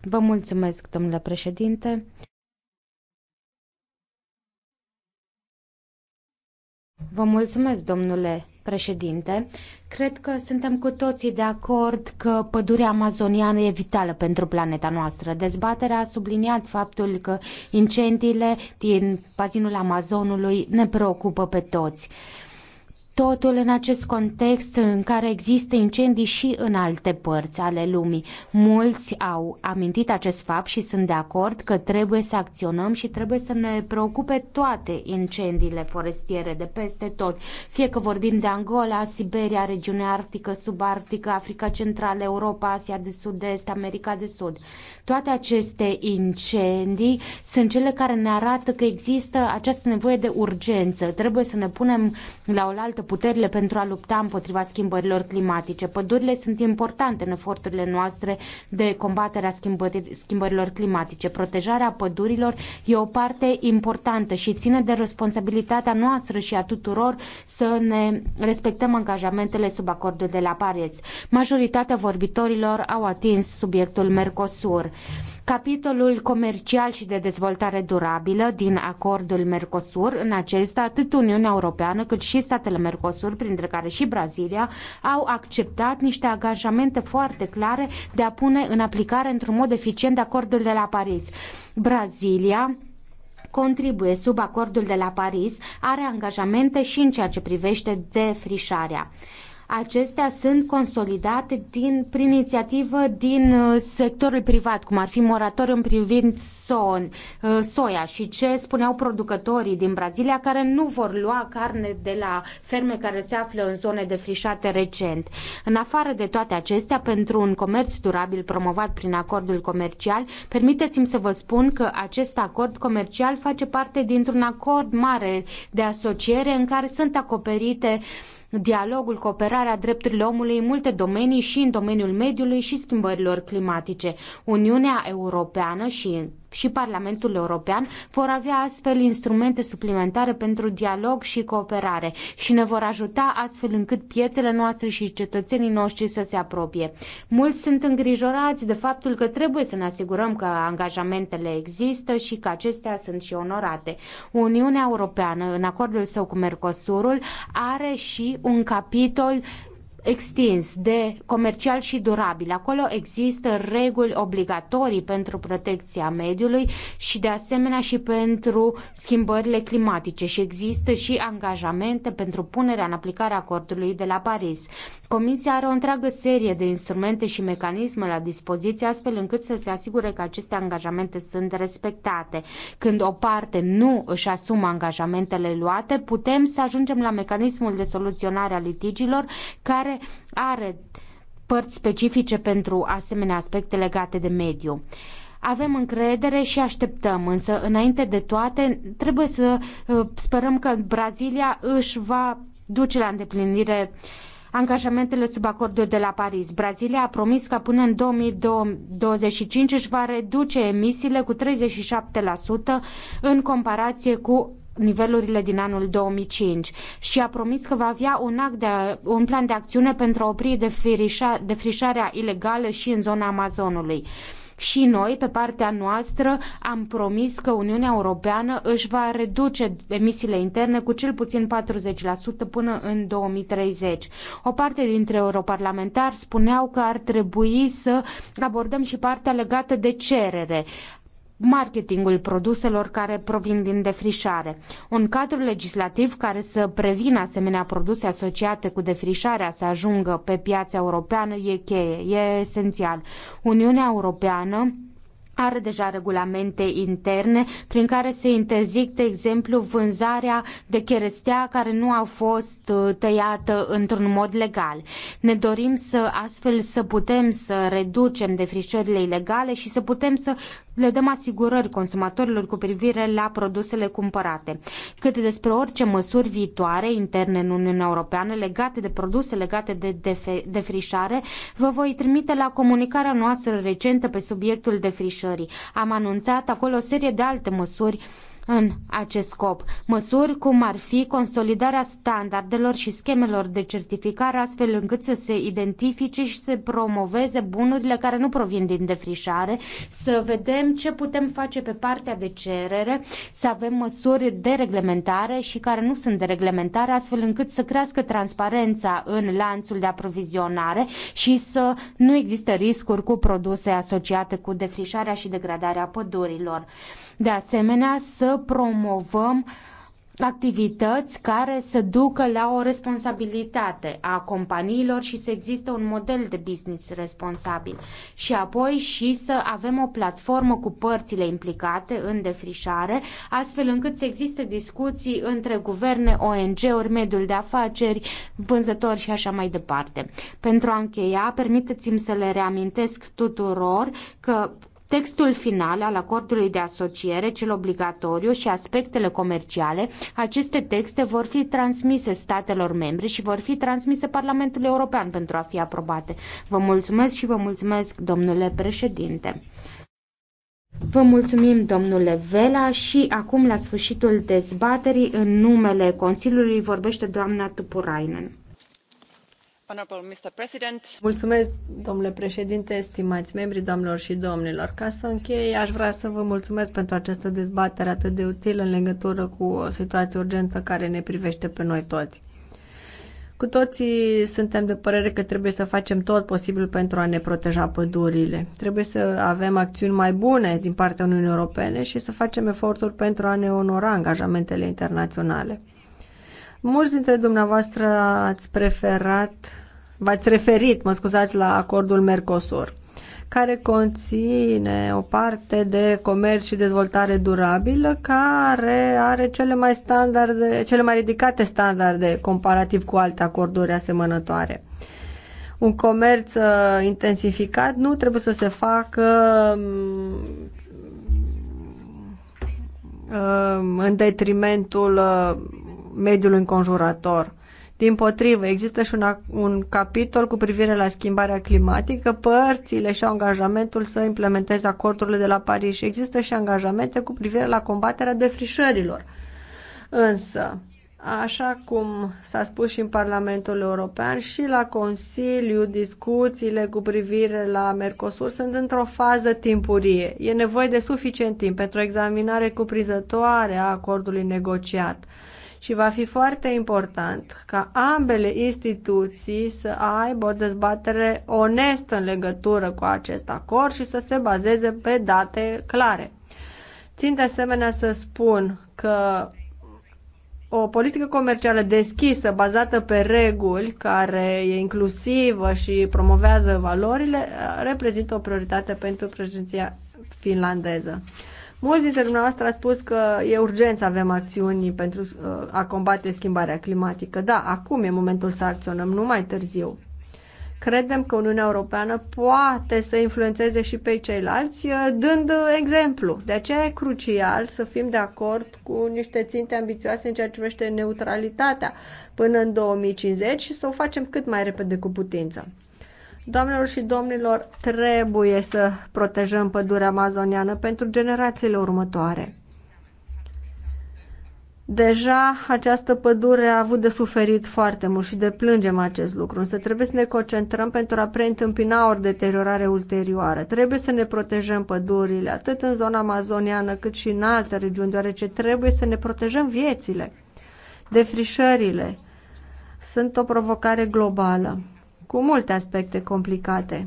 Speaker 6: Vă mulțumesc, domnule președinte. Vă mulțumesc, domnule președinte. Cred că suntem cu toții de acord că pădurea amazoniană e vitală pentru planeta noastră. Dezbaterea a subliniat faptul că incendiile din bazinul Amazonului ne preocupă pe toți. Uh, Totul în acest context în care există incendii și în alte părți ale lumii. Mulți au amintit acest fapt și sunt de acord că trebuie să acționăm și trebuie să ne preocupe toate incendiile forestiere de peste tot. Fie că vorbim de Angola, Siberia, regiunea arctică, subarctică, Africa Centrală, Europa, Asia de Sud-Est, America de Sud. Toate aceste incendii sunt cele care ne arată că există această nevoie de urgență. Trebuie să ne punem la oaltă puterile pentru a lupta împotriva schimbărilor climatice. Pădurile sunt importante în eforturile noastre de combaterea schimbărilor climatice. Protejarea pădurilor e o parte importantă și ține de responsabilitatea noastră și a tuturor să ne respectăm angajamentele sub acordul de la Paris. Majoritatea vorbitorilor au atins subiectul Mercosur. Capitolul comercial și de dezvoltare durabilă din acordul Mercosur, în acesta atât Uniunea Europeană cât și statele Mercosur, printre care și Brazilia, au acceptat niște angajamente foarte clare de a pune în aplicare într-un mod eficient acordul de la Paris. Brazilia contribuie sub acordul de la Paris, are angajamente și în ceea ce privește defrișarea. Acestea sunt consolidate din, prin inițiativă din uh, sectorul privat, cum ar fi morator în privind son, uh, soia și ce spuneau producătorii din Brazilia care nu vor lua carne de la ferme care se află în zone defrișate recent. În afară de toate acestea, pentru un comerț durabil promovat prin acordul comercial, permiteți-mi să vă spun că acest acord comercial face parte dintr-un acord mare de asociere în care sunt acoperite uh, dialogul, cooperarea drepturilor omului în multe domenii și în domeniul mediului și schimbărilor climatice. Uniunea Europeană și și Parlamentul European vor avea astfel instrumente suplimentare pentru dialog și cooperare și ne vor ajuta astfel încât piețele noastre și cetățenii noștri să se apropie. Mulți sunt îngrijorați de faptul că trebuie să ne asigurăm că angajamentele există și că acestea sunt și onorate. Uniunea Europeană, în acordul său cu Mercosurul, are și un capitol extins de comercial și durabil. Acolo există reguli obligatorii pentru protecția mediului și de asemenea și pentru schimbările climatice și există și angajamente pentru punerea în aplicare a acordului de la Paris. Comisia are o întreagă serie de instrumente și mecanisme la dispoziție astfel încât să se asigure că aceste angajamente sunt respectate. Când o parte nu își asumă angajamentele luate, putem să ajungem la mecanismul de soluționare a litigilor care care are părți specifice pentru asemenea aspecte legate de mediu. Avem încredere și așteptăm, însă înainte de toate trebuie să uh, sperăm că Brazilia își va duce la îndeplinire angajamentele sub acordul de la Paris. Brazilia a promis că până în 2025 își va reduce emisiile cu 37% în comparație cu nivelurile din anul 2005 și a promis că va avea un, act de, un plan de acțiune pentru a opri defrișarea ilegală și în zona Amazonului. Și noi, pe partea noastră, am promis că Uniunea Europeană își va reduce emisiile interne cu cel puțin 40% până în 2030. O parte dintre europarlamentari spuneau că ar trebui să abordăm și partea legată de cerere marketingul produselor care provin din defrișare. Un cadru legislativ care să prevină asemenea produse asociate cu defrișarea să ajungă pe piața europeană e cheie, e esențial. Uniunea Europeană are deja regulamente interne prin care se interzic, de exemplu, vânzarea de cherestea care nu a fost uh, tăiată într-un mod legal. Ne dorim să astfel să putem să reducem defrișările ilegale și să putem să le dăm asigurări consumatorilor cu privire la produsele cumpărate, cât despre orice măsuri viitoare interne în Uniunea Europeană legate de produse legate de defrișare, vă voi trimite la comunicarea noastră recentă pe subiectul defrișării. Am anunțat acolo o serie de alte măsuri uh, în acest scop. Măsuri cum ar fi consolidarea standardelor și schemelor de certificare astfel încât să se identifice și să promoveze bunurile care nu provin din defrișare, să vedem ce putem face pe partea de cerere, să avem măsuri de reglementare și care nu sunt de reglementare astfel încât să crească transparența în lanțul de aprovizionare și să nu există riscuri cu produse asociate cu defrișarea și degradarea pădurilor. De asemenea, să promovăm activități care să ducă la o responsabilitate a companiilor și să existe un model de business responsabil și apoi și să avem o platformă cu părțile implicate în defrișare, astfel încât să existe discuții între guverne, ONG-uri, mediul de afaceri, vânzători și așa mai departe. Pentru a încheia, permiteți-mi să le reamintesc tuturor că Textul final al acordului de asociere, cel obligatoriu și aspectele comerciale, aceste texte vor fi transmise statelor membre și vor fi transmise Parlamentului European pentru a fi aprobate. Vă mulțumesc și vă mulțumesc, domnule președinte. Vă mulțumim, domnule Vela, și acum, la sfârșitul dezbaterii, în numele Consiliului vorbește doamna Tupurainen.
Speaker 8: Mulțumesc, domnule președinte, stimați membri, doamnelor și domnilor. Ca să închei, aș vrea să vă mulțumesc pentru această dezbatere atât de utilă în legătură cu o situație urgentă care ne privește pe noi toți. Cu toții suntem de părere că trebuie să facem tot posibil pentru a ne proteja pădurile. Trebuie să avem acțiuni mai bune din partea Uniunii Europene și să facem eforturi pentru a ne onora angajamentele internaționale. Mulți dintre dumneavoastră ați preferat, v-ați referit, mă scuzați, la acordul Mercosur, care conține o parte de comerț și dezvoltare durabilă, care are cele mai, standarde, cele mai ridicate standarde comparativ cu alte acorduri asemănătoare un comerț uh, intensificat nu trebuie să se facă mm, uh, în detrimentul uh, mediul înconjurător. Din potrivă, există și un, un capitol cu privire la schimbarea climatică, părțile și-au angajamentul să implementeze acordurile de la Paris și există și angajamente cu privire la combaterea defrișărilor. Însă, Așa cum s-a spus și în Parlamentul European și la Consiliu, discuțiile cu privire la Mercosur sunt într-o fază timpurie. E nevoie de suficient timp pentru examinare cuprinzătoare a acordului negociat și va fi foarte important ca ambele instituții să aibă o dezbatere onestă în legătură cu acest acord și să se bazeze pe date clare. Țin de asemenea să spun că o politică comercială deschisă, bazată pe reguli, care e inclusivă și promovează valorile, reprezintă o prioritate pentru președinția finlandeză. Mulți dintre dumneavoastră a spus că e urgent să avem acțiuni pentru uh, a combate schimbarea climatică. Da, acum e momentul să acționăm, nu mai târziu. Credem că Uniunea Europeană poate să influențeze și pe ceilalți uh, dând uh, exemplu. De aceea e crucial să fim de acord cu niște ținte ambițioase în ceea ce privește neutralitatea până în 2050 și să o facem cât mai repede cu putință. Doamnelor și domnilor, trebuie să protejăm pădurea amazoniană pentru generațiile următoare. Deja această pădure a avut de suferit foarte mult și plângem acest lucru, însă trebuie să ne concentrăm pentru a preîntâmpina ori deteriorare ulterioară. Trebuie să ne protejăm pădurile, atât în zona amazoniană cât și în alte regiuni, deoarece trebuie să ne protejăm viețile. Defrișările sunt o provocare globală cu multe aspecte complicate.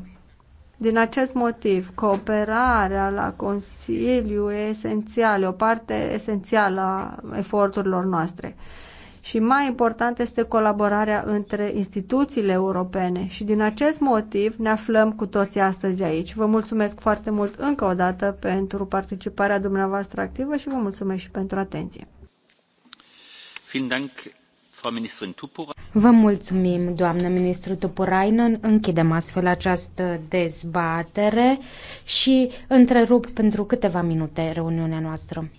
Speaker 8: Din acest motiv, cooperarea la Consiliu e esențială, o parte esențială a eforturilor noastre. Și mai important este colaborarea între instituțiile europene și din acest motiv ne aflăm cu toții astăzi aici. Vă mulțumesc foarte mult încă o dată pentru participarea dumneavoastră activă și vă mulțumesc și pentru atenție. Vielen Dank.
Speaker 6: Vă mulțumim, doamnă ministru Tupurainen. Închidem astfel această dezbatere și întrerup pentru câteva minute reuniunea noastră.